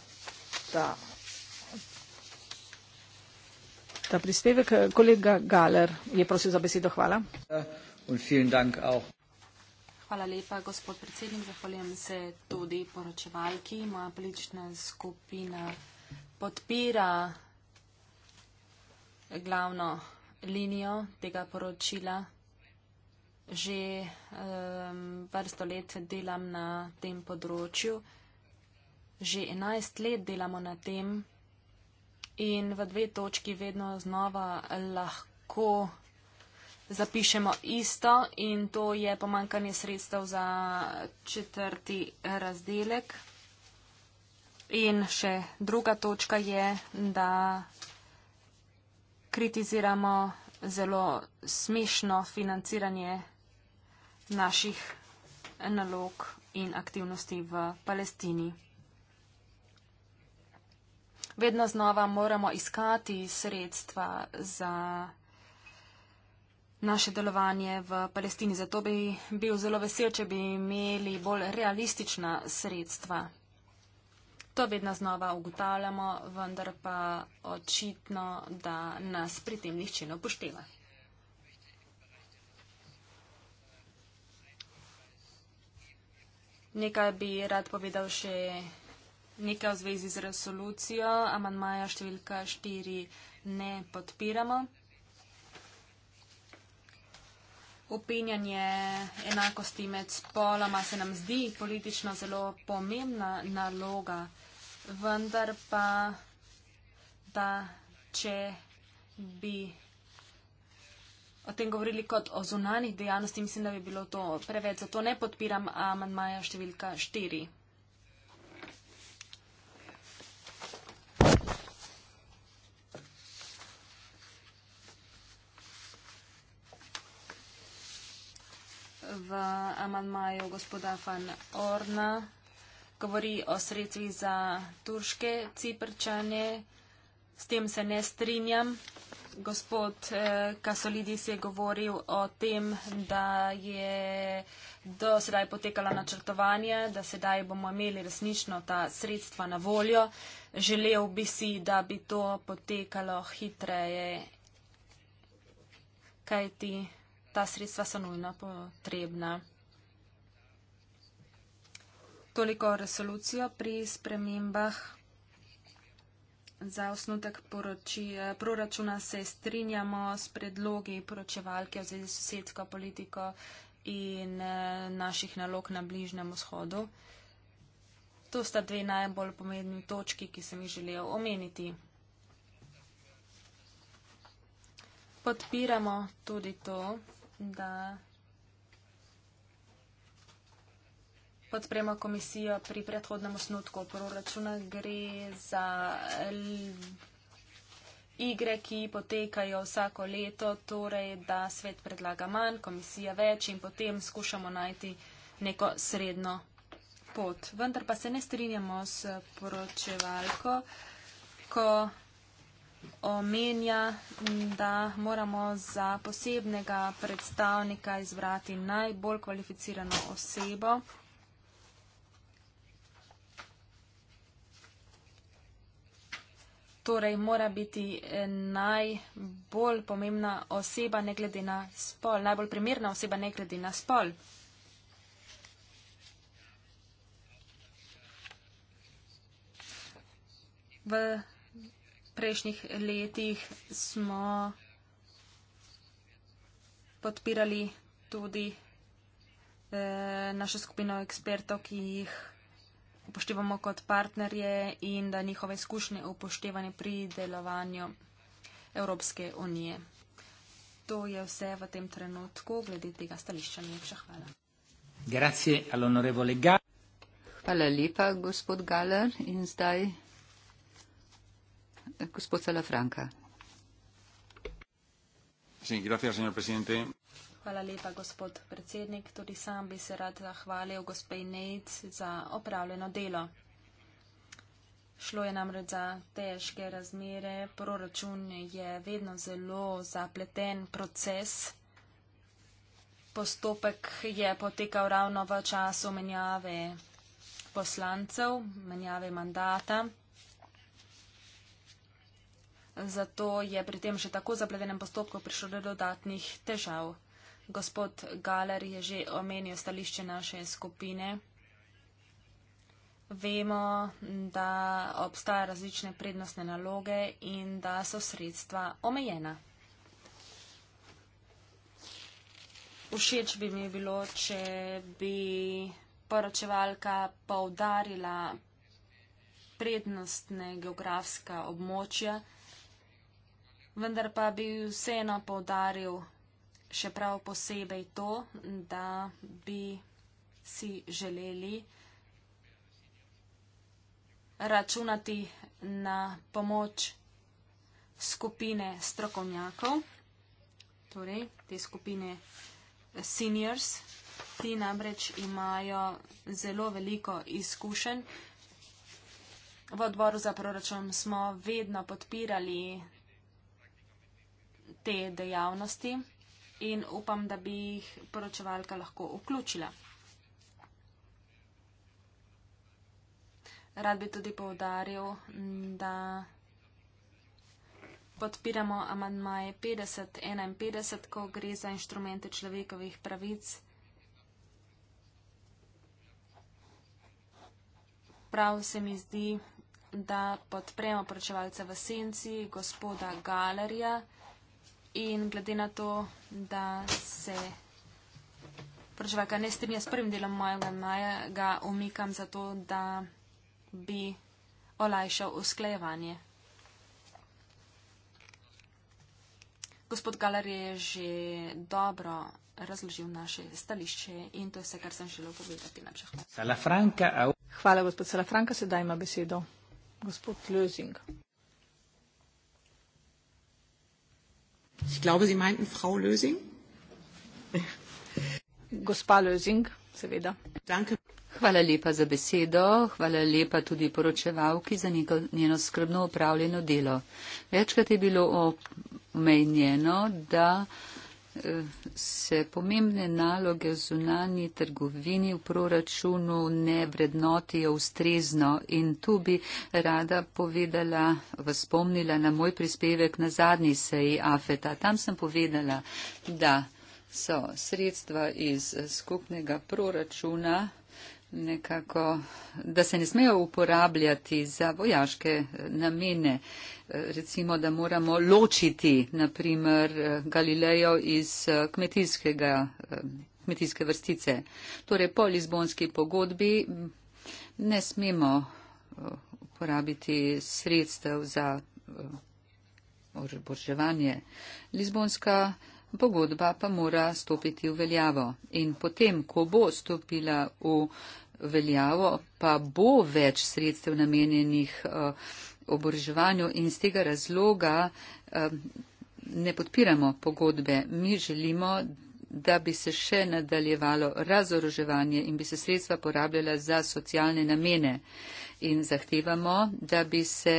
ta, ta prispevek. Kolega Galer je prosil za besedo. Hvala. Hvala lepa, gospod predsednik. Zahvaljujem se tudi poročevalki. Moja politična skupina podpira glavno linijo tega poročila že um, vrsto let delam na tem področju. Že 11 let delamo na tem in v dve točki vedno znova lahko zapišemo isto in to je pomankanje sredstev za četrti razdelek. In še druga točka je, da kritiziramo zelo smešno financiranje naših nalog in aktivnosti v Palestini. Vedno znova moramo iskati sredstva za naše delovanje v Palestini, zato bi bil zelo vesel, če bi imeli bolj realistična sredstva. To vedno znova ugotavljamo, vendar pa očitno, da nas pri tem nihče ne upošteva. Nekaj bi rad povedal še nekaj v zvezi z resolucijo. Amandmaja številka 4 ne podpiramo. Opinjanje enakosti med spoloma se nam zdi politično zelo pomembna naloga, vendar pa, da če bi o tem govorili kot o zunanih dejavnosti, mislim, da bi bilo to preveč. Zato ne podpiram amandmaja številka 4. V amandmaju gospoda Van Orna govori o sredstvih za turške ciprčane. S tem se ne strinjam gospod eh, Kasolidis je govoril o tem, da je do sedaj potekala načrtovanje, da sedaj bomo imeli resnično ta sredstva na voljo. Želel bi si, da bi to potekalo hitreje, kajti ta sredstva so nujno potrebna. Toliko resolucijo pri spremembah za osnutek poroči, eh, proračuna se strinjamo s predlogi poročevalke v zvezi s sosedsko politiko in eh, naših nalog na Bližnem vzhodu. To sta dve najbolj pomembni točki, ki sem jih želel omeniti. Podpiramo tudi to, da podprema komisijo pri predhodnem osnutku proračuna. Gre za igre, ki potekajo vsako leto, torej da svet predlaga manj, komisija več in potem skušamo najti neko sredno pot. Vendar pa se ne strinjamo s poročevalko, ko omenja, da moramo za posebnega predstavnika izbrati najbolj kvalificirano osebo. torej mora biti eh, najbolj pomembna oseba, ne glede na spol, najbolj primerna oseba, ne glede na spol. V prejšnjih letih smo podpirali tudi e, našo skupino ekspertov, ki jih upoštevamo kot partnerje in da njihove izkušnje upoštevane pri delovanju Evropske unije. To je vse v tem trenutku glede tega stališča. Najlepša hvala. Grazie all'onorevole Gall. Hvala lepa, gospod Galler. In zdaj eh, gospod Salafranka. Sì, grazie, signor Presidente. Hvala lepa, gospod predsednik. Tudi sam bi se rad zahvalil gospej Nejc za opravljeno delo. Šlo je namreč za težke razmere. Proračun je vedno zelo zapleten proces. Postopek je potekal ravno v času menjave poslancev, menjave mandata. Zato je pri tem še tako zapletenem postopku prišlo do dodatnih težav. Gospod Galer je že omenil stališče naše skupine. Vemo, da obstajajo različne prednostne naloge in da so sredstva omejena. Všeč bi mi bilo, če bi poročevalka povdarila prednostne geografska območja, vendar pa bi vseeno povdaril še prav posebej to, da bi si želeli računati na pomoč skupine strokovnjakov, torej te skupine seniors. Ti namreč imajo zelo veliko izkušenj. V odboru za proračun smo vedno podpirali te dejavnosti in upam, da bi jih poročevalka lahko vključila. Rad bi tudi povdaril, da podpiramo amandmaje 50-51, ko gre za inštrumente človekovih pravic. Prav se mi zdi, da podpremo poročevalca v senci gospoda Galerija in glede na to, da se proživaka ne strinja s prvim delom mojega maja, ga omikam zato, da bi olajšal usklejevanje. Gospod Galar je že dobro razložil naše stališče in to je vse, kar sem želel povedati. Hvala, gospod Salafranka. Sedaj ima besedo gospod Lözing. Ich glaube, Sie meinten Frau Lösing. Gospa Lösing, seveda. Danke. Hvala lepa za besedo, hvala lepa tudi poročevalki za neko, njeno skrbno upravljeno delo. Večkrat je bilo omenjeno, da se pomembne naloge v zunanji trgovini v proračunu ne vrednotijo ustrezno in tu bi rada povedala, vas spomnila na moj prispevek na zadnji seji AFETA. Tam sem povedala, da so sredstva iz skupnega proračuna nekako, da se ne smejo uporabljati za vojaške eh, namene. Eh, recimo, da moramo ločiti, naprimer, eh, Galilejo iz kmetijskega, kmetijske vrstice. Torej, po Lizbonski pogodbi mm, ne smemo uporabiti sredstev za oboževanje. Lizbonska pogodba pa mora stopiti v veljavo. In potem, ko bo stopila v veljavo, veljavo, pa bo več sredstev namenjenih eh, oboroževanju in z tega razloga eh, ne podpiramo pogodbe. Mi želimo, da bi se še nadaljevalo razoroževanje in bi se sredstva porabljala za socialne namene. In zahtevamo, da bi se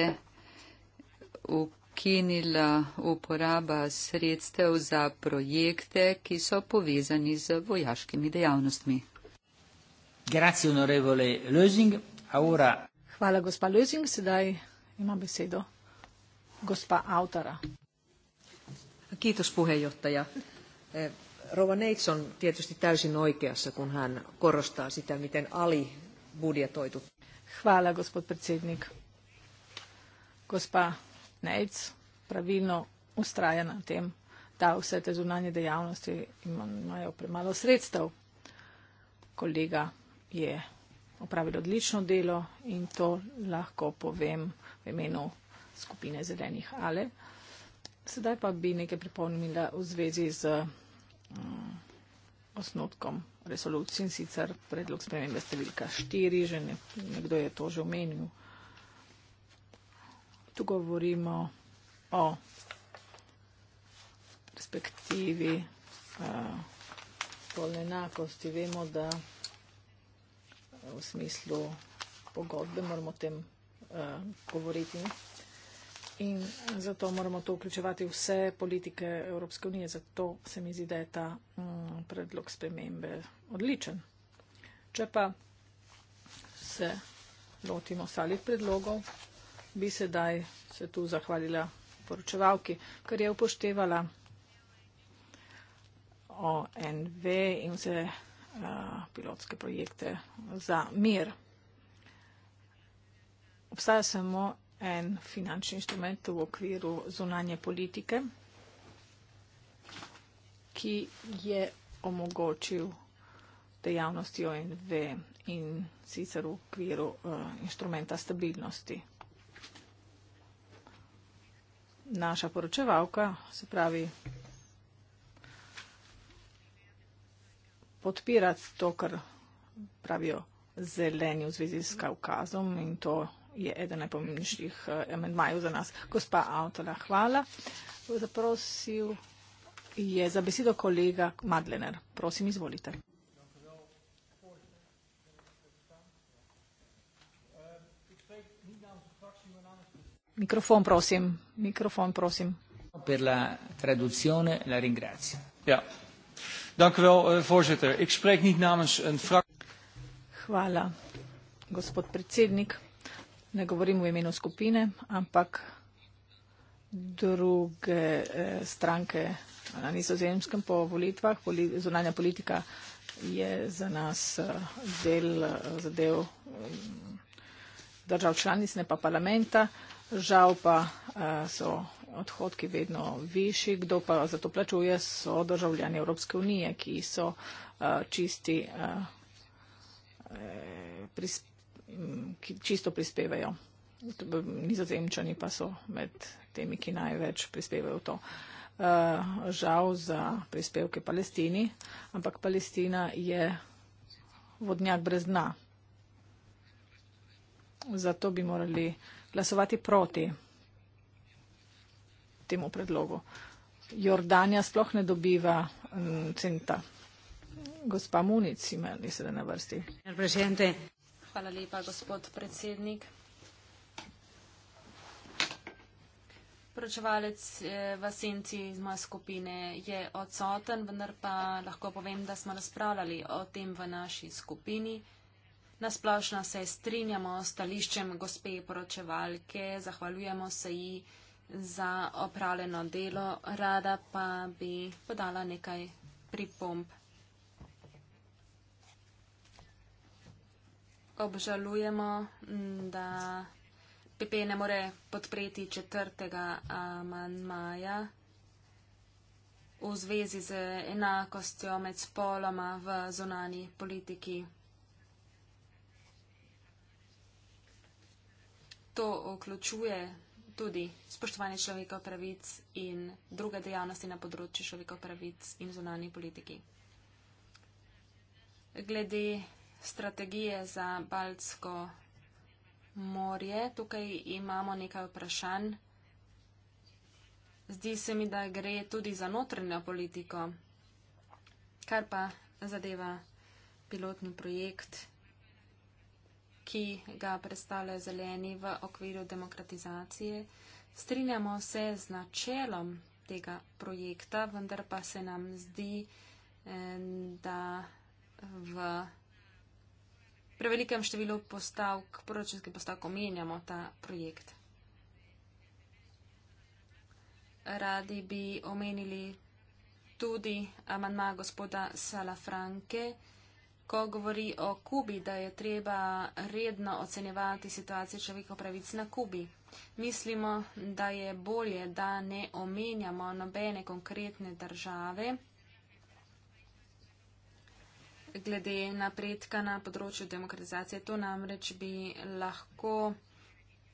ukinila uporaba sredstev za projekte, ki so povezani z vojaškimi dejavnostmi. Grazie, onorevole Lösing. Ora... Hvala, gospa Lösing. Sedaj ima besedo gospa Autara. Kiitos, puheenjohtaja. Eh, Rova Neits on tietysti täysin oikeassa, kun hän korostaa sitä, miten ali budjetoitu. Hvala, gospod predsednik. Gospa Neits, pravilno ustraja na tem, da vse te zunanje dejavnosti imajo premalo sredstev. Kolega je opravil odlično delo in to lahko povem v imenu skupine zelenih ale. Sedaj pa bi nekaj pripomnila v zvezi z mm, osnotkom resolucij in sicer predlog spremembe številka 4, že ne, nekdo je to že omenil. Tu govorimo o perspektivi uh, polne enakosti. Vemo, da v smislu pogodbe, moramo o tem uh, govoriti. In zato moramo to vključevati vse politike Evropske unije. Zato se mi zdi, da je ta um, predlog spremembe odličen. Če pa se lotimo ostalih predlogov, bi sedaj se tu zahvalila poročevalki, ker je upoštevala ONV in vse pilotske projekte za mir. Obstaja samo en finančni instrument v okviru zunanje politike, ki je omogočil dejavnosti ONV in sicer v okviru eh, inštrumenta stabilnosti. Naša poročevalka, se pravi, podpirati to, kar pravijo zeleni v zvezi s Kaukazom in to je eden najpomembnejših eh, amendmajev za nas. Gospa Avtola, hvala. Zaprosil je za besedo kolega Madlener. Prosim, izvolite. Mikrofon, prosim. Mikrofon, prosim. Per la traduzione la ringrazio. Ja, Dank u wel, eh, voorzitter. Ik spreek niet namens een fractie. Hvala, gospod predsednik. Ne govorim v imenu skupine, ampak druge eh, stranke na nizozemskem po volitvah. Zunanja politika je za nas eh, del zadev držav članic, ne pa parlamenta. Žal pa so odhodki vedno višji, kdo pa za to plačuje, so državljani Evropske unije, ki so uh, čisti, uh, pris, ki čisto prispevajo. Nizozemčani pa so med temi, ki največ prispevajo v to. Uh, žal za prispevke Palestini, ampak Palestina je vodnjak brez dna. Zato bi morali glasovati proti temu predlogu. Jordanija sploh ne dobiva mm, centa. Gospa Munic ima nisede na vrsti. Hvala lepa, gospod predsednik. Pročevalec eh, v senci iz moje skupine je odsoten, vendar pa lahko povem, da smo razpravljali o tem v naši skupini. Nasplošno se strinjamo s stališčem gospe pročevalke, zahvaljujemo se ji za opravljeno delo, rada pa bi podala nekaj pripomb. Obžalujemo, da PP ne more podpreti četrtega amanmaja v zvezi z enakostjo med spoloma v zonani politiki. To vključuje tudi spoštovanje človekov pravic in druge dejavnosti na področju človekov pravic in zunanji politiki. Glede strategije za Baltsko morje, tukaj imamo nekaj vprašanj. Zdi se mi, da gre tudi za notranjo politiko, kar pa zadeva pilotni projekt ki ga predstavlja zeleni v okviru demokratizacije. Strinjamo se z načelom tega projekta, vendar pa se nam zdi, eh, da v prevelikem številu postavk, proračunskih postavk omenjamo ta projekt. Radi bi omenili tudi amanma gospoda Salafranke, ko govori o Kubi, da je treba redno ocenjevati situacijo človekov pravic na Kubi. Mislimo, da je bolje, da ne omenjamo nobene konkretne države glede napredka na področju demokratizacije. To namreč bi lahko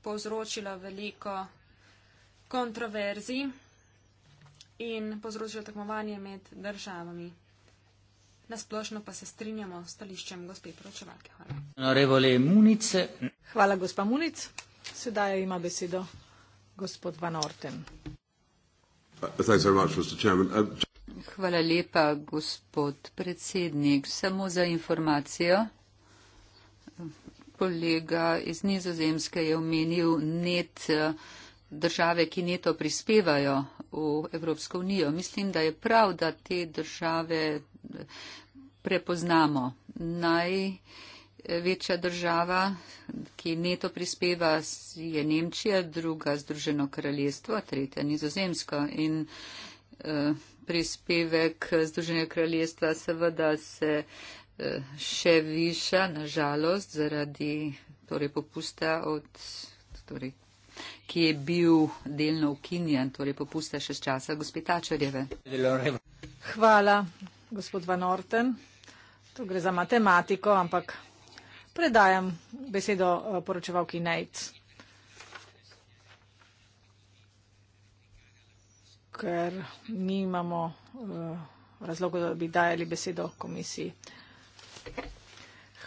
povzročilo veliko kontroverzi in povzročilo tekmovanje med državami nasplošno pa se strinjamo s stališčem gospe poročevalke. Hvala. Hvala, gospa Munic. Sedaj ima besedo gospod Van Orten. Um, Hvala lepa, gospod predsednik. Samo za informacijo. Kolega iz Nizozemske je omenil net države, ki neto prispevajo v Evropsko unijo. Mislim, da je prav, da te države prepoznamo. Največja država, ki neto prispeva, je Nemčija, druga Združeno kraljestvo, tretja Nizozemsko. In eh, prispevek Združenega kraljestva seveda se eh, še viša, nažalost, zaradi torej, popusta od. Torej, ki je bil delno ukinjen, torej popusta še z časa gospitačarjeve. Hvala, gospod Van Orten. Tu gre za matematiko, ampak predajam besedo eh, poročevalki Nejc. Ker nimamo eh, razlogo, da bi dajali besedo komisiji.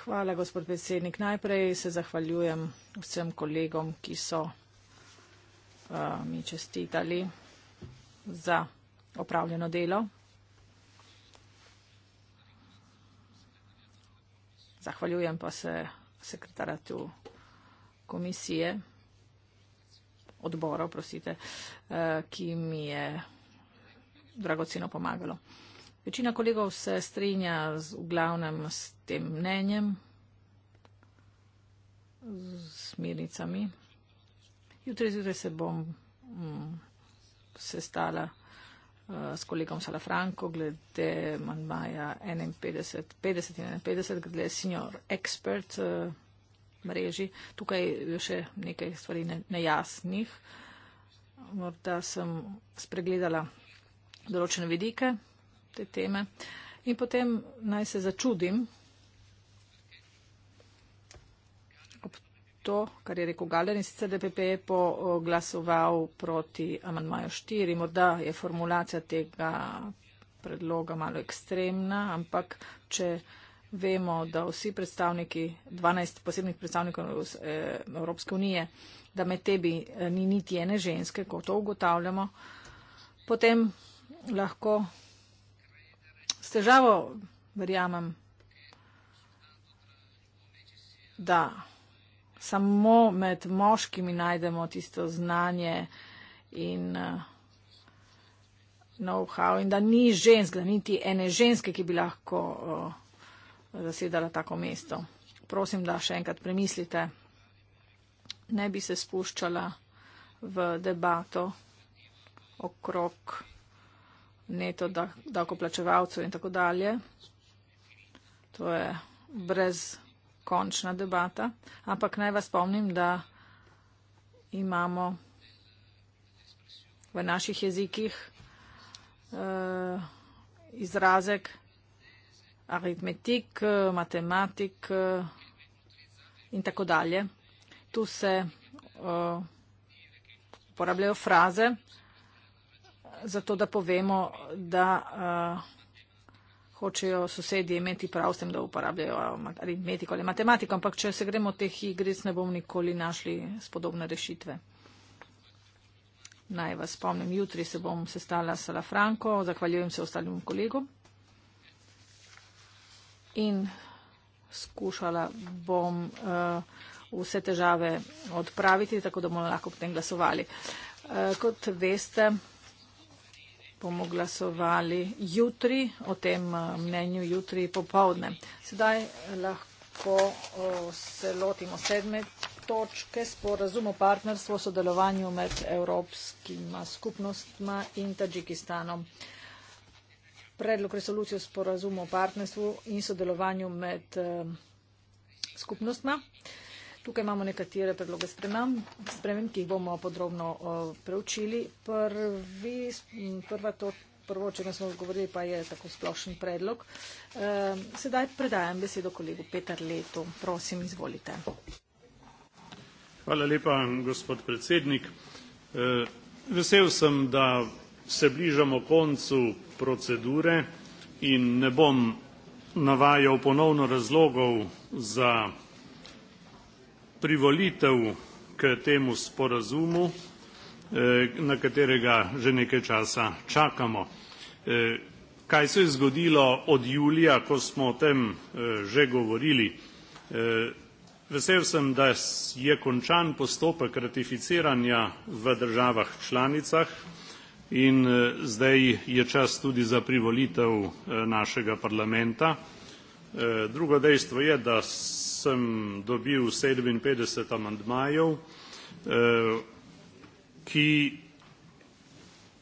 Hvala, gospod predsednik. Najprej se zahvaljujem vsem kolegom, ki so eh, mi čestitali za opravljeno delo. Zahvaljujem pa se sekretaratu komisije, odbora, prosite, eh, ki mi je dragoceno pomagalo. Večina kolegov se strinja z, v glavnem s tem mnenjem, z smernicami. Jutri zjutraj se bom mm, sestala. Eh, s kolegom Salafranco glede manjmaja 51, 50 in 51, glede senior expert uh, mreži. Tukaj je še nekaj stvari ne, nejasnih. Morda sem spregledala določene vidike te teme. In potem naj se začudim, to, kar je rekel Galer in sicer DPP je e poglasoval proti amandmaju 4. Morda je formulacija tega predloga malo ekstremna, ampak če vemo, da vsi predstavniki, 12 posebnih predstavnikov eh, Evropske unije, da med tebi eh, ni niti ene ženske, ko to ugotavljamo, potem lahko s težavo verjamem, da samo med moškimi najdemo tisto znanje in uh, know-how in da ni žensk, da niti ene ženske, ki bi lahko uh, zasedala tako mesto. Prosim, da še enkrat premislite. Ne bi se spuščala v debato okrog neto davkoplačevalcev in tako dalje. To je brez končna debata, ampak naj vas spomnim, da imamo v naših jezikih uh, izrazek aritmetik, matematik uh, in tako dalje. Tu se uh, uporabljajo fraze, zato da povemo, da uh, hočejo sosedje imeti prav s tem, da uporabljajo aritmetiko ali matematiko, ampak če se gremo od teh igric, ne bomo nikoli našli spodobne rešitve. Naj vas spomnim, jutri se bom sestala s Salafranko, zahvaljujem se ostalim kolegom in skušala bom uh, vse težave odpraviti, tako da bomo lahko potem glasovali. Uh, kot veste, bomo glasovali jutri, o tem eh, mnenju jutri popovdne. Sedaj eh, lahko se lotimo sedme točke sporazum o partnerstvu o sodelovanju med evropskima skupnostma in Tadžikistanom. Predlog resolucije o sporazumu o partnerstvu in sodelovanju med eh, skupnostma. Tukaj imamo nekatere predloge sprememb, ki jih bomo podrobno uh, preučili. Prvi, prva to, prvo, če ne smo govorili, pa je tako splošen predlog. Uh, sedaj predajam besedo kolegu Petar Leto. Prosim, izvolite. Hvala lepa, gospod predsednik. Uh, vesel sem, da se bližamo koncu procedure in ne bom navajal ponovno razlogov za privolitev k temu sporazumu, eh, na katerega že nekaj časa čakamo. Eh, kaj se je zgodilo od julija, ko smo o tem eh, že govorili? Vesel sem, da je končan postopek ratificiranja v državah članicah in zdaj je čas tudi za privolitev našega parlamenta. Drugo dejstvo je, da sem dobil sedeminpetdeset amandmajev, eh, ki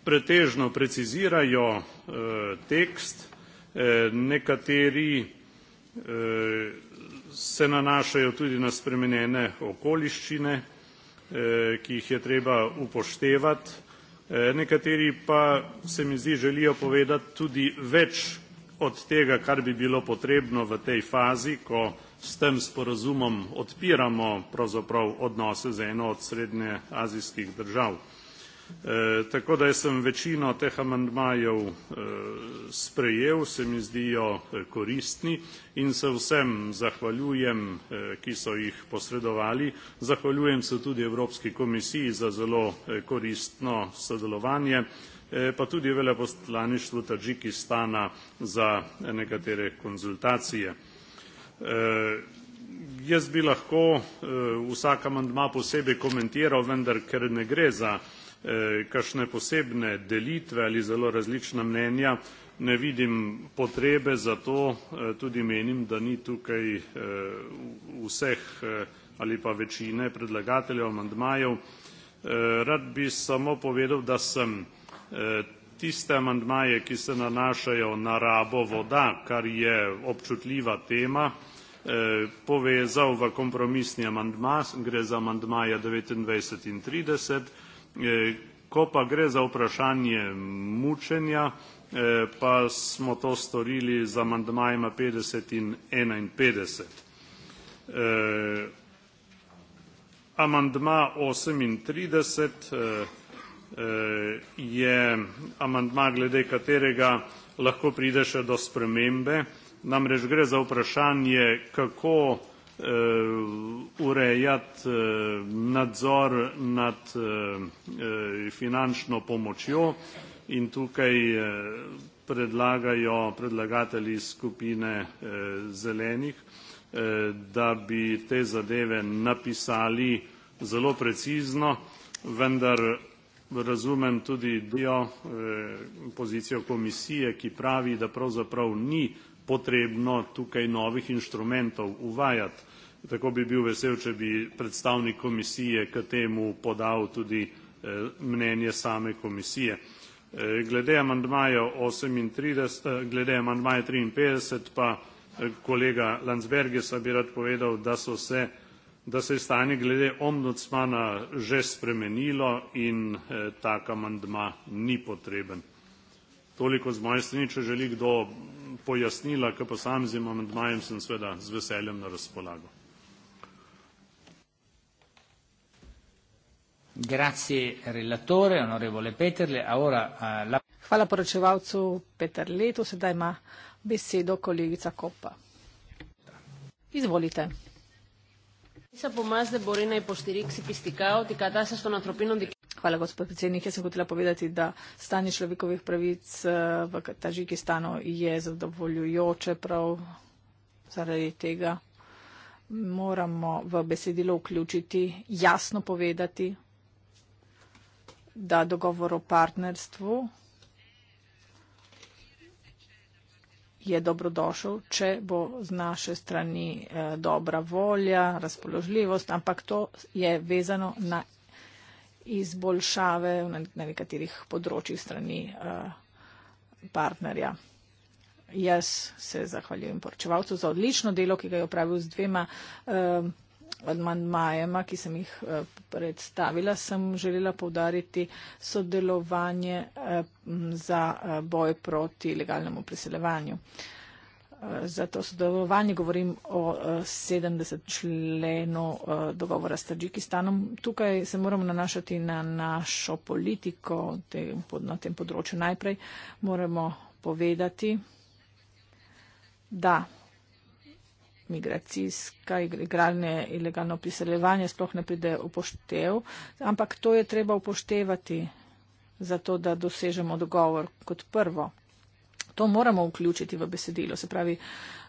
pretežno precizirajo eh, tekst, eh, nekateri se nanašajo tudi na spremenjene okoliščine, ki jih je treba upoštevati, nekateri pa se mi zdi želijo povedati tudi več od tega, kar bi bilo potrebno v tej fazi, ko S tem sporazumom odpiramo pravzaprav odnose z eno od srednjeazijskih držav. E, tako da sem večino teh amandmajev e, sprejel, se mi zdijo e, koristni in se vsem zahvaljujem, e, ki so jih posredovali. Zahvaljujem se tudi Evropski komisiji za zelo e, koristno sodelovanje, e, pa tudi veleposlaništvu Tadžikistana za nekatere konzultacije. Eh, jaz bi lahko eh, vsak amandma posebej komentiral, vendar ker ne gre za eh, kakšne posebne delitve ali zelo različna mnenja, ne vidim potrebe za to, tudi menim, da ni tukaj vseh ali pa večine predlagateljev amandmajev. Rad bi samo povedal, da sem tiste amandmaje, ki se nanašajo na rabo voda, kar je občutljiva tema, Eh, povezal v kompromisni amandma, gre za amandmaja devetindvajset in trideset, eh, ko pa gre za vprašanje mučenja, eh, pa smo to storili z amandmajema petdeset in enainpetdeset. Amandma osemintrideset je amandma, glede katerega lahko pride še do spremembe, namreč gre za vprašanje, kako eh, urejati eh, nadzor nad eh, finančno pomočjo in tukaj predlagajo predlagatelji skupine zelenih, da bi te zadeve napisali zelo precizno, vendar razumem tudi dio pozicijo komisije, ki pravi, da pravzaprav ni potrebno tukaj novih inštrumentov uvajati. Tako bi bil vesel, če bi predstavnik komisije k temu podal tudi eh, mnenje same komisije. Eh, glede amandmaja 38, eh, glede amandmaja 53 pa kolega Landsbergesa bi rad povedal, da so se da se je stanje glede omnocmana že spremenilo in tak amandma ni potreben. Toliko z moje strani, če želi kdo pojasnila k posameznim amandmajem, sem seveda z veseljem na razpolago. Grazie relatore, onorevole Peterle. Ora, eh, la... Hvala poročevalcu Peter Letu, sedaj ima besedo kolegica Kopa. Izvolite. Hvala, gospod predsednik. Jaz sem hotela povedati, da stanje človekovih pravic eh, v Tažikistanu je zadovoljujoče prav zaradi tega. Moramo v besedilo vključiti, jasno povedati, da dogovor o partnerstvu je dobrodošel, če bo z naše strani eh, dobra volja, razpoložljivost, ampak to je vezano na izboljšave na nekaterih področjih strani eh, partnerja. Jaz se zahvaljujem poročevalcu za odlično delo, ki ga je opravil z dvema. Uh, amandmajema, ki sem jih eh, predstavila, sem želela povdariti sodelovanje eh, za eh, boj proti legalnemu priseljevanju. Za to sodelovanje govorim o 70 členu dogovora s Tadžikistanom. Tukaj se moramo nanašati na našo politiko na tem področju najprej. Moramo povedati, da migracijska, igralne, ilegalno priseljevanje sploh ne pride upoštev, ampak to je treba upoštevati za to, da dosežemo odgovor kot prvo. To moramo vključiti v besedilo, se pravi,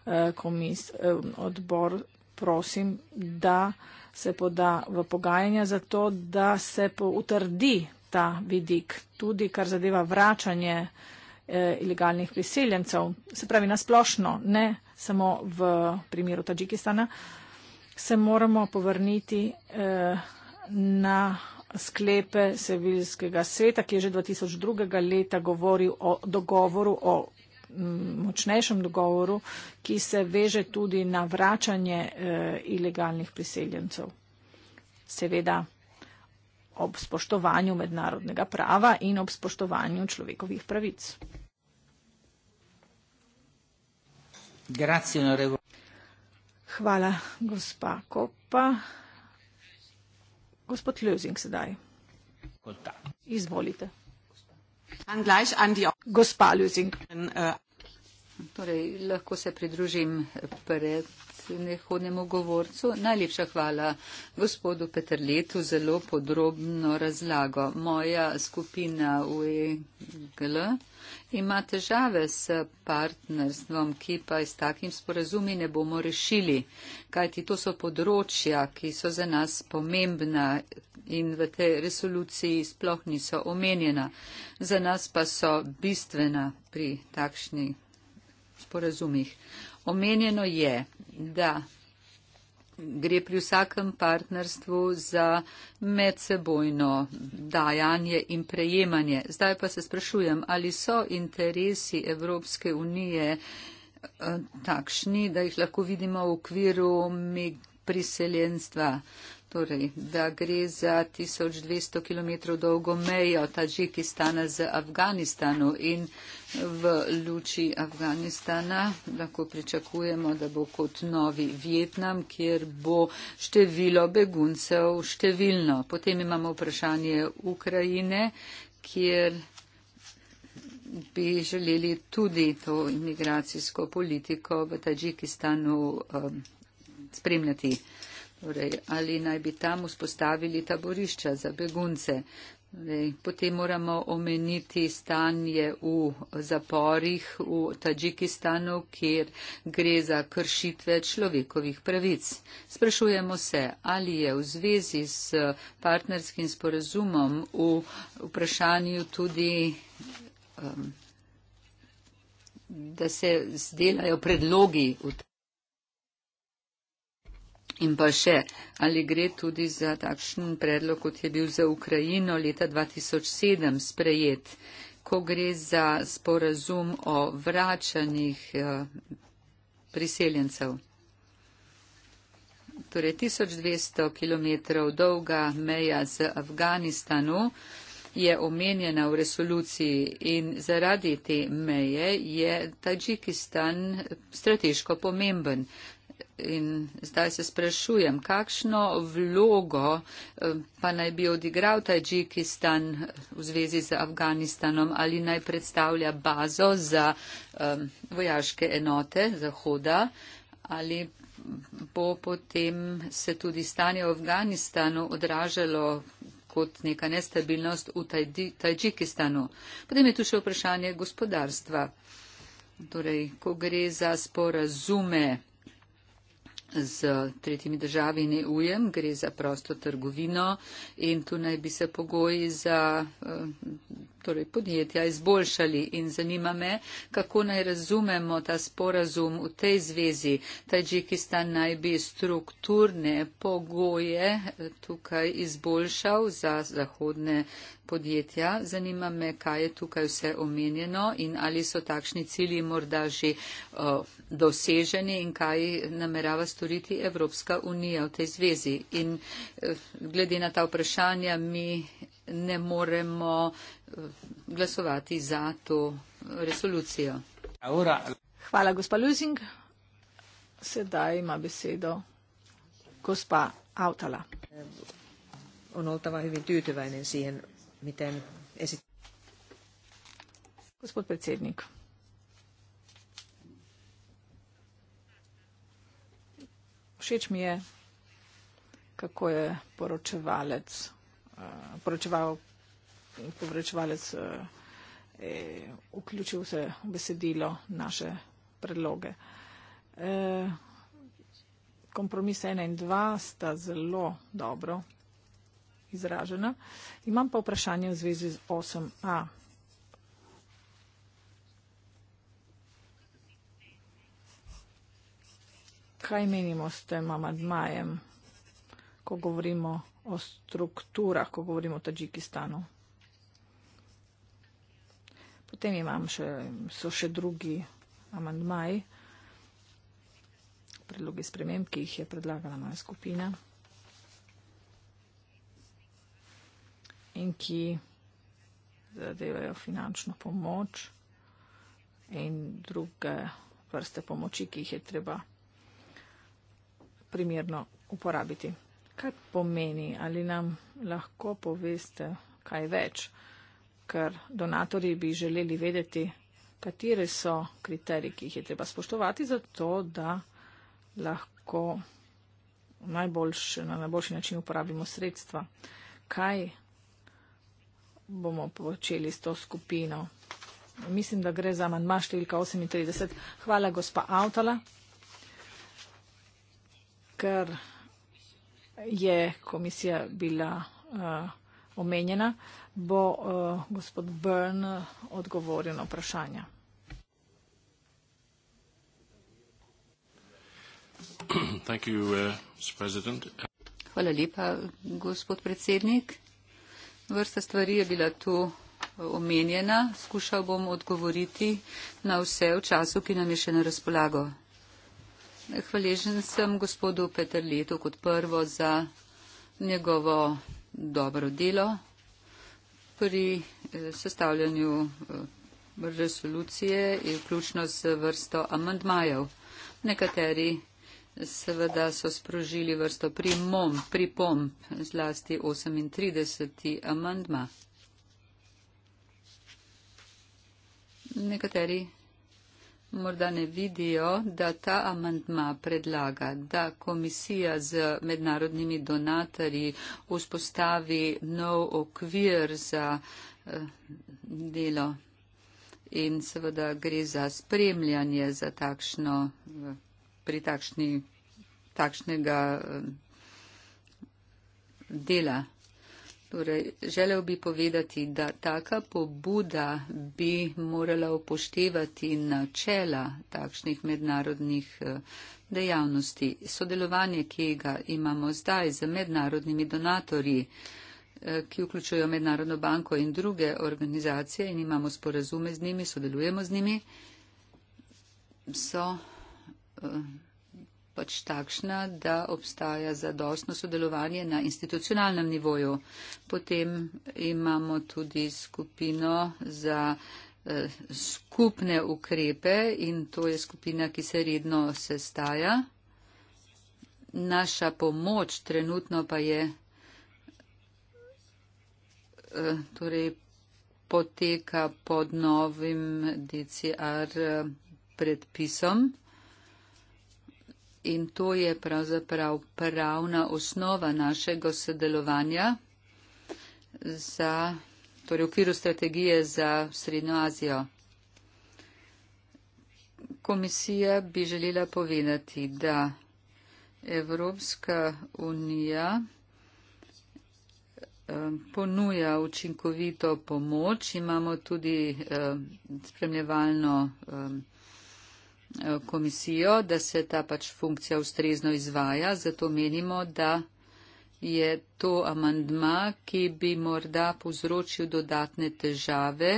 eh, komis, eh, odbor prosim, da se poda v pogajanja za to, da se utrdi ta vidik, tudi kar zadeva vračanje eh, ilegalnih priseljencev, se pravi, nasplošno ne samo v primeru Tadžikistana, se moramo povrniti eh, na sklepe Sevilskega sveta, ki je že 2002. leta govoril o dogovoru, o mm, močnejšem dogovoru, ki se veže tudi na vračanje eh, ilegalnih priseljencev. Seveda ob spoštovanju mednarodnega prava in ob spoštovanju človekovih pravic. Hvala, gospa Kopa. Gospod Ljuzing sedaj. Izvolite. Gospa Ljuzing. Äh, torej, lahko se pridružim pred nehodnemu govorcu. Najlepša hvala gospodu Petrletu za zelo podrobno razlago. Moja skupina UEGL ima težave s partnerstvom, ki pa s takim sporazumi ne bomo rešili, kajti to so področja, ki so za nas pomembna in v tej resoluciji sploh niso omenjena. Za nas pa so bistvena pri takšni sporazumih. Omenjeno je, da gre pri vsakem partnerstvu za medsebojno dajanje in prejemanje. Zdaj pa se sprašujem, ali so interesi Evropske unije eh, takšni, da jih lahko vidimo v okviru priseljenstva. Torej, da gre za 1200 km dolgo mejo Tadžikistana z Afganistanu in v luči Afganistana lahko pričakujemo, da bo kot novi Vietnam, kjer bo število beguncev številno. Potem imamo vprašanje Ukrajine, kjer bi želeli tudi to imigracijsko politiko v Tadžikistanu um, spremljati torej, ali naj bi tam vzpostavili taborišča za begunce. Torej, potem moramo omeniti stanje v zaporih v Tadžikistanu, kjer gre za kršitve človekovih pravic. Sprašujemo se, ali je v zvezi s partnerskim sporazumom v vprašanju tudi. Um, da se zdelajo predlogi v tem. In pa še, ali gre tudi za takšen predlog, kot je bil za Ukrajino leta 2007 sprejet, ko gre za sporazum o vračanjih eh, priseljencev. Torej, 1200 km dolga meja z Afganistanu je omenjena v resoluciji in zaradi te meje je Tadžikistan strateško pomemben. In zdaj se sprašujem, kakšno vlogo eh, pa naj bi odigral Tajikistan eh, v zvezi z Afganistanom ali naj predstavlja bazo za um, vojaške enote Zahoda ali bo potem se tudi stanje v Afganistanu odražalo kot neka nestabilnost v Tajikistanu. Potem je tu še vprašanje gospodarstva. Torej, ko gre za sporazume z tretjimi državi in EU-jem, gre za prosto trgovino in tu naj bi se pogoji za eh, torej podjetja izboljšali. In zanima me, kako naj razumemo ta sporazum v tej zvezi. Tajikistan naj bi strukturne pogoje eh, tukaj izboljšal za zahodne podjetja. Zanima me, kaj je tukaj vse omenjeno in ali so takšni cilji morda že uh, doseženi in kaj namerava storiti storiti Evropska unija v tej zvezi. In eh, glede na ta vprašanja mi ne moremo eh, glasovati za to resolucijo. Hvala, gospa Luzing. Sedaj ima besedo gospa Avtala. Eh, on oltava hyvin tyytyväinen siihen, miten esit... Gospod predsednik. Všeč mi je, kako je poročevalec, eh, poročeval, poročevalec, eh, eh, vključil se v besedilo naše predloge. kompromis ena in dva sta zelo dobro izražena. Imam pa vprašanje v zvezi z osem a. kaj menimo s tem amadmajem, ko govorimo o strukturah, ko govorimo o Tadžikistanu? Potem imam še, so še drugi amadmaji, predlogi sprememb, ki jih je predlagala moja skupina in ki zadevajo finančno pomoč in druge vrste pomoči, ki jih je treba primerno uporabiti. Kaj pomeni, ali nam lahko poveste kaj več, ker donatori bi želeli vedeti, kateri so kriteriji, ki jih je treba spoštovati, zato da lahko najboljši, na najboljši način uporabimo sredstva. Kaj bomo počeli s to skupino? Mislim, da gre za manjma številka 38. Hvala, gospa Avtala ker je komisija bila uh, omenjena, bo uh, gospod Brn odgovoril na vprašanja. Thank you, uh, Hvala lepa, gospod predsednik. Vrsta stvari je bila tu omenjena. Skušal bom odgovoriti na vse v času, ki nam je še na razpolago. Hvaležen sem gospodu Petrletu kot prvo za njegovo dobro delo pri eh, sestavljanju eh, resolucije, vključno z vrsto amandmajev. Nekateri seveda so sprožili vrsto primom, pripom, zlasti 38. amandma. Nekateri morda ne vidijo, da ta amantma predlaga, da komisija z mednarodnimi donatorji vzpostavi nov okvir za eh, delo in seveda gre za spremljanje za takšno, eh, pri takšni, takšnega eh, dela. Torej, želel bi povedati, da taka pobuda bi morala upoštevati načela takšnih mednarodnih eh, dejavnosti. Sodelovanje, ki ga imamo zdaj z mednarodnimi donatorji, eh, ki vključujo Mednarodno banko in druge organizacije in imamo sporazume z njimi, sodelujemo z njimi, so eh, pač takšna, da obstaja zadostno sodelovanje na institucionalnem nivoju. Potem imamo tudi skupino za eh, skupne ukrepe in to je skupina, ki se redno sestaja. Naša pomoč trenutno pa je eh, torej poteka pod novim DCR eh, predpisom in to je pravzaprav pravna osnova našega sodelovanja za, torej v okviru strategije za Srednjo Azijo. Komisija bi želela povedati, da Evropska unija eh, ponuja učinkovito pomoč. Imamo tudi eh, spremljevalno eh, Eh, komisijo, da se ta pač funkcija ustrezno izvaja, zato menimo, da je to amandma, ki bi morda povzročil dodatne težave,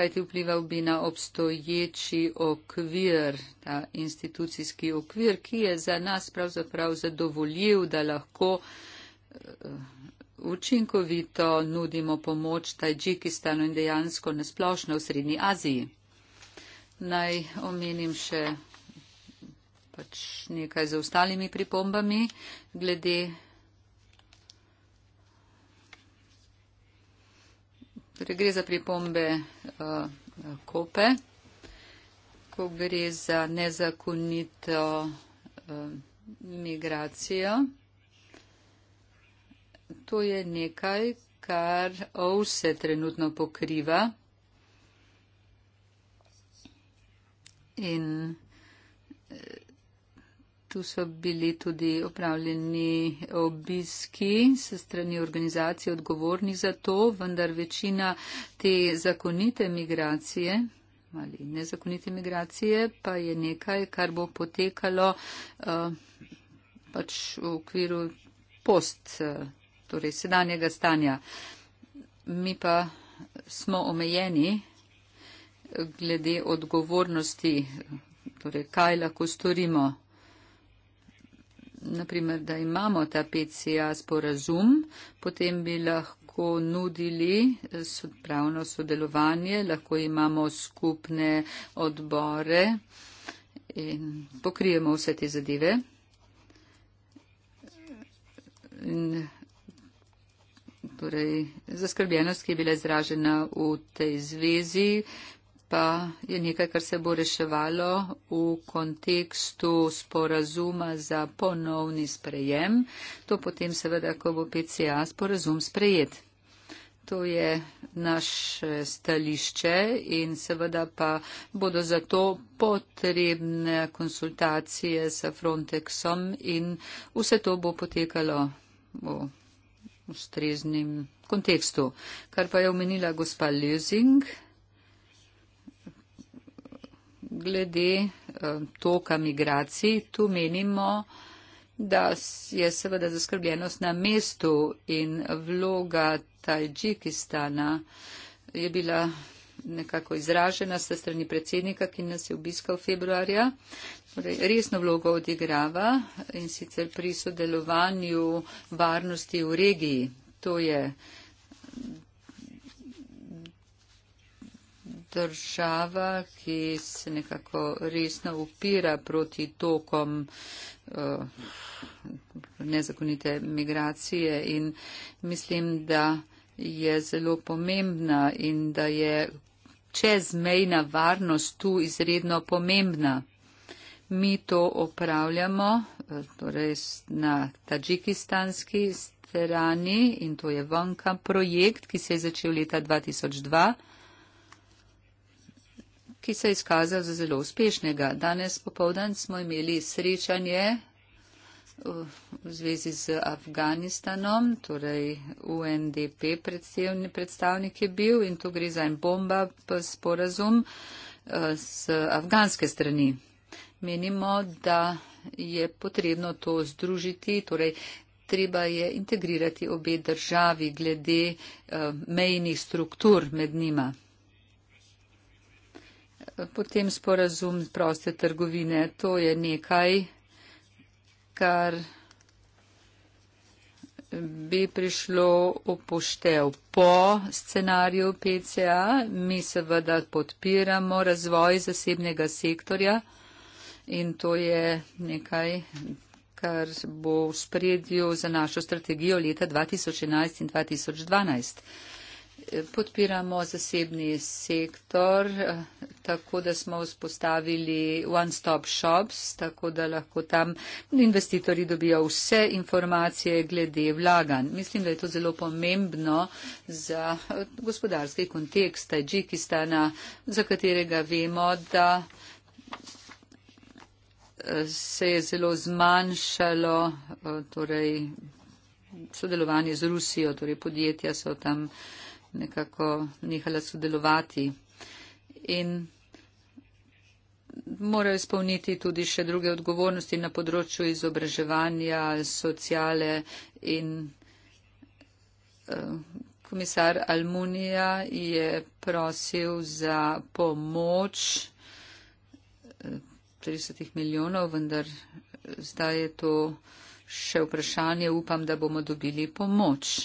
kajti vplival bi na obstoječi okvir, ta institucijski okvir, ki je za nas pravzaprav zadovoljiv, da lahko eh, učinkovito nudimo pomoč Tajikistanu in dejansko nasplošno v Srednji Aziji. Naj omenim še pač nekaj z ostalimi pripombami glede Torej gre za pripombe uh, kope, ko gre za nezakonito uh, migracijo. To je nekaj, kar OVSE trenutno pokriva. in eh, tu so bili tudi opravljeni obiski se strani organizacije odgovornih za to, vendar večina te zakonite migracije ali nezakonite migracije pa je nekaj, kar bo potekalo eh, pač v okviru post, eh, torej sedanjega stanja. Mi pa smo omejeni glede odgovornosti, torej kaj lahko storimo. Naprimer, da imamo ta PCA sporazum, potem bi lahko nudili eh, pravno sodelovanje, lahko imamo skupne odbore in pokrijemo vse te zadeve. In Torej, zaskrbljenost, ki je bila izražena v tej zvezi, pa je nekaj, kar se bo reševalo v kontekstu sporazuma za ponovni sprejem. To potem seveda, ko bo PCA sporazum sprejet. To je naš stališče in seveda pa bodo zato potrebne konsultacije sa Frontexom in vse to bo potekalo v ustreznim kontekstu. Kar pa je omenila gospa Lezing glede eh, toka migracij, tu menimo, da je seveda zaskrbljenost na mestu in vloga Tajikistana je bila nekako izražena sa strani predsednika, ki nas je obiskal februarja. Torej, resno vlogo odigrava in sicer pri sodelovanju varnosti v regiji. To je država, ki se nekako resno upira proti tokom eh, nezakonite migracije in mislim, da je zelo pomembna in da je čezmejna varnost tu izredno pomembna. Mi to opravljamo eh, torej na tađikistanski strani in to je vanka projekt, ki se je začel leta 2002 ki se je izkazal za zelo uspešnega. Danes popovdan smo imeli srečanje v zvezi z Afganistanom, torej UNDP predstavnik je bil in tu gre za en bomba sporazum z eh, afganske strani. Menimo, da je potrebno to združiti, torej treba je integrirati obe državi glede eh, mejnih struktur med njima potem sporazum proste trgovine. To je nekaj, kar bi prišlo upoštev po scenariju PCA. Mi seveda podpiramo razvoj zasebnega sektorja in to je nekaj, kar bo v spredju za našo strategijo leta 2011 in 2012. Podpiramo zasebni sektor, tako da smo vzpostavili one-stop shops, tako da lahko tam investitorji dobijo vse informacije glede vlaganj. Mislim, da je to zelo pomembno za gospodarski kontekst Tajikistana, za katerega vemo, da eh, se je zelo zmanjšalo. Eh, torej, sodelovanje z Rusijo, torej podjetja so tam uh, nekako nehala sodelovati. In morajo izpolniti tudi še druge odgovornosti na področju izobraževanja, sociale in eh, komisar Almunija je prosil za pomoč 30 eh, milijonov, vendar eh, zdaj je to še vprašanje. Upam, da bomo dobili pomoč.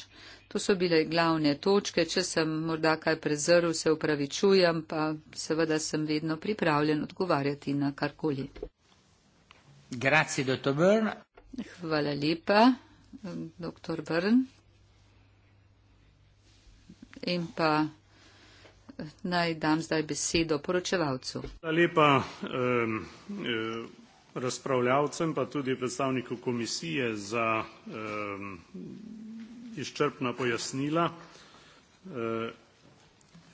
To so bile glavne točke. Če sem morda kaj prezrl, se upravičujem, pa seveda sem vedno pripravljen odgovarjati na karkoli. Grazie, dottor Brn. Hvala lepa, doktor Brn. In pa naj dam zdaj besedo poročevalcu. Hvala lepa um, razpravljavcem, pa tudi predstavniku komisije za. Um, izčrpna pojasnila. Eh,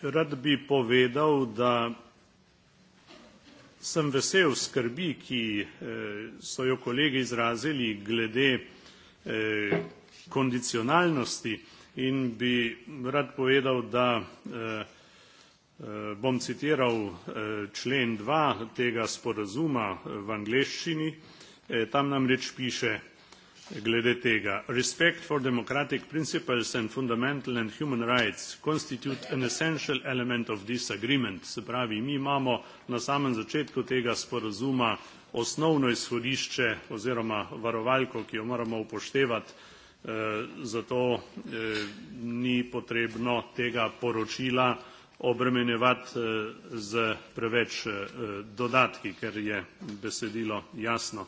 rad bi povedal, da sem vesel skrbi, ki eh, so jo kolegi izrazili glede eh, kondicionalnosti in bi rad povedal, da bom citiral člen 2 tega sporazuma v angleščini, tam namreč piše![ glede tega. Respect for democratic principles and fundamental and human rights constitute an essential element of this agreement. Se pravi, mi imamo na samem začetku tega sporazuma osnovno izhodišče oziroma varovalko, ki jo moramo upoštevati, eh, zato eh, ni potrebno tega poročila obremenjevati eh, z preveč dodatki, ker je besedilo jasno.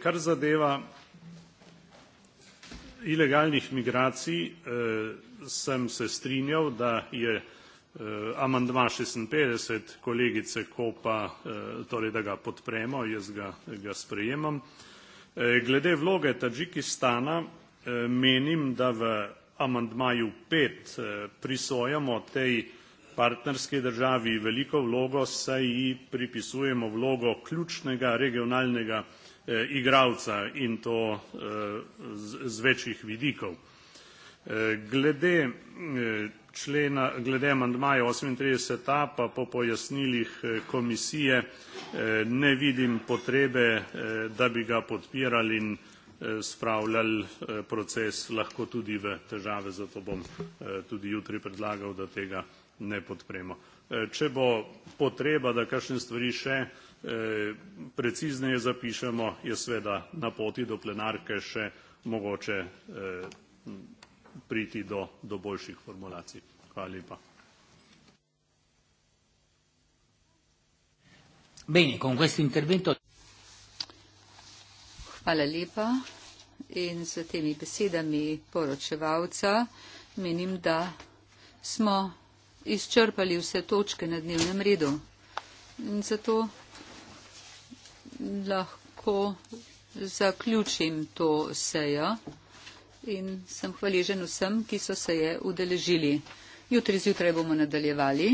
Kar zadeva ilegalnih migracij eh, sem se strinjal, da je eh, amandma šestinpetdeset kolegice Kopa, eh, torej da ga podpremo, jaz ga, ga sprejemam. Glede vloge Tadžikistana menim, da v amandmaju pet prisojamo tej partnerski državi veliko vlogo, saj ji pripisujemo vlogo ključnega regionalnega Eh, igralca in to eh, z večjih vidikov. Eh, glede člena, glede amandmaja 38a pa po pojasnilih komisije ne vidim potrebe, da bi ga podpirali in spravljali proces lahko tudi v težave, zato bom tudi jutri predlagal, da tega ne podpremo. Če bo potreba, da kakšne stvari še precizneje zapišemo, je sveda na poti do plenarke še mogoče eh, priti do, do boljših formulacij. Hvala lepa. Bene, con questo intervento... Hvala lepa. In z temi besedami poročevalca menim, da smo izčrpali vse točke na dnevnem redu. In zato lahko zaključim to sejo in sem hvaležen vsem, ki so se je udeležili. Jutri zjutraj bomo nadaljevali.